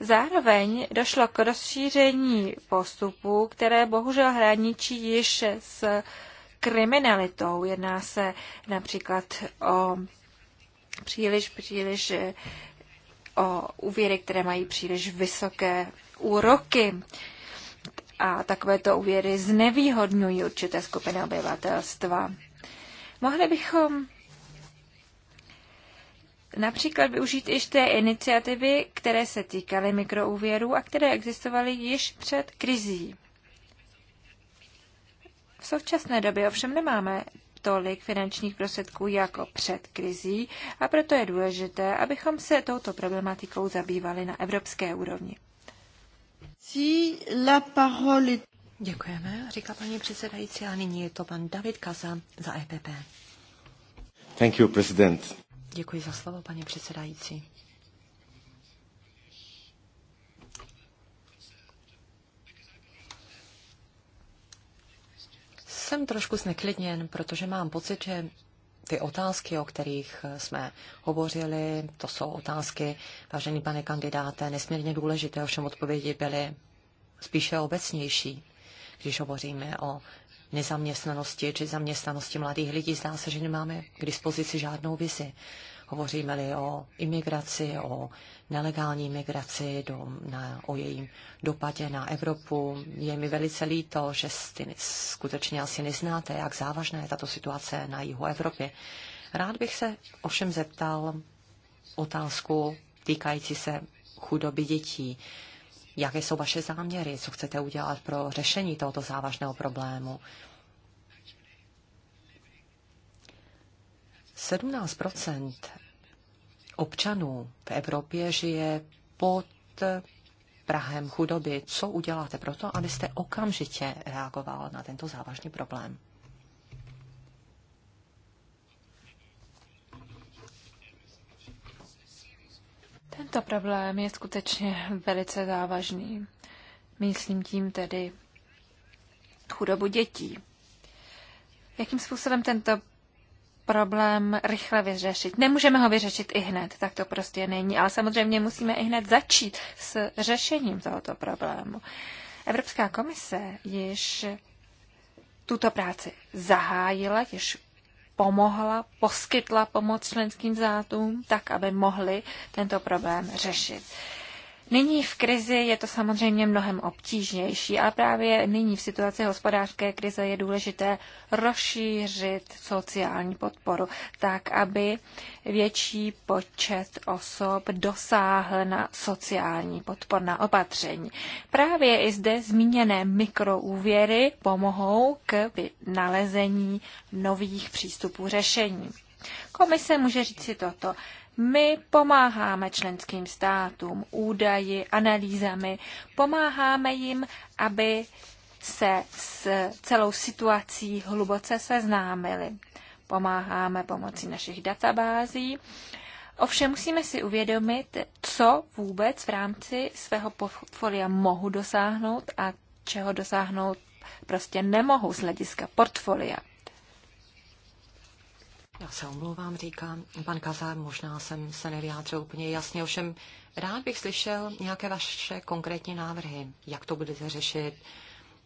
Zároveň došlo k rozšíření postupů, které bohužel hraničí již s kriminalitou. Jedná se například o příliš, příliš eh, o úvěry, které mají příliš vysoké úroky a takovéto úvěry znevýhodňují určité skupiny obyvatelstva. Mohli bychom například využít i té iniciativy, které se týkaly mikroúvěrů a které existovaly již před krizí. V současné době ovšem nemáme tolik finančních prostředků jako před krizí a proto je důležité, abychom se touto problematikou zabývali na evropské úrovni. Si la parole est... Děkujeme, říká paní předsedající,
a nyní je to pan David Kaza za EPP.
Thank you, president.
Děkuji za slovo, paní předsedající. Jsem trošku zneklidněn, protože mám pocit, že ty otázky, o kterých eh, jsme hovořili, to jsou otázky, vážený pane kandidáte, nesmírně důležité, ovšem odpovědi byly spíše obecnější, když hovoříme o nezaměstnanosti či zaměstnanosti mladých lidí. Zdá se, že nemáme k dispozici žádnou vizi. Hovoříme-li o imigraci, o nelegální migraci, do, na, o jejím dopadě na Evropu. Je mi velice líto, že ty skutečně asi neznáte, jak závažná je tato situace na jihu Evropě. Rád bych se ovšem zeptal otázku týkající se chudoby dětí. Jaké jsou vaše záměry? Co chcete udělat pro řešení tohoto závažného problému? 17 občanů v Evropě žije pod Prahem chudoby. Co uděláte pro to, abyste okamžitě reagoval na tento závažný
problém? Tento problém je skutečně velice závažný. Myslím tím tedy chudobu dětí. Jakým způsobem tento problém rychle vyřešit. Nemůžeme ho vyřešit i hned, tak to prostě není, ale samozřejmě musíme i hned začít s řešením tohoto problému. Evropská komise již tuto práci zahájila, již pomohla, poskytla pomoc členským zátům, tak, aby mohli tento problém řešit. Nyní v krizi je to samozřejmě mnohem obtížnější a právě nyní v situaci hospodářské krize je důležité rozšířit sociální podporu tak, aby větší počet osob dosáhl na sociální podporná opatření. Právě i zde zmíněné mikroúvěry pomohou k nalezení nových přístupů řešení. Komise může říct si toto. My pomáháme členským státům údaji, analýzami, pomáháme jim, aby se s celou situací hluboce seznámili. Pomáháme pomocí našich databází. Ovšem musíme si uvědomit, co vůbec v rámci svého portfolia mohu dosáhnout a čeho dosáhnout prostě nemohu z hlediska portfolia.
Já se omlouvám, říkám, pan Kazár, možná jsem se nevyjádřil úplně jasně, ovšem rád bych slyšel nějaké vaše konkrétní návrhy, jak to budete řešit,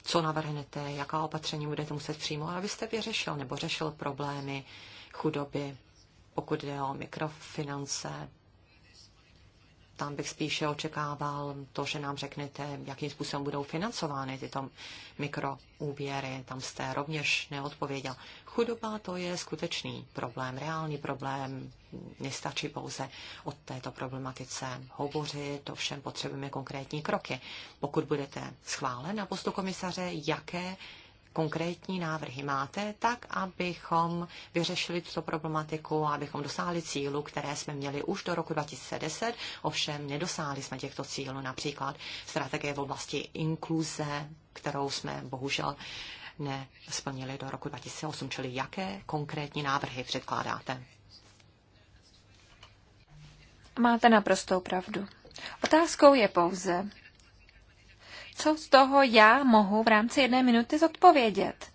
co navrhnete, jaká opatření budete muset přijmout, abyste vyřešil nebo řešil problémy chudoby, pokud jde o mikrofinance, tam bych spíše očekával to, že nám řeknete, jakým způsobem budou financovány tyto mikroúvěry. Tam jste rovněž neodpověděl. Chudoba to je skutečný problém, reálný problém. Nestačí pouze o této problematice hovořit, to všem potřebujeme konkrétní kroky. Pokud budete schválen na postu komisaře, jaké konkrétní návrhy máte, tak abychom vyřešili tuto problematiku a abychom dosáhli cílu, které jsme měli už do roku 2010, ovšem nedosáhli jsme těchto cílů, například strategie v oblasti inkluze, kterou jsme bohužel nesplnili do roku 2008, čili jaké konkrétní návrhy předkládáte?
Máte naprostou pravdu. Otázkou je pouze, co z toho já mohu v rámci jedné minuty zodpovědět.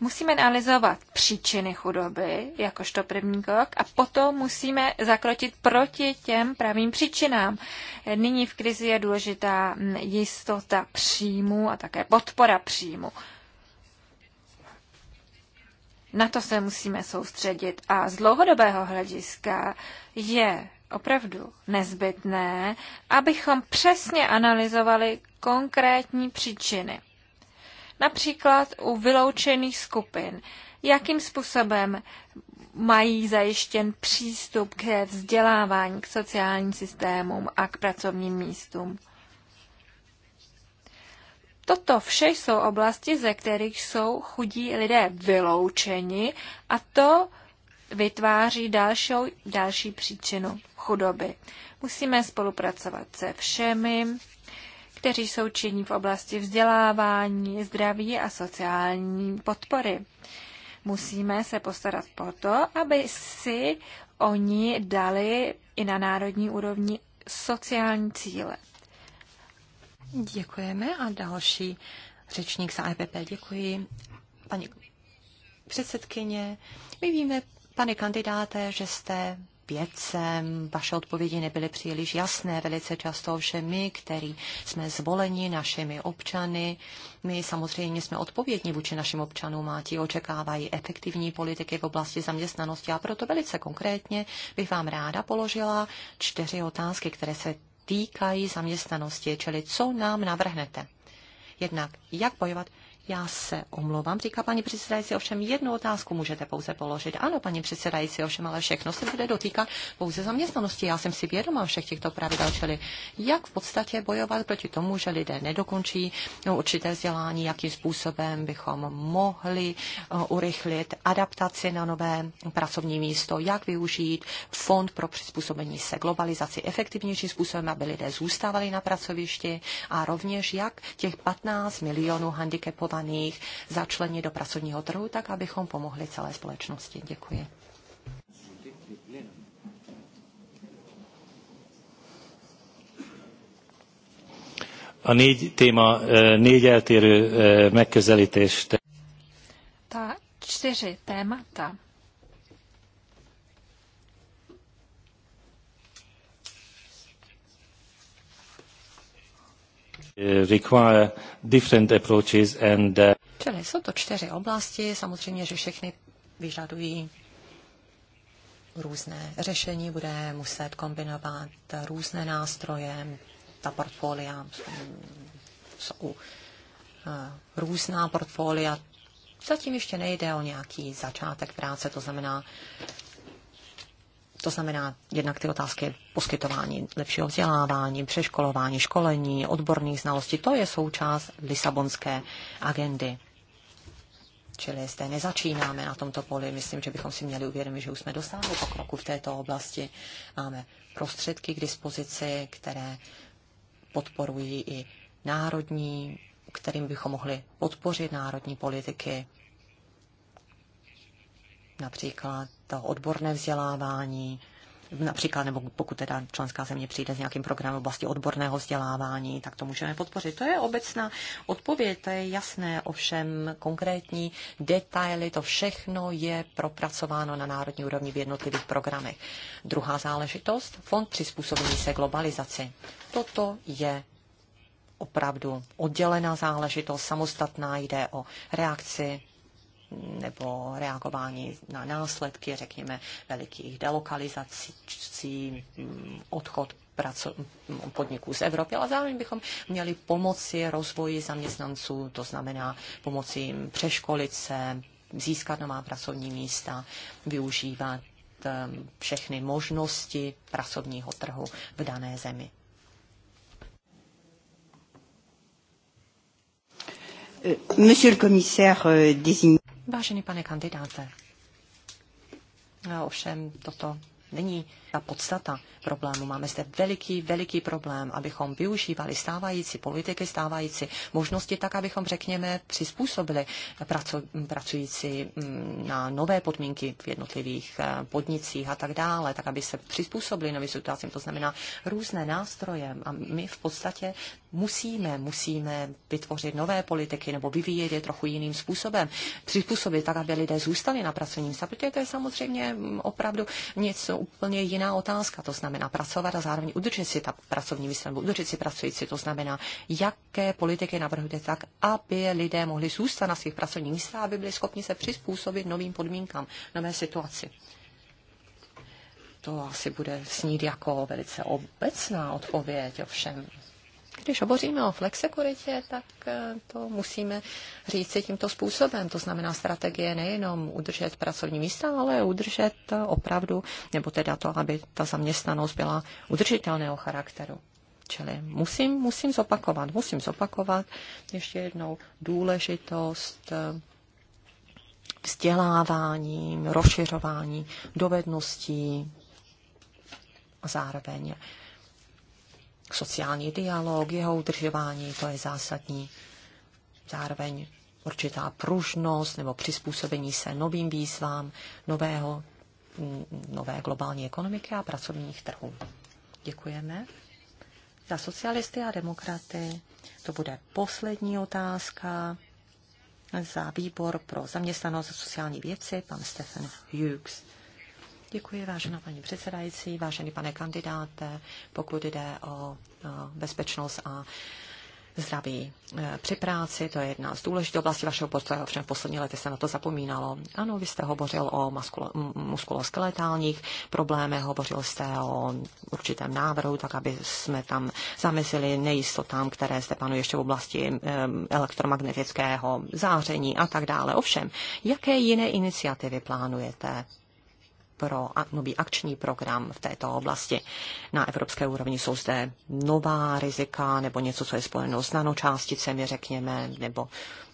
Musíme analyzovat příčiny chudoby, jakožto první krok, a potom musíme zakročit proti těm pravým příčinám. Nyní v krizi je důležitá jistota příjmu a také podpora příjmu. Na to se musíme soustředit a z dlouhodobého hlediska je opravdu nezbytné, abychom přesně analyzovali, konkrétní příčiny. Například u vyloučených skupin. Jakým způsobem mají zajištěn přístup k vzdělávání, k sociálním systémům a k pracovním místům. Toto vše jsou oblasti, ze kterých jsou chudí lidé vyloučeni a to vytváří další, další příčinu chudoby. Musíme spolupracovat se všemi kteří jsou činní v oblasti vzdělávání, zdraví a sociální podpory. Musíme se postarat o to, aby si oni dali i na národní úrovni sociální cíle.
Děkujeme a další řečník za EPP. Děkuji. Paní předsedkyně, my víme, pane kandidáte, že jste věcem. Vaše odpovědi nebyly příliš jasné. Velice často ovšem my, který jsme zvoleni našimi občany, my samozřejmě jsme odpovědní vůči našim občanům a ti očekávají efektivní politiky v oblasti zaměstnanosti. A proto velice konkrétně bych vám ráda položila čtyři otázky, které se týkají zaměstnanosti, čili co nám navrhnete. Jednak, jak bojovat já se omlouvám, říká paní předsedající, ovšem jednu otázku můžete pouze položit. Ano, paní předsedající, ovšem, ale všechno se bude dotýkat pouze zaměstnanosti. Já jsem si vědomá všech těchto pravidel, čili jak v podstatě bojovat proti tomu, že lidé nedokončí no, určité vzdělání, jakým způsobem bychom mohli uh, urychlit adaptaci na nové pracovní místo, jak využít fond pro přizpůsobení se globalizaci efektivnějším způsobem, aby lidé zůstávali na pracovišti a rovněž jak těch 15 milionů handicapovaných kvalifikovaných začlenit do pracovního trhu, tak abychom pomohli celé společnosti. Děkuji.
A négy téma, e, négy eltérő e, megközelítést.
Ta čtyři témata
Eh, require different approaches and... Eh,
Čili jsou to čtyři oblasti, samozřejmě, že všechny vyžadují různé řešení, bude muset kombinovat různé nástroje, ta portfolia jsou eh, různá portfolia. Zatím ještě nejde o nějaký začátek práce, to znamená, to znamená jednak ty otázky poskytování lepšího vzdělávání, přeškolování, školení, odborných znalostí. To je součást Lisabonské agendy. Čili zde nezačínáme na tomto poli. Myslím, že bychom si měli uvědomit, že už jsme dosáhli pokroku v této oblasti. Máme prostředky k dispozici, které podporují i národní, kterým bychom mohli podpořit národní politiky, například to odborné vzdělávání, například, nebo pokud teda členská země přijde s nějakým programem v oblasti odborného vzdělávání, tak to můžeme podpořit. To je obecná odpověď, to je jasné, ovšem konkrétní detaily, to všechno je propracováno na národní úrovni v jednotlivých programech. Druhá záležitost, fond přizpůsobení se globalizaci. Toto je opravdu oddělená záležitost, samostatná, jde o reakci nebo reagování na následky, řekněme, velikých delokalizací, mm, odchod praco- mm, podniků z Evropy, ale zároveň bychom měli pomoci rozvoji zaměstnanců, to znamená pomoci jim přeškolit se, získat nová pracovní místa, využívat ehm, všechny možnosti pracovního trhu v dané zemi. Euh, monsieur le commissaire euh, désigné. Vážený pane kandidáte, ovšem toto není ta podstata problému. Máme zde veliký, veliký problém, abychom využívali stávající politiky, stávající možnosti tak, abychom, řekněme, přizpůsobili praco, pracující mm, na nové podmínky v jednotlivých eh, podnicích a tak dále, tak, aby se přizpůsobili novým situacím. To znamená různé nástroje a my v podstatě musíme, musíme vytvořit nové politiky nebo vyvíjet je trochu jiným způsobem, přizpůsobit tak, aby lidé zůstali na pracovním stavu, protože to je samozřejmě mm, opravdu něco úplně jiného jiná otázka. To znamená pracovat a zároveň udržet si ta pracovní místa nebo udržet si pracující. To znamená, jaké politiky navrhujete tak, aby lidé mohli zůstat na svých pracovních místech, aby byli schopni se přizpůsobit novým podmínkám, nové situaci. To asi bude snít jako velice obecná odpověď, ovšem když hovoříme o flexekuritě, tak eh, to musíme říci tímto způsobem. To znamená strategie nejenom udržet pracovní místa, ale udržet eh, opravdu, nebo teda to, aby ta zaměstnanost byla udržitelného charakteru. Čili musím, musím zopakovat, musím zopakovat ještě jednou důležitost eh, vzdělávání, rozšiřování dovedností a zároveň sociální dialog, jeho udržování, to je zásadní. Zároveň určitá pružnost nebo přizpůsobení se novým výzvám nového, mm, nové globální ekonomiky a pracovních trhů. Děkujeme. Za socialisty a demokraty to bude poslední otázka za výbor pro zaměstnanost a sociální věci, pan Stefan Hughes. Děkuji, vážená paní předsedající, vážený pane kandidáte, pokud jde o bezpečnost a zdraví e, při práci, to je jedna z důležitých oblastí vašeho portfolia, ovšem v poslední lety se na to zapomínalo. Ano, vy jste hovořil o maskulo, muskuloskeletálních problémech, hovořil jste o určitém návrhu, tak aby jsme tam zamezili nejistotám, které zde panují ještě v oblasti elektromagnetického záření a tak dále. Ovšem, jaké jiné iniciativy plánujete pro nový akční program v této oblasti. Na evropské úrovni jsou zde nová rizika nebo něco, co je spojeno s nanočásticemi, řekněme, nebo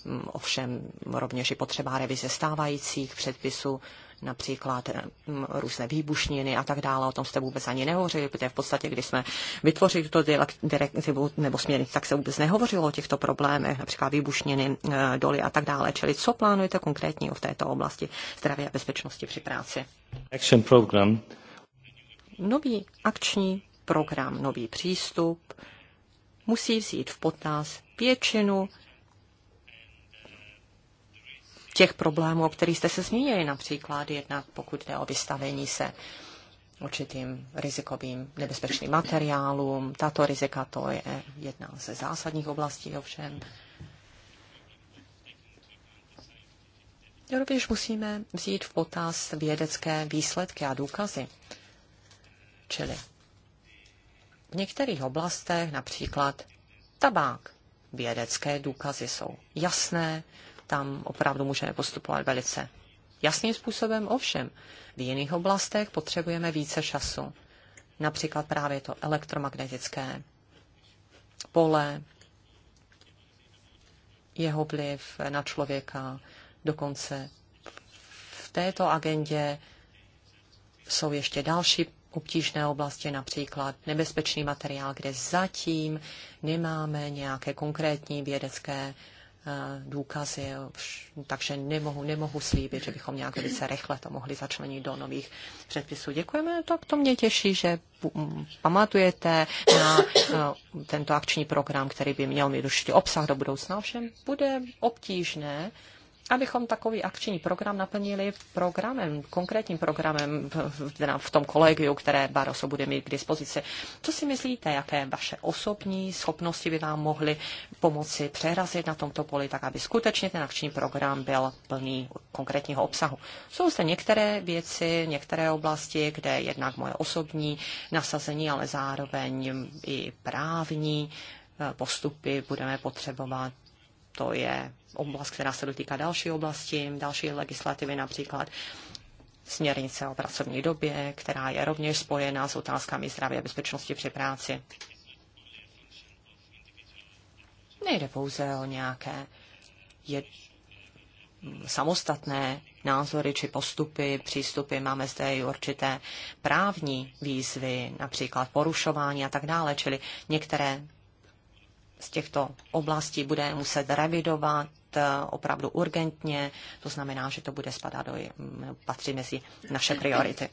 mm, ovšem rovněž i potřeba revize stávajících předpisů například eh, různé výbušniny a tak dále. O tom jste vůbec ani nehovořili, protože v podstatě, když jsme vytvořili tuto direktivu nebo směrnici, tak se vůbec nehovořilo o těchto problémech, například výbušniny, eh, doly a tak dále. Čili co plánujete konkrétně v této oblasti zdraví a bezpečnosti při práci?
Action program.
Nový akční program, nový přístup musí vzít v potaz většinu těch problémů, o kterých jste se zmínili, například jednak pokud jde o vystavení se určitým rizikovým nebezpečným materiálům. Tato rizika to je jedna ze zásadních oblastí ovšem. Rovněž musíme vzít v potaz vědecké výsledky a důkazy. Čili v některých oblastech, například tabák, vědecké důkazy jsou jasné, tam opravdu můžeme postupovat velice jasným způsobem. Ovšem, v jiných oblastech potřebujeme více času. Například právě to elektromagnetické pole, jeho vliv na člověka, dokonce v této agendě jsou ještě další obtížné oblasti, například nebezpečný materiál, kde zatím nemáme nějaké konkrétní vědecké Eh, důkazy, takže nemohu, nemohu slíbit, že bychom nějak velice rychle to mohli začlenit do nových předpisů. Děkujeme, tak to mě těší, že mm, pamatujete na eh, tento akční program, který by měl mít určitě obsah do budoucna. Ovšem bude obtížné abychom takový akční program naplnili programem, konkrétním programem v, v tom kolegiu, které Baroso bude mít k dispozici. Co si myslíte, jaké vaše osobní schopnosti by vám mohly pomoci přerazit na tomto poli, tak aby skutečně ten akční program byl plný konkrétního obsahu? Jsou zde některé věci, některé oblasti, kde jednak moje osobní nasazení, ale zároveň i právní eh, postupy budeme potřebovat. To je oblast, která se dotýká další oblasti, další legislativy, například směrnice o pracovní době, která je rovněž spojená s otázkami zdraví a bezpečnosti při práci. Nejde pouze o nějaké je samostatné názory či postupy, přístupy. Máme zde i určité právní výzvy, například porušování a tak dále, čili některé z těchto oblastí bude muset revidovat eh, opravdu urgentně, to znamená, že to bude spadat do, patří mezi naše priority.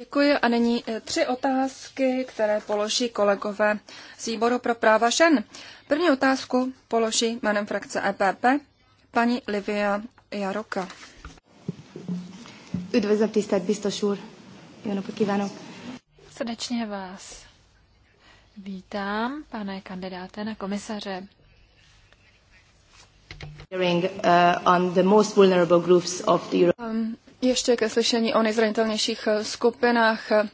Děkuji
a nyní eh, tři otázky, které položí kolegové z výboru pro práva žen. První otázku položí jménem frakce EPP paní Livia Jaroka. Üdvözlöm tisztelt biztos úr! Jó
Srdečně vás Vítám, pane kandidáte na komisaře.
Uh,
um, ještě ke slyšení o nejzranitelnějších uh, skupinách uh,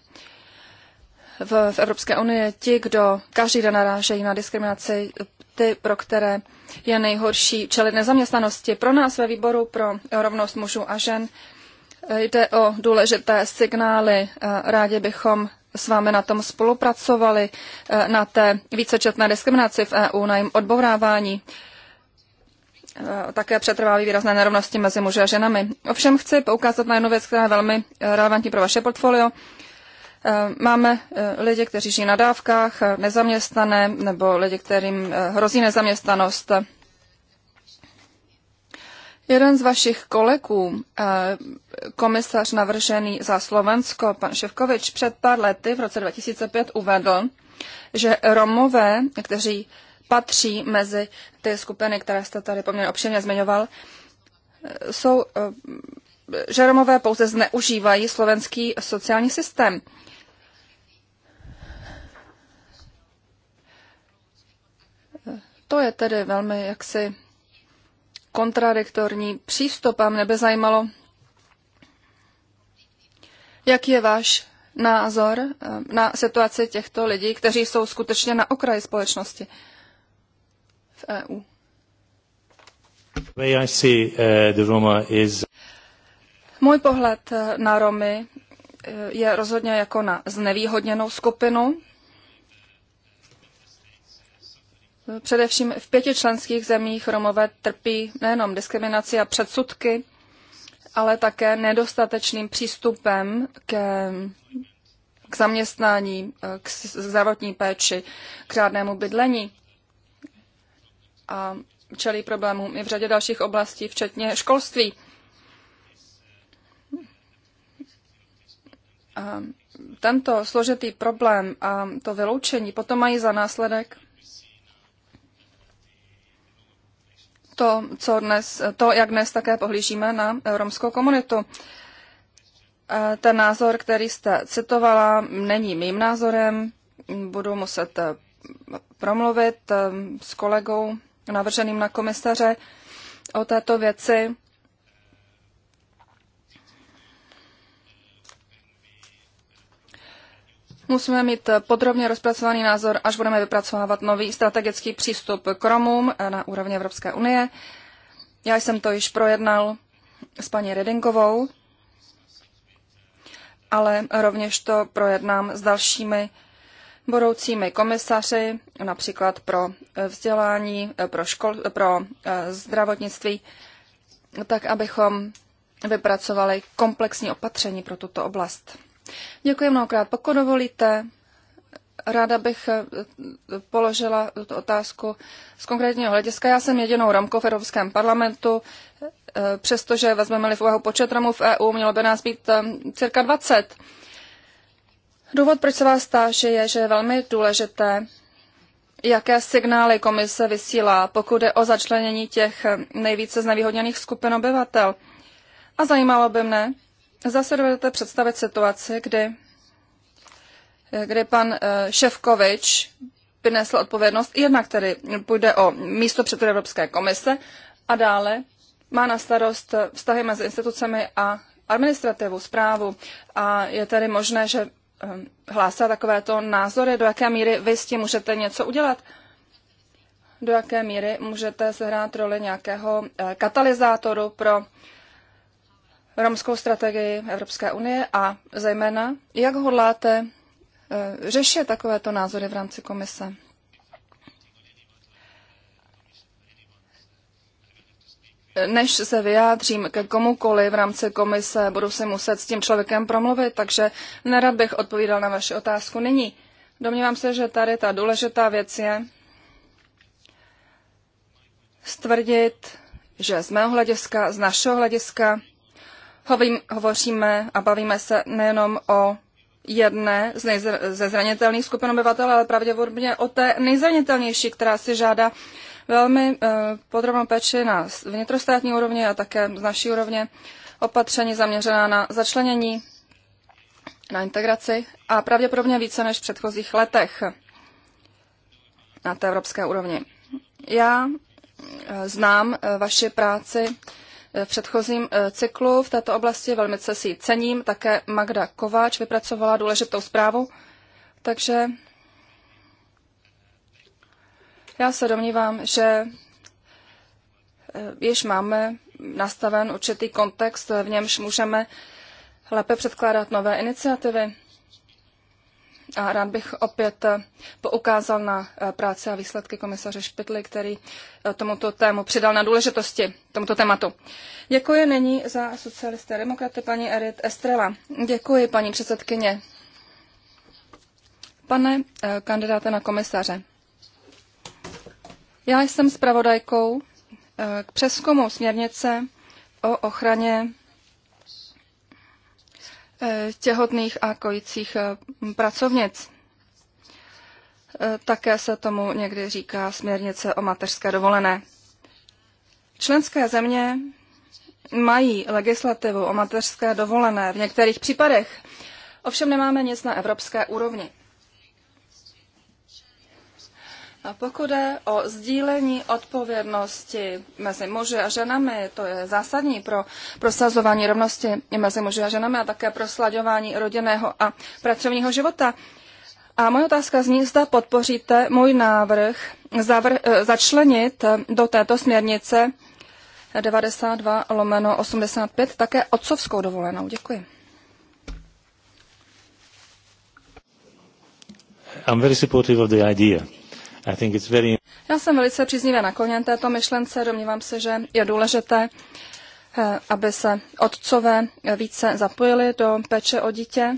v, v Evropské unii. Ti, kdo každý den narážejí na diskriminaci, ty, pro které je nejhorší čelit nezaměstnanosti. Pro nás ve výboru pro rovnost mužů a žen jde o důležité signály. Rádi bychom s vámi na tom spolupracovali, eh, na té vícečetné diskriminaci v EU, na jim odbourávání. Eh, také přetrvávají výrazné nerovnosti mezi muži a ženami. Ovšem chci poukázat na jednu věc, která je velmi eh, relevantní pro vaše portfolio. Máme lidi, kteří žijí na dávkách, nezaměstnané, nebo lidi, kterým hrozí nezaměstnanost. Jeden z vašich kolegů, eh, komisař navržený za Slovensko, pan Ševkovič, před pár lety v roce 2005 uvedl, že Romové, kteří patří mezi ty skupiny, které jste tady poměrně obširně zmiňoval, eh, jsou, eh, že Romové pouze zneužívají slovenský sociální systém. To je tedy velmi jaksi kontradiktorní přístup a mne by zajímalo, jak je váš názor eh, na situaci těchto lidí, kteří jsou skutečně na okraji společnosti v EU.
Eh,
Můj pohled eh, na Romy je rozhodně jako na znevýhodněnou skupinu, Především v pěti členských zemích Romové trpí nejenom diskriminaci a předsudky, ale také nedostatečným přístupem ke, k zaměstnání, k zdravotní péči, k řádnému bydlení. A čelí problémům i v řadě dalších oblastí, včetně školství. A tento složitý problém a to vyloučení potom mají za následek to, co dnes, to, jak dnes také pohlížíme na romskou komunitu. Ten názor, který jste citovala, není mým názorem. Budu muset eh, promluvit eh, s kolegou navrženým na komisaře o této věci. Musíme mít podrobně rozpracovaný názor, až budeme vypracovávat nový strategický přístup k Romům na úrovni Evropské unie. Já jsem to již projednal s paní Redinkovou, ale rovněž to projednám s dalšími budoucími komisaři, například pro vzdělání, pro, škol, pro eh, zdravotnictví, tak abychom vypracovali komplexní opatření pro tuto oblast. Děkuji mnohokrát. Pokud dovolíte, ráda bych eh, položila tuto otázku z konkrétního hlediska. Já jsem jedinou Romkou v Evropském parlamentu, eh, přestože vezmeme-li v úvahu počet Romů v EU, mělo by nás být eh, cirka 20. Důvod, proč se vás táži, je, že je velmi důležité, jaké signály komise vysílá, pokud je o začlenění těch nejvíce znevýhodněných skupin obyvatel. A zajímalo by mne, Zase dovedete představit situaci, kdy, kdy pan eh, Ševkovič by nesl odpovědnost, jednak tedy půjde o místo předsedy Evropské komise a dále má na starost vztahy mezi institucemi a administrativu, zprávu a je tedy možné, že eh, hlásá takovéto názory, do jaké míry vy s tím můžete něco udělat, do jaké míry můžete sehrát roli nějakého eh, katalyzátoru pro romskou strategii Evropské unie a zejména, jak hodláte eh, řešit takovéto názory v rámci komise? Než se vyjádřím ke komukoli v rámci komise, budu si muset s tím člověkem promluvit, takže nerad bych odpovídal na vaši otázku nyní. Domnívám se, že tady ta důležitá věc je stvrdit, že z mého hlediska, z našeho hlediska, hovoříme a bavíme se nejenom o jedné z nejzr- ze zranitelných skupin obyvatel, ale pravděpodobně o té nejzranitelnější, která si žádá velmi e, podrobnou péči na vnitrostátní úrovni a také z naší úrovně opatření zaměřená na začlenění, na integraci a pravděpodobně více než v předchozích letech na té evropské úrovni. Já eh, znám eh, vaši práci v předchozím eh, cyklu v této oblasti. Velmi se si cením. Také Magda Kováč vypracovala důležitou zprávu. Takže já se domnívám, že eh, již máme nastaven určitý kontext, v němž můžeme lépe předkládat nové iniciativy. A rád bych opět eh, poukázal na eh, práce a výsledky komisaře Špitly, který eh, tomuto tému přidal na důležitosti, tomuto tématu. Děkuji nyní za socialisté demokraty paní Erit Estrela. Děkuji, paní předsedkyně. Pane kandidáte na komisaře, já jsem zpravodajkou k přeskumu směrnice o ochraně Eh, těhotných a kojících eh, pracovnic. Eh, také se tomu někdy říká směrnice o mateřské dovolené. Členské země mají legislativu o mateřské dovolené v některých případech, ovšem nemáme nic na evropské úrovni. A pokud je o sdílení odpovědnosti mezi muži a ženami, to je zásadní pro prosazování rovnosti mezi muži a ženami a také pro slaďování rodinného a pracovního života. A moje otázka zní, zda podpoříte můj návrh zavr, eh, začlenit do této směrnice 92 lomeno 85 také otcovskou dovolenou. Děkuji.
I'm very supportive of the idea.
Já jsem velice příznivě nakloněn této myšlence. Domnívám se, že je důležité, eh, aby se otcové více zapojili do péče o dítě.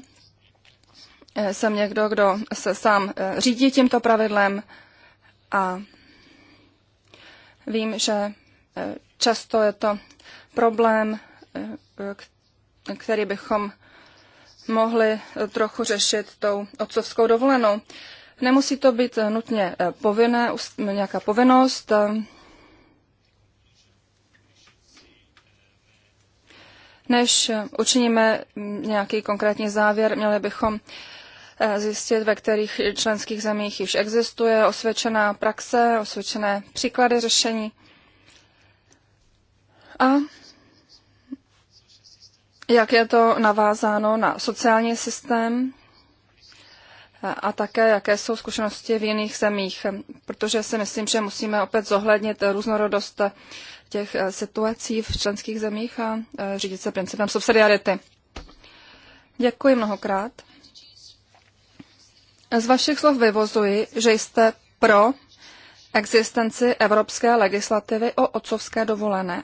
Eh, jsem někdo, kdo se sám eh, řídí tímto pravidlem a vím, že často je to problém, který bychom mohli trochu řešit tou otcovskou dovolenou. Nemusí to být eh, nutně eh, povinné, nějaká povinnost. Než eh, učiníme mm, nějaký konkrétní závěr, měli bychom zjistit, ve kterých členských zemích již existuje osvědčená praxe, osvědčené příklady řešení. A jak je to navázáno na sociální systém, a také jaké jsou zkušenosti v jiných zemích, protože si myslím, že musíme opět zohlednit různorodost těch eh, situací v členských zemích a eh, řídit se principem subsidiarity. Děkuji mnohokrát. Z vašich slov vyvozuji, že jste pro existenci evropské legislativy o otcovské dovolené.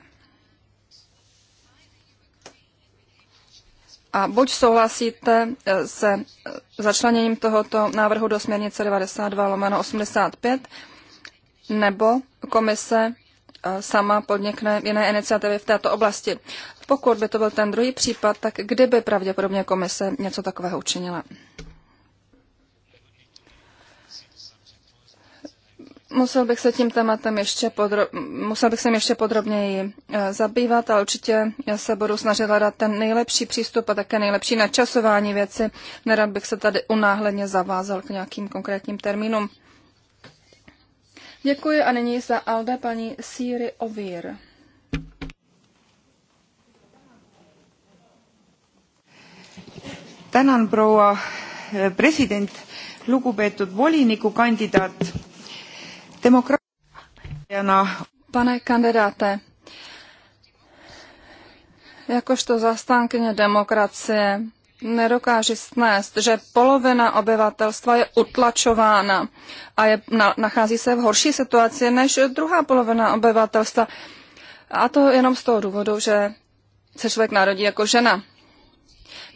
A buď souhlasíte eh, se eh, začleněním tohoto návrhu do směrnice 92 lomeno 85, nebo komise eh, sama podnikne jiné iniciativy v této oblasti. Pokud by to byl ten druhý případ, tak kdyby pravděpodobně komise něco takového učinila? Musel bych se tím tématem ještě, podro- musel bych se ještě podrobněji eh, zabývat a určitě já se budu snažit hledat ten nejlepší přístup a také nejlepší načasování věci. Nerad bych se tady unáhledně zavázal k nějakým konkrétním termínům. Děkuji a nyní za Alde paní Siri Ovír. Tänan proua eh, president, lugupeetud kandidaat. Pane kandidáte, jakožto zastánkyně demokracie nedokáže snést, že polovina obyvatelstva je utlačována a je, na, nachází se v horší situaci než druhá polovina obyvatelstva. A to jenom z toho důvodu, že se člověk narodí jako žena.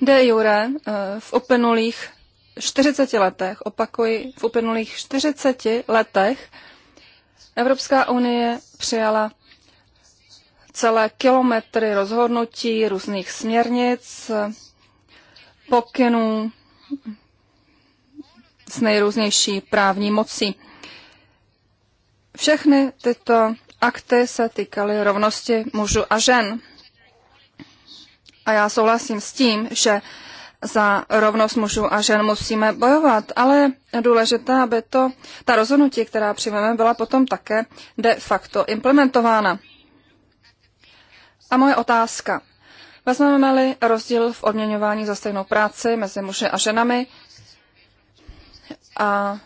De jure eh, v uplynulých 40 letech, opakuji, v uplynulých 40 letech Evropská unie přijala celé kilometry rozhodnutí různých směrnic, pokynů s nejrůznější právní mocí. Všechny tyto akty se týkaly rovnosti mužů a žen. A já souhlasím s tím, že za rovnost mužů a žen musíme bojovat, ale důležité, aby to, ta rozhodnutí, která přijmeme, byla potom také de facto implementována. A moje otázka. Vezmeme-li rozdíl v odměňování za stejnou práci mezi muži a ženami a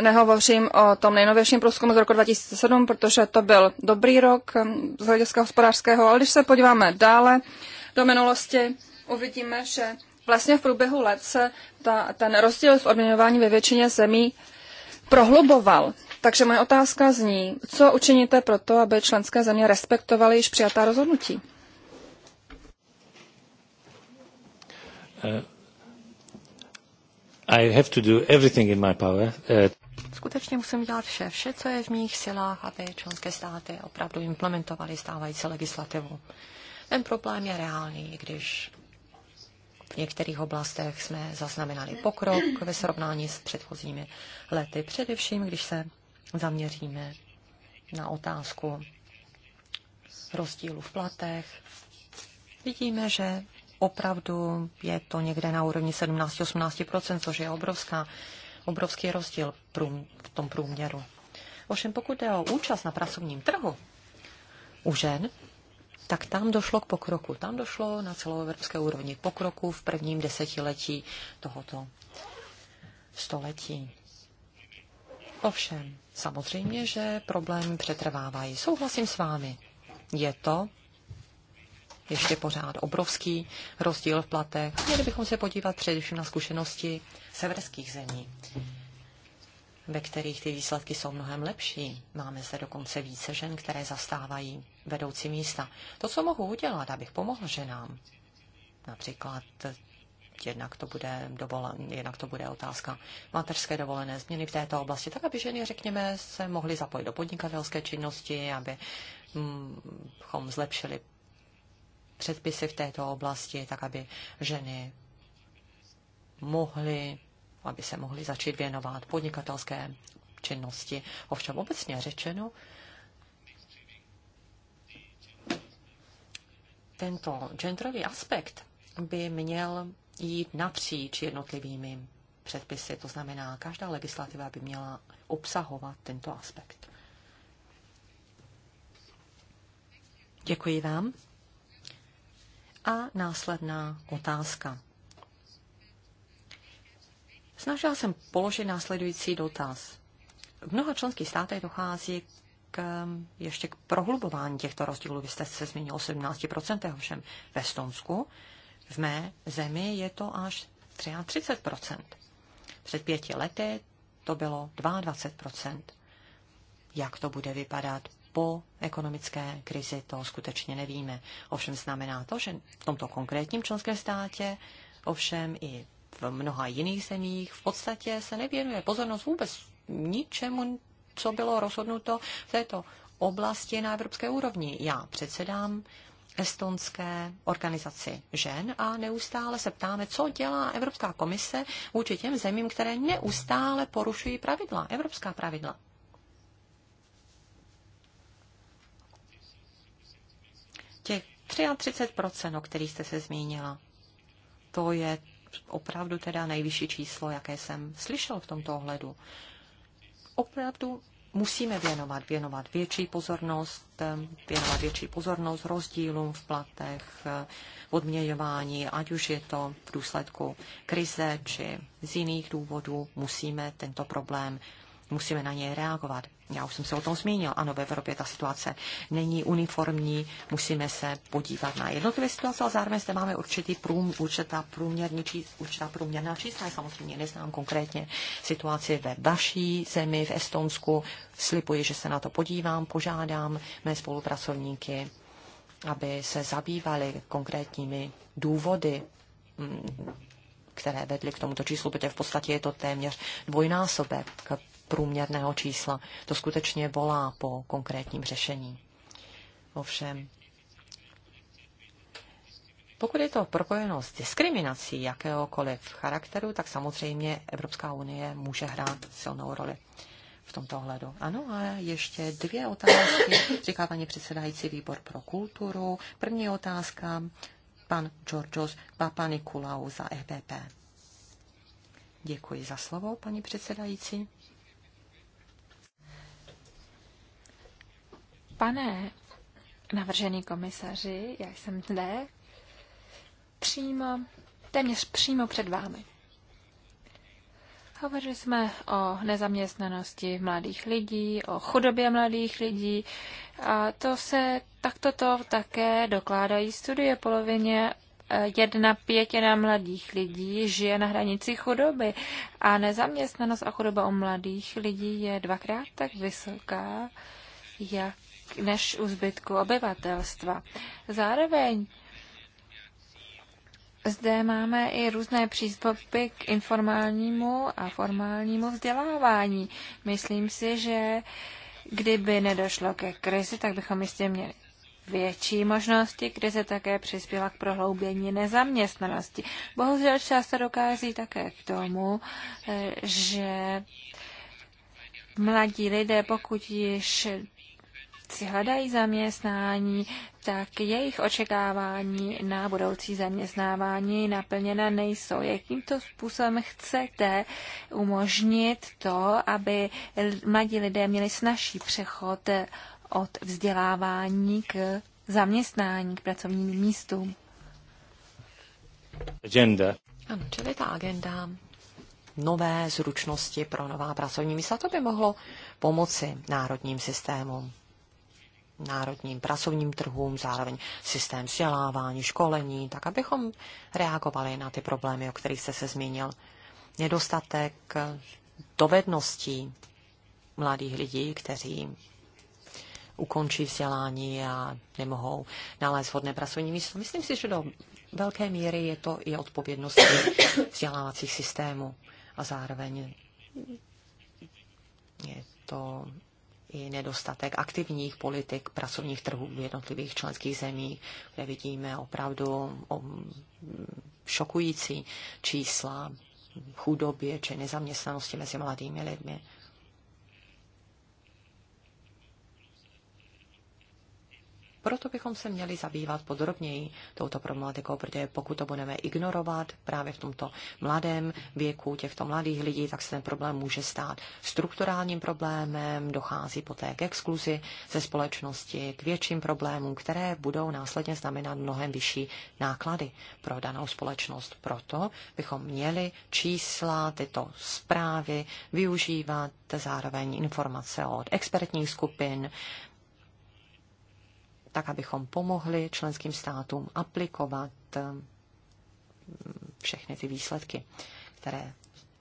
Nehovořím o tom nejnovějším průzkumu z roku 2007, protože to byl dobrý rok um, z hlediska hospodářského, ale když se podíváme dále do minulosti, uvidíme, že vlastně v průběhu let se ta, ten rozdíl v odměňování ve většině zemí prohluboval. Takže moje otázka zní, co učiníte pro to, aby členské země respektovaly již přijatá rozhodnutí?
Uh, I have to do everything in my power. Uh,
Skutečně musím dělat vše, vše, co je v mých silách, aby členské státy opravdu implementovaly stávající legislativu. Ten problém je reálný, když v některých oblastech jsme zaznamenali pokrok ve srovnání s předchozími lety, především když se zaměříme na otázku rozdílu v platech. Vidíme, že opravdu je to někde na úrovni 17-18%, což je obrovská, obrovský rozdíl v tom průměru. Ovšem pokud jde o účast na pracovním trhu u žen, tak tam došlo k pokroku. Tam došlo na celoevropské úrovni pokroku v prvním desetiletí tohoto století. Ovšem, samozřejmě, že problémy přetrvávají. Souhlasím s vámi. Je to ještě pořád obrovský rozdíl v platech. Měli bychom se podívat především na zkušenosti severských zemí ve kterých ty výsledky jsou mnohem lepší. Máme zde dokonce více žen, které zastávají vedoucí místa. To, co mohu udělat, abych pomohl ženám, například jednak to bude, dovolen, jednak to bude otázka mateřské dovolené změny v této oblasti, tak aby ženy, řekněme, se mohly zapojit do podnikatelské činnosti, aby abychom zlepšili předpisy v této oblasti, tak aby ženy mohly aby se mohli začít věnovat podnikatelské činnosti. Ovšem obecně řečeno, tento genderový aspekt by měl jít napříč jednotlivými předpisy. To znamená, každá legislativa by měla obsahovat tento aspekt. Děkuji vám. A následná otázka. Snažila jsem položit následující dotaz. V mnoha členských státech dochází k, um, ještě k prohlubování těchto rozdílů. Vy jste se zmínil o 17%, ovšem v Estonsku, v mé zemi je to až 33%. Před pěti lety to bylo 22%. Jak to bude vypadat po ekonomické krizi, to skutečně nevíme. Ovšem znamená to, že v tomto konkrétním členském státě, ovšem i v mnoha jiných zemích v podstatě se nevěnuje pozornost vůbec ničemu, co bylo rozhodnuto v této oblasti na evropské úrovni. Já předsedám estonské organizaci žen a neustále se ptáme, co dělá Evropská komise vůči těm zemím, které neustále porušují pravidla, evropská pravidla. Těch 33%, o kterých jste se zmínila, to je opravdu teda nejvyšší číslo, jaké jsem slyšel v tomto ohledu. Opravdu musíme věnovat, věnovat větší pozornost, věnovat větší pozornost rozdílům v platech, v odměňování, ať už je to v důsledku krize či z jiných důvodů, musíme tento problém, musíme na něj reagovat já už jsem se o tom zmínil, ano, v Evropě ta situace není uniformní, musíme se podívat na jednotlivé situace, ale zároveň zde máme určitý prům, určitá, průměrní čís, určitá průměrná čísla. Já samozřejmě neznám konkrétně situaci ve vaší zemi, v Estonsku. Slipuji, že se na to podívám, požádám mé spolupracovníky, aby se zabývali konkrétními důvody mm, které vedly k tomuto číslu, protože v podstatě je to téměř dvojnásobek průměrného čísla. To skutečně volá po konkrétním řešení. Ovšem, pokud je to propojeno s diskriminací jakéhokoliv charakteru, tak samozřejmě Evropská unie může hrát silnou roli v tomto ohledu. Ano, a ještě dvě otázky, říká paní předsedající výbor pro kulturu. První otázka, pan Georgios Papanikulau za EPP.
Děkuji za slovo, paní předsedající. Pane navržený komisaři, já jsem zde přímo, téměř přímo před vámi. Hovořili jsme o nezaměstnanosti mladých lidí, o chudobě mladých lidí a to se takto to také dokládají studie polovině eh, jedna pětina mladých lidí žije na hranici chudoby a nezaměstnanost a chudoba u mladých lidí je dvakrát tak vysoká, jak než u zbytku obyvatelstva. Zároveň zde máme i různé přístupy k informálnímu a formálnímu vzdělávání. Myslím si, že kdyby nedošlo ke krizi, tak bychom jistě měli větší možnosti, kde se také přispěla k prohloubění nezaměstnanosti. Bohužel často dokází také k tomu, eh, že mladí lidé, pokud již si hledají zaměstnání, tak jejich očekávání na budoucí zaměstnávání naplněna nejsou. Jakýmto způsobem chcete umožnit to, aby mladí lidé měli snažší přechod od vzdělávání k zaměstnání, k pracovním místům?
Agenda. Ano, čili
ta agenda
nové zručnosti pro nová pracovní místa, to by mohlo pomoci národním systémům národním pracovním trhům, zároveň systém vzdělávání, školení, tak abychom reagovali na ty problémy, o kterých jste se zmínil. Nedostatek dovedností mladých lidí, kteří ukončí vzdělání a nemohou nalézt vhodné pracovní místo. Myslím si, že do velké míry je to i odpovědnost vzdělávacích systémů a zároveň je to i nedostatek aktivních politik pracovních trhů v jednotlivých členských zemích, kde vidíme opravdu um, šokující čísla chudobě či nezaměstnanosti mezi mladými lidmi. Proto bychom se měli zabývat podrobněji touto problematikou, protože pokud to budeme ignorovat právě v tomto mladém věku těchto mladých lidí, tak se ten problém může stát strukturálním problémem, dochází poté k exkluzi ze společnosti, k větším problémům, které budou následně znamenat mnohem vyšší náklady pro danou společnost. Proto bychom měli čísla, tyto zprávy využívat, zároveň informace od expertních skupin, tak abychom pomohli členským státům aplikovat eh, všechny ty výsledky které,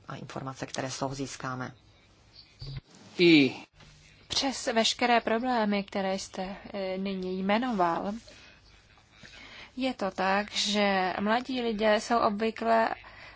a informace, které z toho získáme. I.
Přes veškeré problémy, které jste eh, nyní jmenoval, je to tak, že mladí lidé jsou obvykle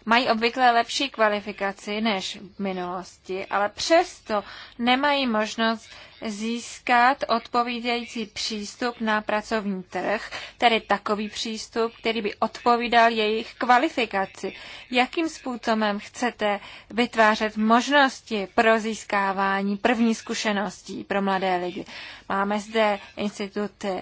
mají obvykle lepší kvalifikaci než v minulosti, ale přesto nemají možnost získat odpovídající přístup na pracovní trh, tedy takový přístup, který by odpovídal jejich kvalifikaci. Jakým způsobem chcete vytvářet možnosti pro získávání první zkušeností pro mladé lidi? Máme zde instituty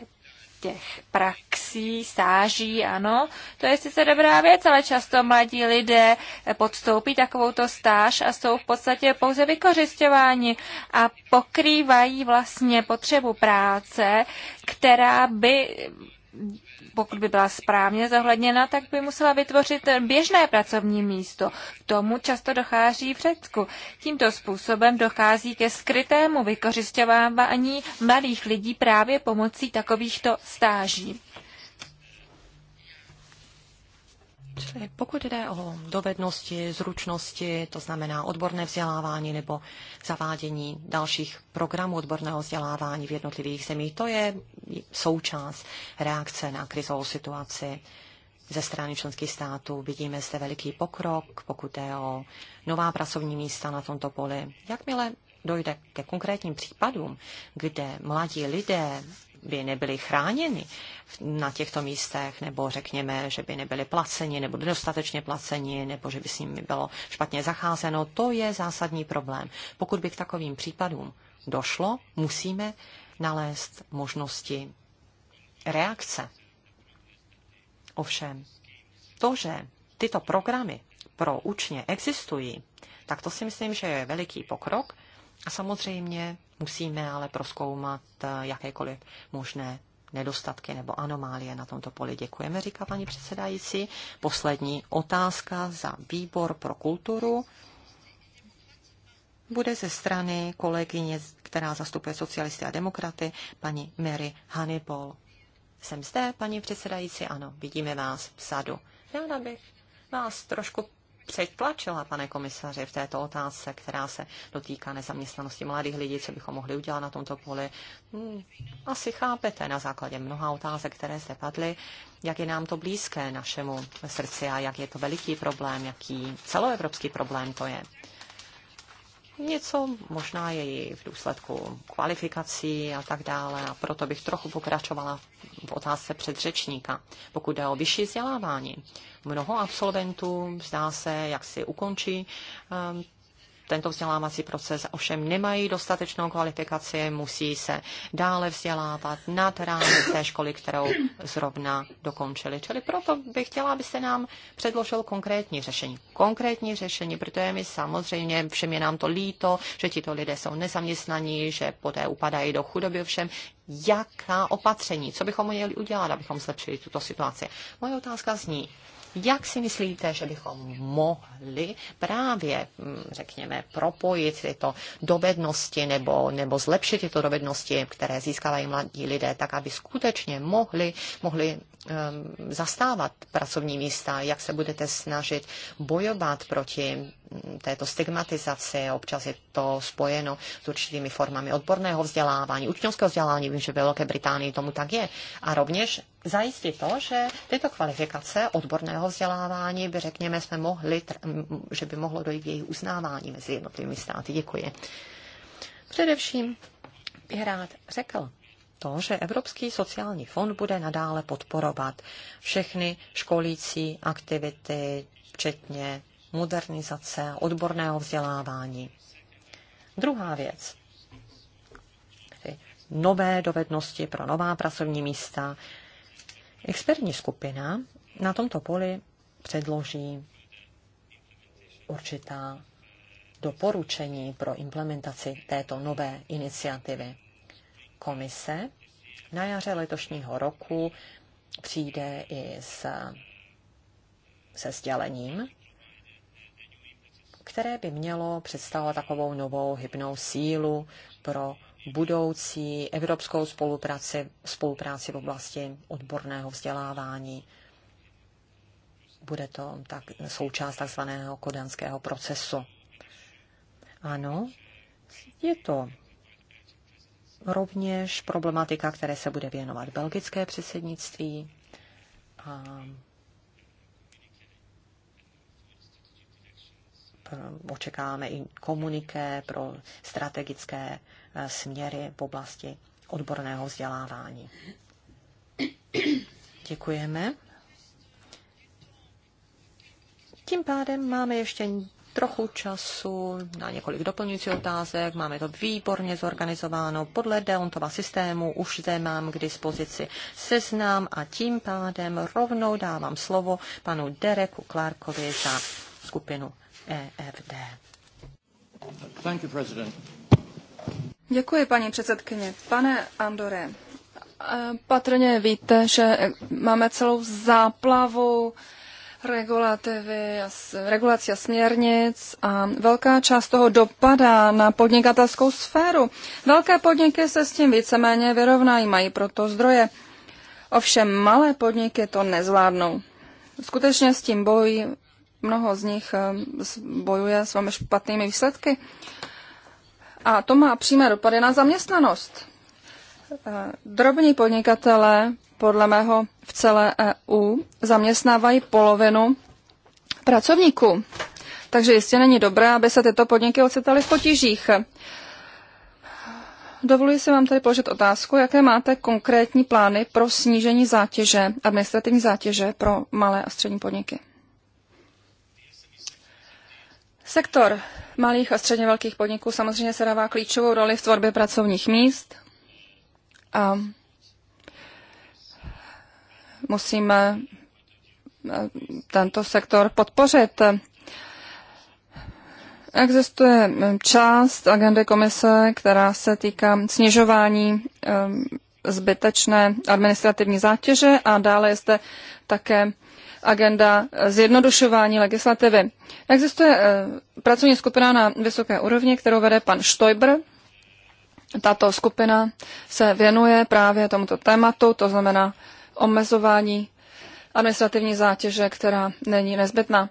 těch praxí, stáží, ano, to je sice dobrá věc, ale často mladí lidé podstoupí takovouto stáž a jsou v podstatě pouze vykořišťováni a pokrývají vlastně potřebu práce, která by pokud by byla správně zohledněna, tak by musela vytvořit běžné pracovní místo. K tomu často dochází v Řecku. Tímto způsobem dochází ke skrytému vykořišťování mladých lidí právě pomocí takovýchto stáží.
Čili pokud jde o dovednosti, zručnosti, to znamená odborné vzdělávání nebo zavádění dalších programů odborného vzdělávání v jednotlivých zemích, to je součást reakce na krizovou situaci ze strany členských států. Vidíme zde veliký pokrok, pokud jde o nová pracovní místa na tomto poli. Jakmile dojde ke konkrétním případům, kde mladí lidé by nebyli chráněni na těchto místech, nebo řekněme, že by nebyli placeni, nebo nedostatečně placeni, nebo že by s nimi bylo špatně zacházeno, to je zásadní problém. Pokud by k takovým případům došlo, musíme nalézt možnosti reakce. Ovšem, to, že tyto programy pro učně existují, tak to si myslím, že je veliký pokrok a samozřejmě musíme ale proskoumat eh, jakékoliv možné nedostatky nebo anomálie na tomto poli. Děkujeme, říká paní předsedající. Poslední otázka za výbor pro kulturu bude ze strany kolegyně, která zastupuje socialisty a demokraty, paní Mary Hannibal. Jsem zde, paní předsedající, ano, vidíme vás vzadu. Ráda bych vás trošku přetlačila, pane komisaři, v této otázce, která se dotýká nezaměstnanosti mladých lidí, co bychom mohli udělat na tomto poli. Hmm, asi chápete na základě mnoha otázek, které zde padly, jak je nám to blízké našemu srdci a jak je to veliký problém, jaký celoevropský problém to je. Něco možná je i v důsledku kvalifikací a tak dále a proto bych trochu pokračovala v otázce předřečníka. Pokud jde o vyšší vzdělávání, mnoho absolventů zdá se, jak si ukončí um, tento vzdělávací proces ovšem nemají dostatečnou kvalifikaci, musí se dále vzdělávat nad rámec té školy, kterou zrovna dokončili. Čili proto bych chtěla, abyste nám předložil konkrétní řešení. Konkrétní řešení, protože my samozřejmě všem je nám to líto, že tito lidé jsou nezaměstnaní, že poté upadají do chudoby, všem. jaká opatření, co bychom měli udělat, abychom zlepšili tuto situaci. Moje otázka zní, jak si myslíte, že bychom mohli právě, hm, řekněme, propojit tyto dovednosti nebo, nebo zlepšit tyto dovednosti, které získávají mladí lidé, tak aby skutečně mohli, mohli Um, zastávat pracovní místa, jak se budete snažit bojovat proti mm, této stigmatizaci. Občas je to spojeno s určitými formami odborného vzdělávání, učňovského vzdělávání. Vím, že v Velké Británii tomu tak je. A rovněž zajistit to, že tyto kvalifikace odborného vzdělávání by, řekněme, jsme mohli, že by mohlo dojít k jejich uznávání mezi jednotlivými státy. Děkuji. Především bych rád řekl, to, že Evropský sociální fond bude nadále podporovat všechny školící aktivity, včetně modernizace odborného vzdělávání. Druhá věc. Nové dovednosti pro nová pracovní místa. Expertní skupina na tomto poli předloží určitá doporučení pro implementaci této nové iniciativy komise na jaře letošního roku přijde i s, se sdělením, které by mělo představovat takovou novou hybnou sílu pro budoucí evropskou spolupráci, spolupráci v oblasti odborného vzdělávání. Bude to tak, součást takzvaného kodanského procesu. Ano, je to rovněž problematika, které se bude věnovat belgické předsednictví. A očekáváme i komuniké pro strategické eh, směry v oblasti odborného vzdělávání. Děkujeme. Tím pádem máme ještě trochu času na několik doplňujících otázek. Máme to výborně zorganizováno podle Deontova systému. Už zde mám k dispozici seznam a tím pádem rovnou dávám slovo panu Dereku Clarkovi za skupinu EFD.
Thank you, President.
Děkuji, paní předsedkyně.
Pane Andore, eh, patrně víte, že máme celou záplavu regulace regulace směrnic a velká část toho dopadá na podnikatelskou sféru. Velké podniky se s tím víceméně vyrovnají, mají proto zdroje. Ovšem malé podniky to nezvládnou. Skutečně s tím bojují, mnoho z nich eh, bojuje s velmi špatnými výsledky. A to má přímé dopady na zaměstnanost. Eh, drobní podnikatelé podle mého v celé EU zaměstnávají polovinu pracovníků. Takže jistě není dobré, aby se tyto podniky ocitaly v potížích. Dovoluji si vám tady položit otázku, jaké máte konkrétní plány pro snížení zátěže, administrativní zátěže pro malé a střední podniky. Sektor malých a středně velkých podniků samozřejmě se dává klíčovou roli v tvorbě pracovních míst a musíme eh, tento sektor podpořit. Existuje eh, část agendy komise, která se týká snižování eh, zbytečné administrativní zátěže a dále je zde také agenda zjednodušování legislativy. Existuje pracovní skupina na vysoké úrovni, kterou vede pan Stoiber. Tato skupina se věnuje právě tomuto tématu, to znamená omezování administrativní zátěže, která není nezbytná.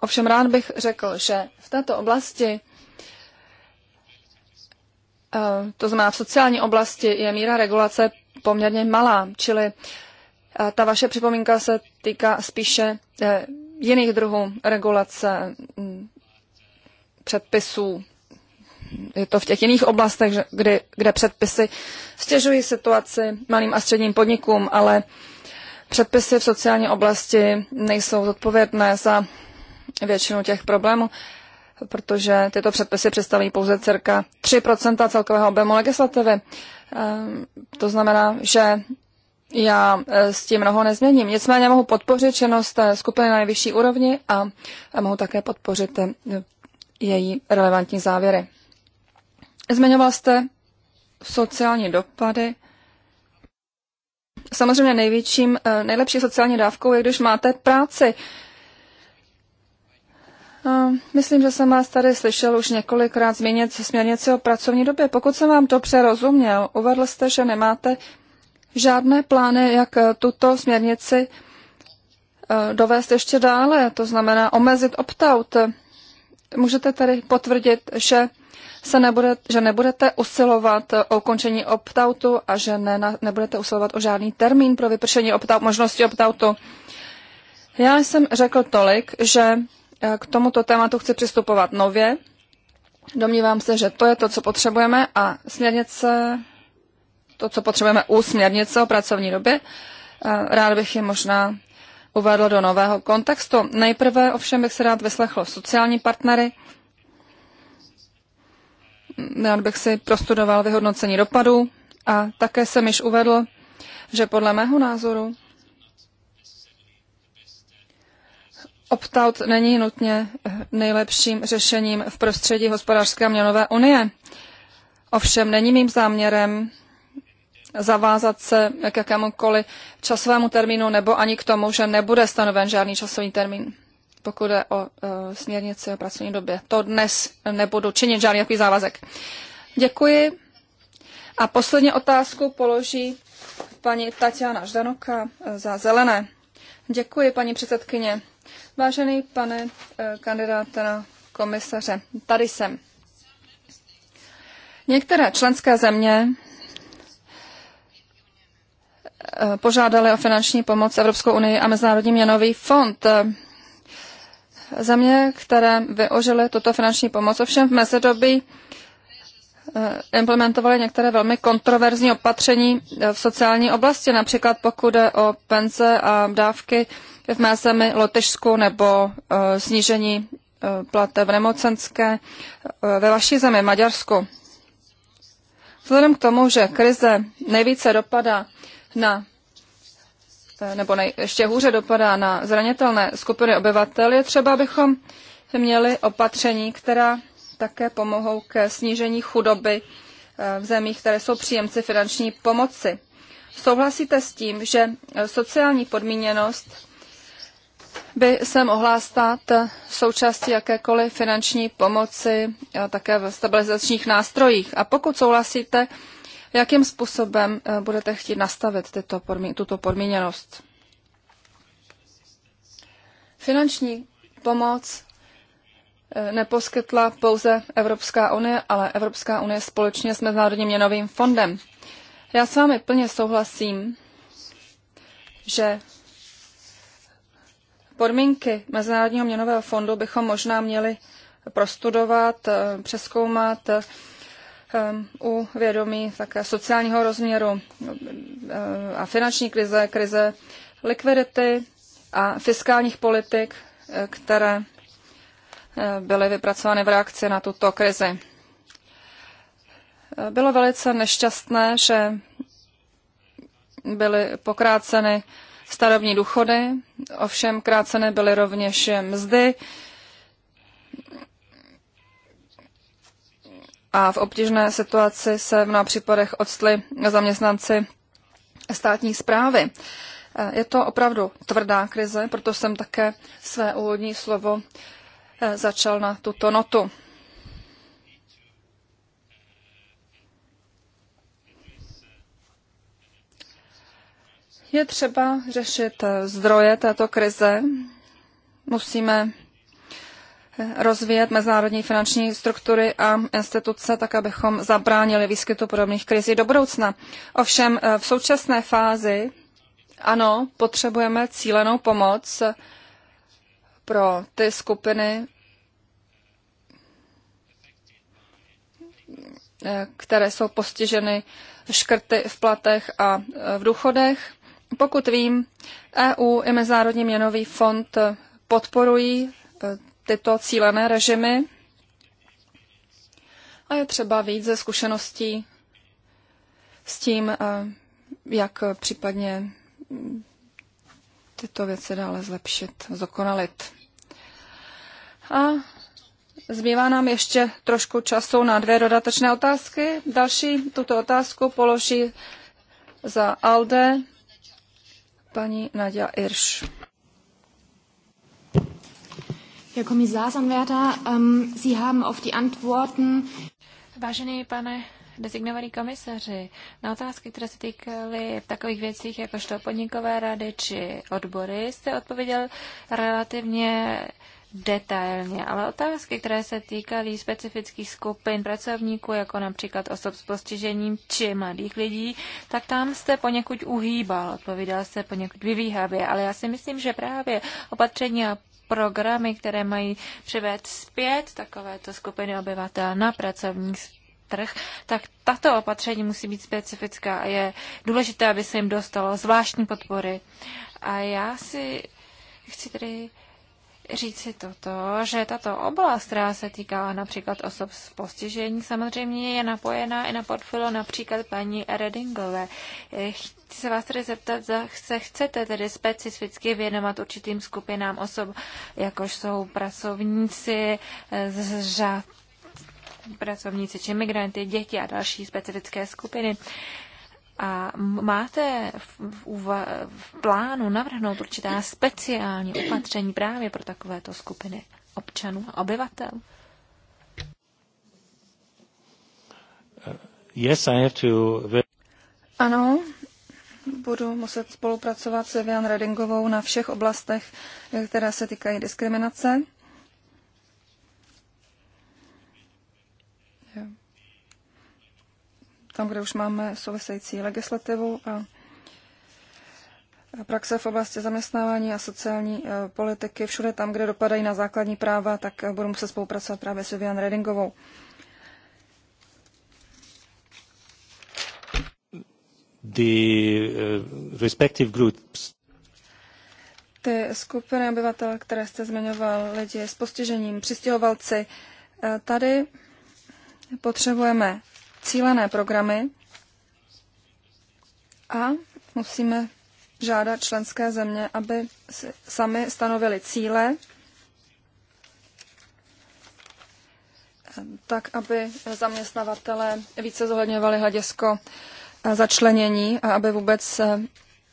Ovšem rád bych řekl, že v této oblasti, eh, to znamená v sociální oblasti, je míra regulace poměrně malá, čili eh, ta vaše připomínka se týká spíše eh, jiných druhů regulace mm, předpisů je to v těch jiných oblastech, kdy, kde předpisy stěžují situaci malým a středním podnikům, ale předpisy v sociální oblasti nejsou zodpovědné za většinu těch problémů, protože tyto předpisy představují pouze cirka 3 celkového objemu legislativy. Ehm, to znamená, že já e, s tím mnoho nezměním. Nicméně mohu podpořit činnost skupiny na nejvyšší úrovni a mohu také podpořit e, její relevantní závěry. Zmiňoval jste sociální dopady. Samozřejmě největším, eh, nejlepší sociální dávkou je, když máte práci. Eh, myslím, že jsem vás tady slyšel už několikrát zmínit směrnici o pracovní době. Pokud jsem vám to přerozuměl, uvedl jste, že nemáte žádné plány, jak eh, tuto směrnici dovést ještě dále, to znamená omezit opt-out. Můžete tady potvrdit, že se nebude, že nebudete usilovat o ukončení optautu a že ne, nebudete usilovat o žádný termín pro vypršení optau, možnosti optautu. Já jsem řekl tolik, že eh, k tomuto tématu chci přistupovat nově. Domnívám se, že to je to, co potřebujeme a směrnice, to, co potřebujeme u směrnice o pracovní době. Eh, rád bych je možná uvedl do nového kontextu. Nejprve ovšem bych se rád vyslechl sociální partnery, rád bych si prostudoval vyhodnocení dopadu a také jsem již uvedl, že podle mého názoru opt-out není nutně eh, nejlepším řešením v prostředí hospodářské a měnové unie. Ovšem není mým záměrem zavázat se k jakémukoliv časovému termínu nebo ani k tomu, že nebude stanoven žádný časový termín pokud je o e, směrnici o pracovní době. To dnes nebudu činit žádný takový závazek. Děkuji. A poslední otázku položí paní Tatiana Ždanoka e, za zelené. Děkuji, paní předsedkyně. Vážený pane e, kandidáte na komisaře, tady jsem. Některé členské země požádali o finanční pomoc Evropskou unii a Mezinárodní měnový fond země, které využily tuto finanční pomoc, ovšem v mezidobí eh, implementovali některé velmi kontroverzní opatření eh, v sociální oblasti, například pokud jde o penze a dávky v mé zemi Lotyšsku nebo eh, snížení v nemocenské ve vaší zemi Maďarsku. Vzhledem k tomu, že krize nejvíce dopadá na nebo nej, ještě hůře dopadá na zranitelné skupiny obyvatel, je třeba, abychom měli opatření, která také pomohou ke snížení chudoby eh, v zemích, které jsou příjemci finanční pomoci. Souhlasíte s tím, že sociální podmíněnost by se mohla stát součástí jakékoliv finanční pomoci a také v stabilizačních nástrojích? A pokud souhlasíte, jakým způsobem eh, budete chtít nastavit tyto podmín, tuto podmíněnost. Finanční pomoc eh, neposkytla pouze Evropská unie, ale Evropská unie společně s Mezinárodním měnovým fondem. Já s vámi plně souhlasím, že podmínky Mezinárodního měnového fondu bychom možná měli prostudovat, eh, přeskoumat, u vědomí také sociálního rozměru eh, a finanční krize, krize likvidity a fiskálních politik, eh, které eh, byly vypracovány v reakci na tuto krizi. Bylo velice nešťastné, že byly pokráceny starobní důchody, ovšem kráceny byly rovněž mzdy, a v obtížné situaci se v mnoha případech odstli zaměstnanci státní zprávy. Eh, je to opravdu tvrdá krize, proto jsem také své úvodní slovo eh, začal na tuto notu. Je třeba řešit eh, zdroje této krize. Musíme rozvíjet mezinárodní finanční struktury a instituce, tak abychom zabránili výskytu podobných krizí do budoucna. Ovšem eh, v současné fázi, ano, potřebujeme cílenou pomoc pro ty skupiny, eh, které jsou postiženy škrty v platech a eh, v důchodech. Pokud vím, EU i Mezinárodní měnový fond podporují tyto cílené režimy a je třeba víc ze zkušeností s tím, eh, jak případně tyto věci dále zlepšit, zokonalit. A zbývá nám ještě trošku času na dvě dodatečné otázky. Další tuto otázku položí za ALDE paní Nadia Irš.
Herr Kommissarsanwärter, ähm, Sie haben auf die Antworten. Vážený pane designovaný komisaři, na otázky, které se týkaly v takových věcích, jako šlo podnikové rady či odbory, jste odpověděl relativně detailně, ale otázky, které se týkaly specifických skupin pracovníků, jako například osob s postižením či mladých lidí, tak tam jste poněkud uhýbal, odpovídal jste poněkud vyvíhavě, ale já si myslím, že právě opatření a programy, které mají přivést zpět takovéto skupiny obyvatel na pracovní trh, tak tato opatření musí být specifická a je důležité, aby se jim dostalo zvláštní podpory. A já si chci tedy říci toto, že tato oblast, která se týká například osob s postižení, samozřejmě je napojená i na portfolio například paní Redingové. Chci se vás tedy zeptat, za se chcete tedy specificky věnovat určitým skupinám osob, jakož jsou pracovníci eh, z řad pracovníci či migranty, děti a další specifické skupiny. A máte v, v, v plánu navrhnout určitá speciální opatření právě pro takovéto skupiny občanů a obyvatel?
Uh, yes, I have to...
Ano, budu muset
spolupracovat s Vian Redingovou na všech oblastech, eh, které se týkají diskriminace. tam, kde už máme související legislativu a praxe v oblasti zaměstnávání a sociální e, politiky, všude tam, kde dopadají na základní práva, tak e, budu muset spolupracovat právě s Vivian Redingovou.
The e, respective groups.
Ty skupiny obyvatel, které jste zmiňoval, lidi s postižením, přistěhovalci, tady potřebujeme cílené programy a musíme žádat členské země, aby sami stanovili cíle, tak aby zaměstnavatele více zohledňovali hledisko začlenění a aby vůbec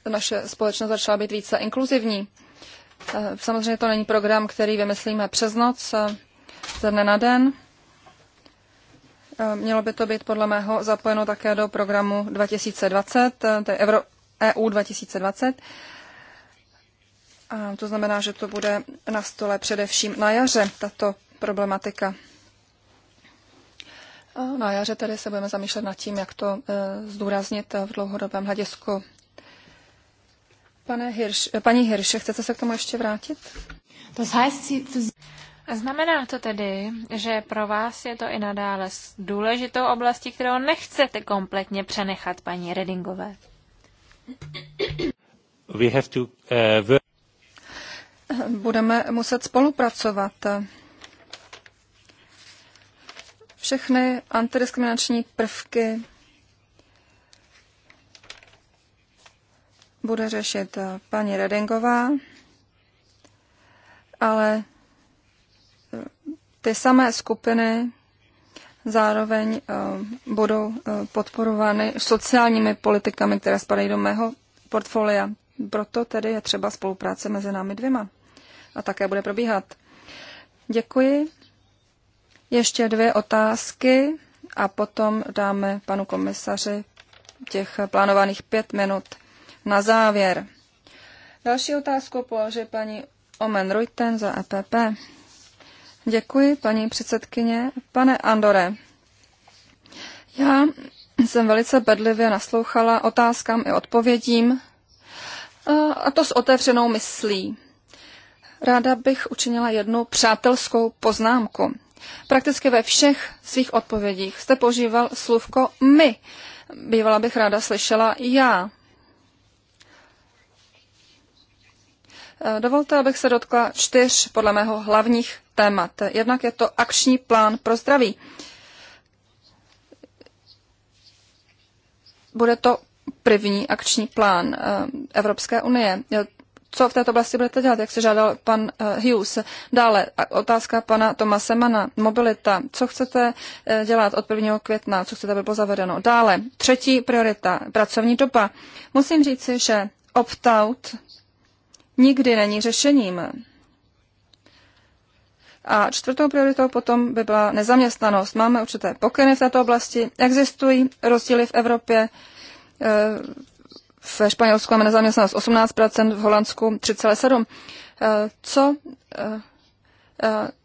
naše společnost začala být více inkluzivní. Samozřejmě to není program, který vymyslíme přes noc, ze dne na den. Eh, mělo by to být podle mého zapojeno také do programu 2020, eh, to je Euro, EU 2020. A to znamená, že to bude na stole především na jaře, tato problematika. A na jaře tedy se budeme zamýšlet nad tím, jak to e, zdůraznit v dlouhodobém hledisku. Pane Hirš, paní Hirše, chcete se k tomu ještě vrátit?
Znamená to tedy, že pro vás je to i nadále důležitou oblastí, kterou nechcete kompletně přenechat paní Redingové.
We have to, uh, work.
Budeme muset spolupracovat. Všechny antidiskriminační prvky bude řešit paní Redingová, ale ty samé skupiny zároveň eh, budou eh, podporovány sociálními politikami, které spadají do mého portfolia. Proto tedy je třeba spolupráce mezi námi dvěma. A také bude probíhat. Děkuji. Ještě dvě otázky a potom dáme panu komisaři těch plánovaných pět minut na závěr. Další otázku položí paní Omen Ruiten za EPP. Děkuji, paní předsedkyně. Pane Andore, já jsem velice bedlivě naslouchala otázkám i odpovědím, a to s otevřenou myslí. Ráda bych učinila jednu přátelskou poznámku. Prakticky ve všech svých odpovědích jste požíval slůvko my. Bývala bych ráda slyšela já. Eh, dovolte, abych se dotkla čtyř podle mého hlavních témat. Jednak je to akční plán pro zdraví. Bude to první akční plán eh, Evropské unie. Eh, co v této oblasti budete dělat, jak se žádal pan Hughes? Dále otázka pana Tomase Mana, mobilita. Co chcete dělat od 1. května, co chcete, aby bylo zavedeno? Dále, třetí priorita, pracovní doba. Musím říci, že opt-out nikdy není řešením. A čtvrtou prioritou potom by byla nezaměstnanost. Máme určité pokyny v této oblasti, existují rozdíly v Evropě. E, v Španělsku máme nezaměstnanost 18%, v Holandsku 3,7%. E, co e,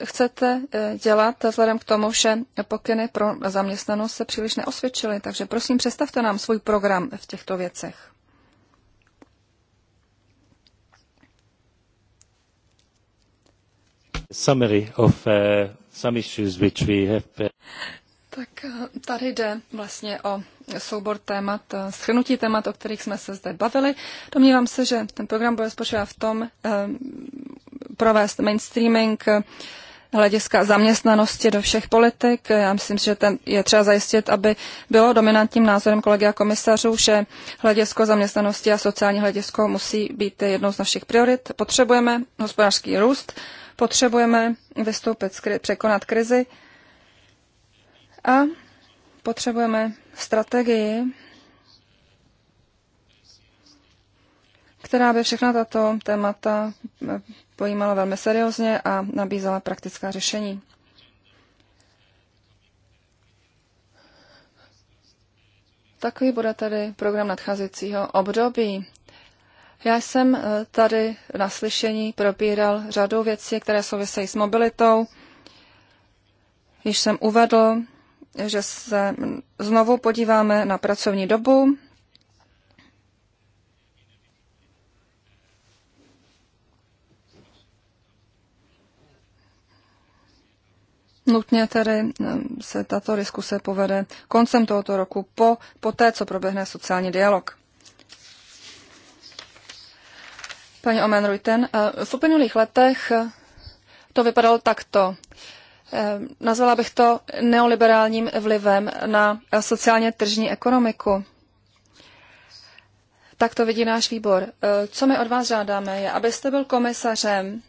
chcete dělat vzhledem k tomu, že pokyny pro zaměstnanost se příliš neosvědčily. Takže prosím, představte nám svůj program v těchto věcech.
summary of uh, some issues which we have. Uh,
tak eh, tady jde vlastně o soubor témat, eh, schrnutí témat, o kterých jsme se zde bavili. Domnívám se, že ten program bude spočívat v tom eh, provést mainstreaming hlediska zaměstnanosti do všech politik. Já myslím, že ten je třeba zajistit, aby bylo dominantním názorem kolegia komisařů, že hledisko zaměstnanosti a sociální hledisko musí být jednou z našich priorit. Potřebujeme hospodářský růst, Potřebujeme vystoupit, překonat krizi a potřebujeme strategii, která by všechna tato témata pojímala velmi seriózně a nabízela praktická řešení. Takový bude tedy program nadcházejícího období. Já jsem eh, tady na slyšení probíral řadu věcí, které souvisejí s mobilitou. Již jsem uvedl, že se znovu podíváme na pracovní dobu. Nutně tedy eh, se tato diskuse povede koncem tohoto roku po, po té, co proběhne sociální dialog. paní Omen Ruiten. Eh, v uplynulých letech eh, to vypadalo takto. Eh, nazvala bych to neoliberálním vlivem na sociálně tržní ekonomiku. Tak to vidí náš výbor. Co my od vás žádáme, je, abyste byl komisařem,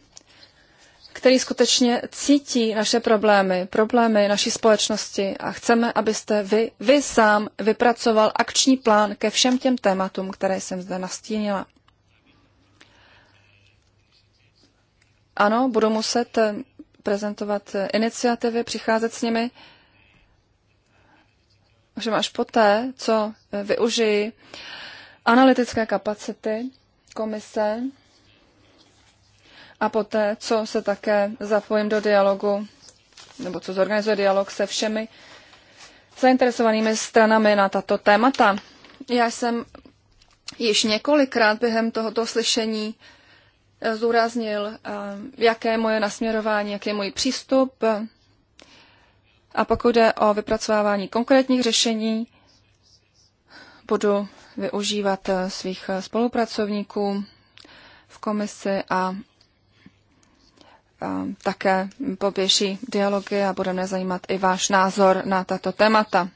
který skutečně cítí naše problémy, problémy naší společnosti a chceme, abyste vy, vy sám vypracoval akční plán ke všem těm tématům, které jsem zde nastínila. Ano, budu muset eh, prezentovat eh, iniciativy, přicházet s nimi, ovšem až poté, co eh, využijí analytické kapacity komise a poté, co se také zapojím do dialogu, nebo co zorganizuje dialog se všemi zainteresovanými stranami na tato témata. Já jsem již několikrát během tohoto slyšení zúraznil, eh, jaké je moje nasměrování, jaký je můj přístup. A pokud jde o vypracovávání konkrétních řešení, budu využívat eh, svých eh, spolupracovníků v komisi a také poběží dialogy a bude mě zajímat i váš názor na tato témata.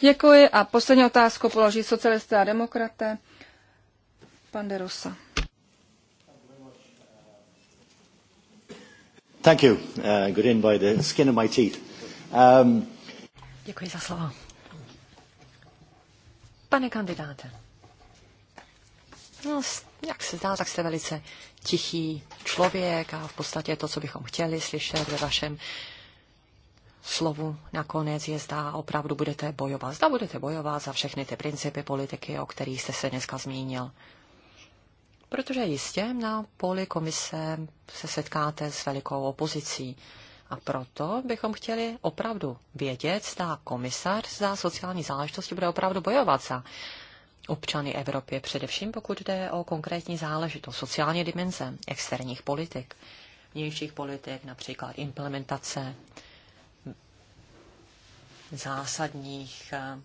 Děkuji a poslední otázku položí socialisté a demokraté. Pan de
Rosa. Thank you. Uh, good in by the skin of my teeth. Um...
Děkuji za slovo. Pane kandidáte, no, jak se zdá, tak jste velice tichý člověk a v podstatě to, co bychom chtěli slyšet ve vašem slovu nakonec je zda opravdu budete bojovat. Zda budete bojovat za všechny ty principy politiky, o kterých jste se dneska zmínil protože jistě na poli komise se setkáte s velikou opozicí. A proto bychom chtěli opravdu vědět, zda komisař za sociální záležitosti bude opravdu bojovat za občany Evropy, především pokud jde o konkrétní záležitost, sociální dimenze externích politik, vnějších politik, například implementace zásadních eh,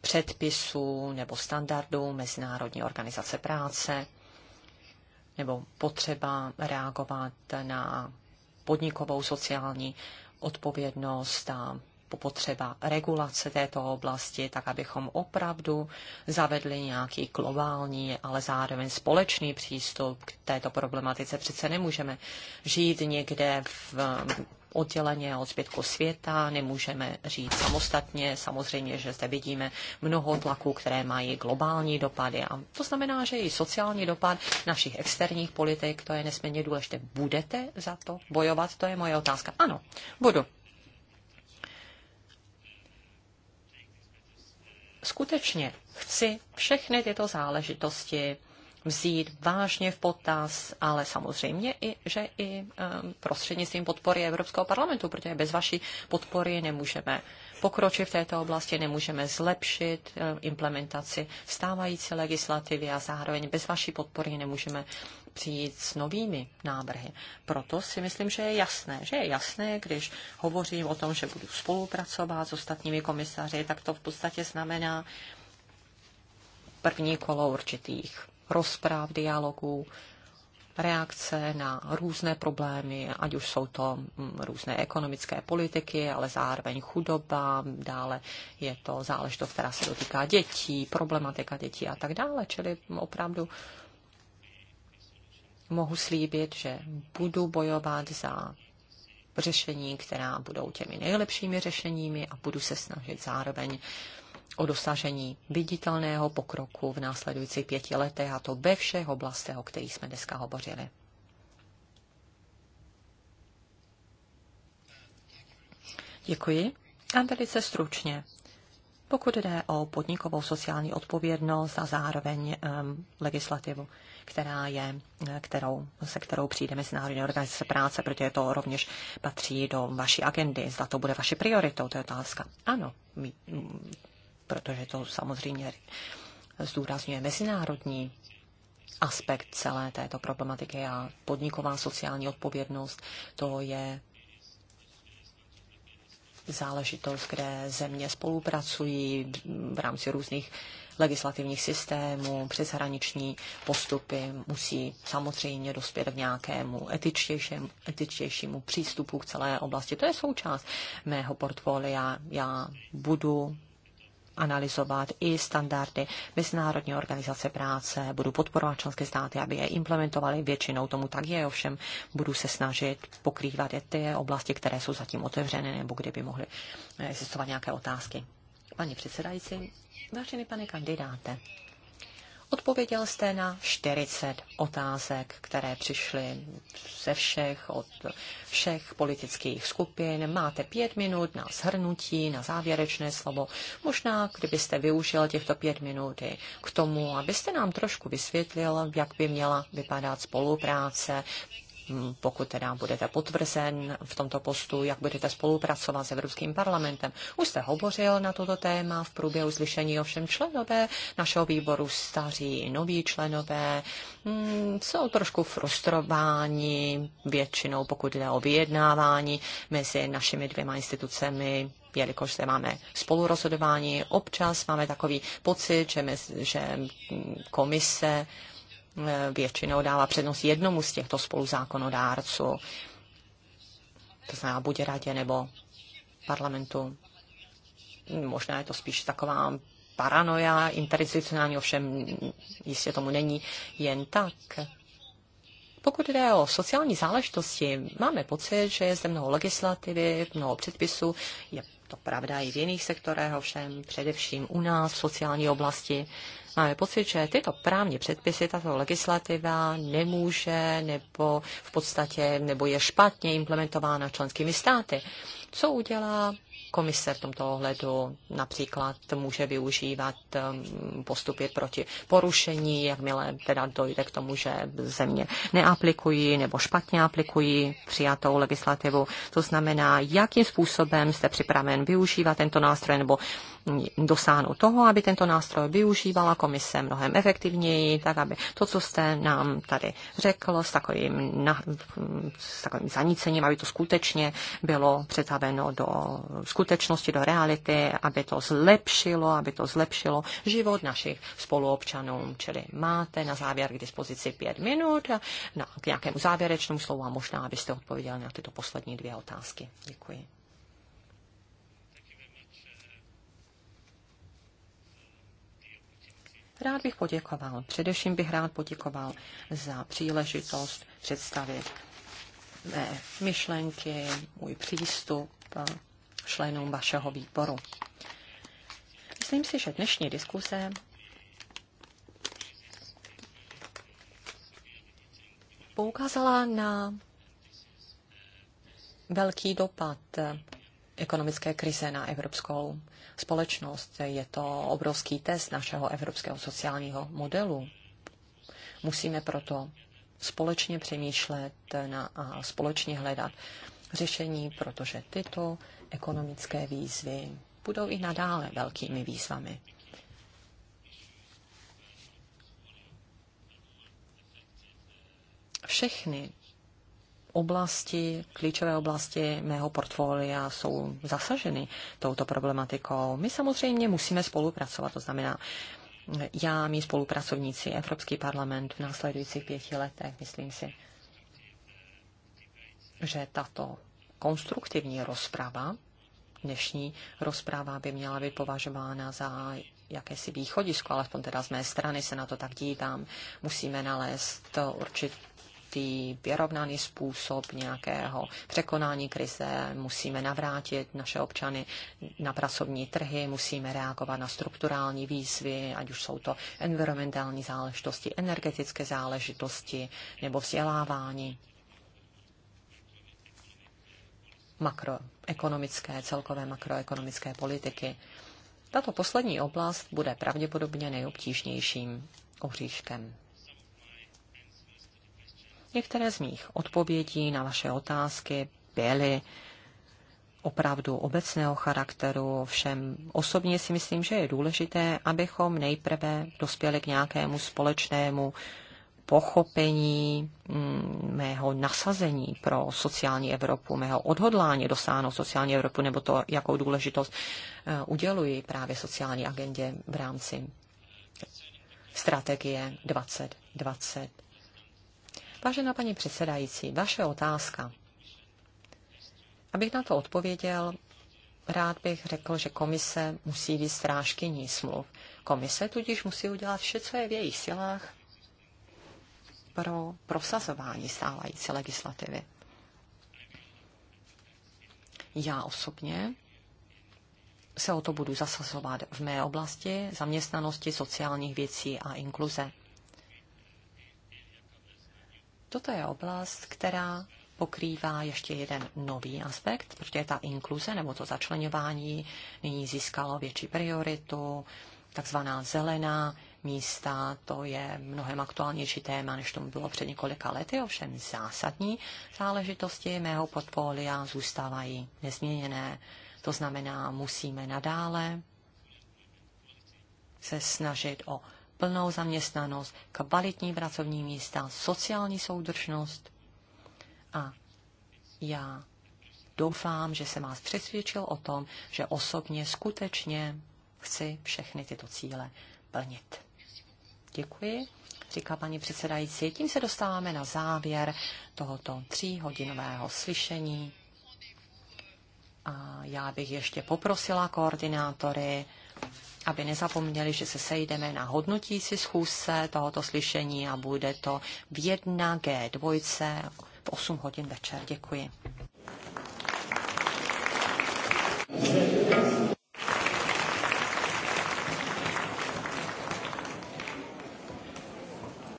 předpisů nebo standardů Mezinárodní organizace práce, nebo potřeba reagovat na podnikovou sociální odpovědnost a potřeba regulace této oblasti, tak abychom opravdu zavedli nějaký globální, ale zároveň společný přístup k této problematice. Přece nemůžeme žít někde v odděleně od zbytku světa, nemůžeme žít samostatně. Samozřejmě, že zde vidíme mnoho tlaků, které mají globální dopady. A to znamená, že i sociální dopad našich externích politik, to je nesmírně důležité. Budete za to bojovat? To je moje otázka. Ano, budu. Skutečně chci všechny tyto záležitosti vzít vážně v potaz, ale samozřejmě i, že i eh, prostřednictvím podpory Evropského parlamentu, protože bez vaší podpory nemůžeme pokročit v této oblasti, nemůžeme zlepšit eh, implementaci stávající legislativy a zároveň bez vaší podpory nemůžeme přijít s novými návrhy. Proto si myslím, že je jasné, že je jasné, když hovořím o tom, že budu spolupracovat s ostatními komisaři, tak to v podstatě znamená první kolo určitých rozpráv, dialogů, reakce na různé problémy, ať už jsou to mm, různé ekonomické politiky, ale zároveň chudoba, dále je to záležitost, která se dotýká dětí, problematika dětí a tak dále. Čili opravdu mohu slíbit, že budu bojovat za řešení, která budou těmi nejlepšími řešeními a budu se snažit zároveň uh, o dosažení viditelného pokroku v následujících pěti letech, a to ve všech oblastech, o kterých jsme dneska hovořili. Děkuji. A velice stručně. Pokud jde o podnikovou sociální odpovědnost a zároveň um, legislativu, která je, eh, kterou, se kterou přijde Mezinárodní organizace práce, protože to rovněž patří do vaší agendy, zda to bude vaše prioritou, to je otázka. Ano, my, protože to samozřejmě zdůrazňuje mezinárodní aspekt celé této problematiky a podniková sociální odpovědnost, to je záležitost, kde země spolupracují v rámci různých legislativních systémů, přeshraniční postupy musí samozřejmě dospět k nějakému etičtějšímu, etičtějšímu přístupu k celé oblasti. To je součást mého portfolia. Já budu analyzovat i standardy Mezinárodní organizace práce, budu podporovat členské státy, aby je implementovali. Většinou tomu tak je, ovšem budu se snažit pokrývat i ty oblasti, které jsou zatím otevřené, nebo kde by mohly existovat nějaké otázky. Paní předsedající, vážený pane kandidáte, Odpověděl jste na 40 otázek, které přišly ze všech, od všech politických skupin. Máte pět minut na shrnutí, na závěrečné slovo. Možná, kdybyste využil těchto pět minut k tomu, abyste nám trošku vysvětlil, jak by měla vypadat spolupráce Mm, pokud teda budete potvrzen v tomto postu, jak budete spolupracovat s Evropským parlamentem. Už jste hovořil na toto téma v průběhu slyšení ovšem členové našeho výboru, staří i noví členové, mm, jsou trošku frustrováni většinou, pokud jde o vyjednávání mezi našimi dvěma institucemi, jelikož zde máme spolurozhodování, občas máme takový pocit, že, mezi, že mm, komise Eh, většinou dává přednost jednomu z těchto spoluzákonodárců, to znamená buď radě nebo parlamentu. Možná je to spíš taková paranoja interinstitucionální, ovšem jistě tomu není jen tak. Pokud jde o sociální záležitosti, máme pocit, že je zde mnoho legislativy, mnoho předpisů, je to pravda i v jiných sektorech, ovšem především u nás v sociální oblasti. Máme pocit, že tyto právní předpisy, tato legislativa nemůže nebo v podstatě nebo je špatně implementována členskými státy. Co udělá komise v tomto ohledu například může využívat um, postupy proti porušení, jakmile teda dojde k tomu, že země neaplikují nebo špatně aplikují přijatou legislativu. To znamená, jakým způsobem jste připraven využívat tento nástroj nebo dosáhnout toho, aby tento nástroj využívala komise mnohem efektivněji, tak aby to, co jste nám tady řekl s takovým, na, s takovým zanícením, aby to skutečně bylo přetaveno do skutečnosti skutečnosti, do reality, aby to zlepšilo, aby to zlepšilo život našich spoluobčanů. Čili máte na závěr k dispozici pět minut na, k nějakému závěrečnému slovu a možná, abyste odpověděli na tyto poslední dvě otázky. Děkuji. Rád bych poděkoval. Především bych rád poděkoval za příležitost představit mé myšlenky, můj přístup členům vašeho výboru. Myslím si, že dnešní diskuse poukázala na velký dopad ekonomické krize na evropskou společnost. Je to obrovský test našeho evropského sociálního modelu. Musíme proto společně přemýšlet na, a společně hledat řešení, protože tyto ekonomické výzvy budou i nadále velkými výzvami. Všechny oblasti, klíčové oblasti mého portfolia jsou zasaženy touto problematikou. My samozřejmě musíme spolupracovat, to znamená, já, mý spolupracovníci, Evropský parlament v následujících pěti letech, myslím si, že tato konstruktivní rozprava, dnešní rozprava by měla být považována za jakési východisko, alespoň teda z mé strany se na to tak dívám. Musíme nalézt určitý vyrovnaný způsob nějakého překonání krize, musíme navrátit naše občany na pracovní trhy, musíme reagovat na strukturální výzvy, ať už jsou to environmentální záležitosti, energetické záležitosti nebo vzdělávání. makroekonomické, celkové makroekonomické politiky. Tato poslední oblast bude pravděpodobně nejobtížnějším ohříškem. Některé z mých odpovědí na vaše otázky byly opravdu obecného charakteru, všem osobně si myslím, že je důležité, abychom nejprve dospěli k nějakému společnému pochopení, mm, mého nasazení pro sociální Evropu, mého odhodlání dosáhnout sociální Evropu, nebo to, jakou důležitost eh, uděluji právě sociální agendě v rámci strategie 2020. Vážená paní předsedající, vaše otázka. Abych na to odpověděl, rád bych řekl, že komise musí být strážkyní smluv. Komise tudíž musí udělat vše, co je v jejich silách, pro prosazování stávající legislativy. Já osobně se o to budu zasazovat v mé oblasti zaměstnanosti, sociálních věcí a inkluze. Toto je oblast, která pokrývá ještě jeden nový aspekt, protože ta inkluze nebo to začlenování nyní získalo větší prioritu, takzvaná zelená místa, to je mnohem aktuálnější téma, než tomu bylo před několika lety, ovšem zásadní záležitosti mého portfolia zůstávají nezměněné. To znamená, musíme nadále se snažit o plnou zaměstnanost, kvalitní pracovní místa, sociální soudržnost a já doufám, že jsem vás přesvědčil o tom, že osobně skutečně chci všechny tyto cíle plnit. Děkuji, říká paní předsedající. Tím se dostáváme na závěr tohoto tříhodinového slyšení. A já bych ještě poprosila koordinátory, aby nezapomněli, že se sejdeme na hodnotící schůzce tohoto slyšení a bude to v 1G2 v 8 hodin večer. Děkuji.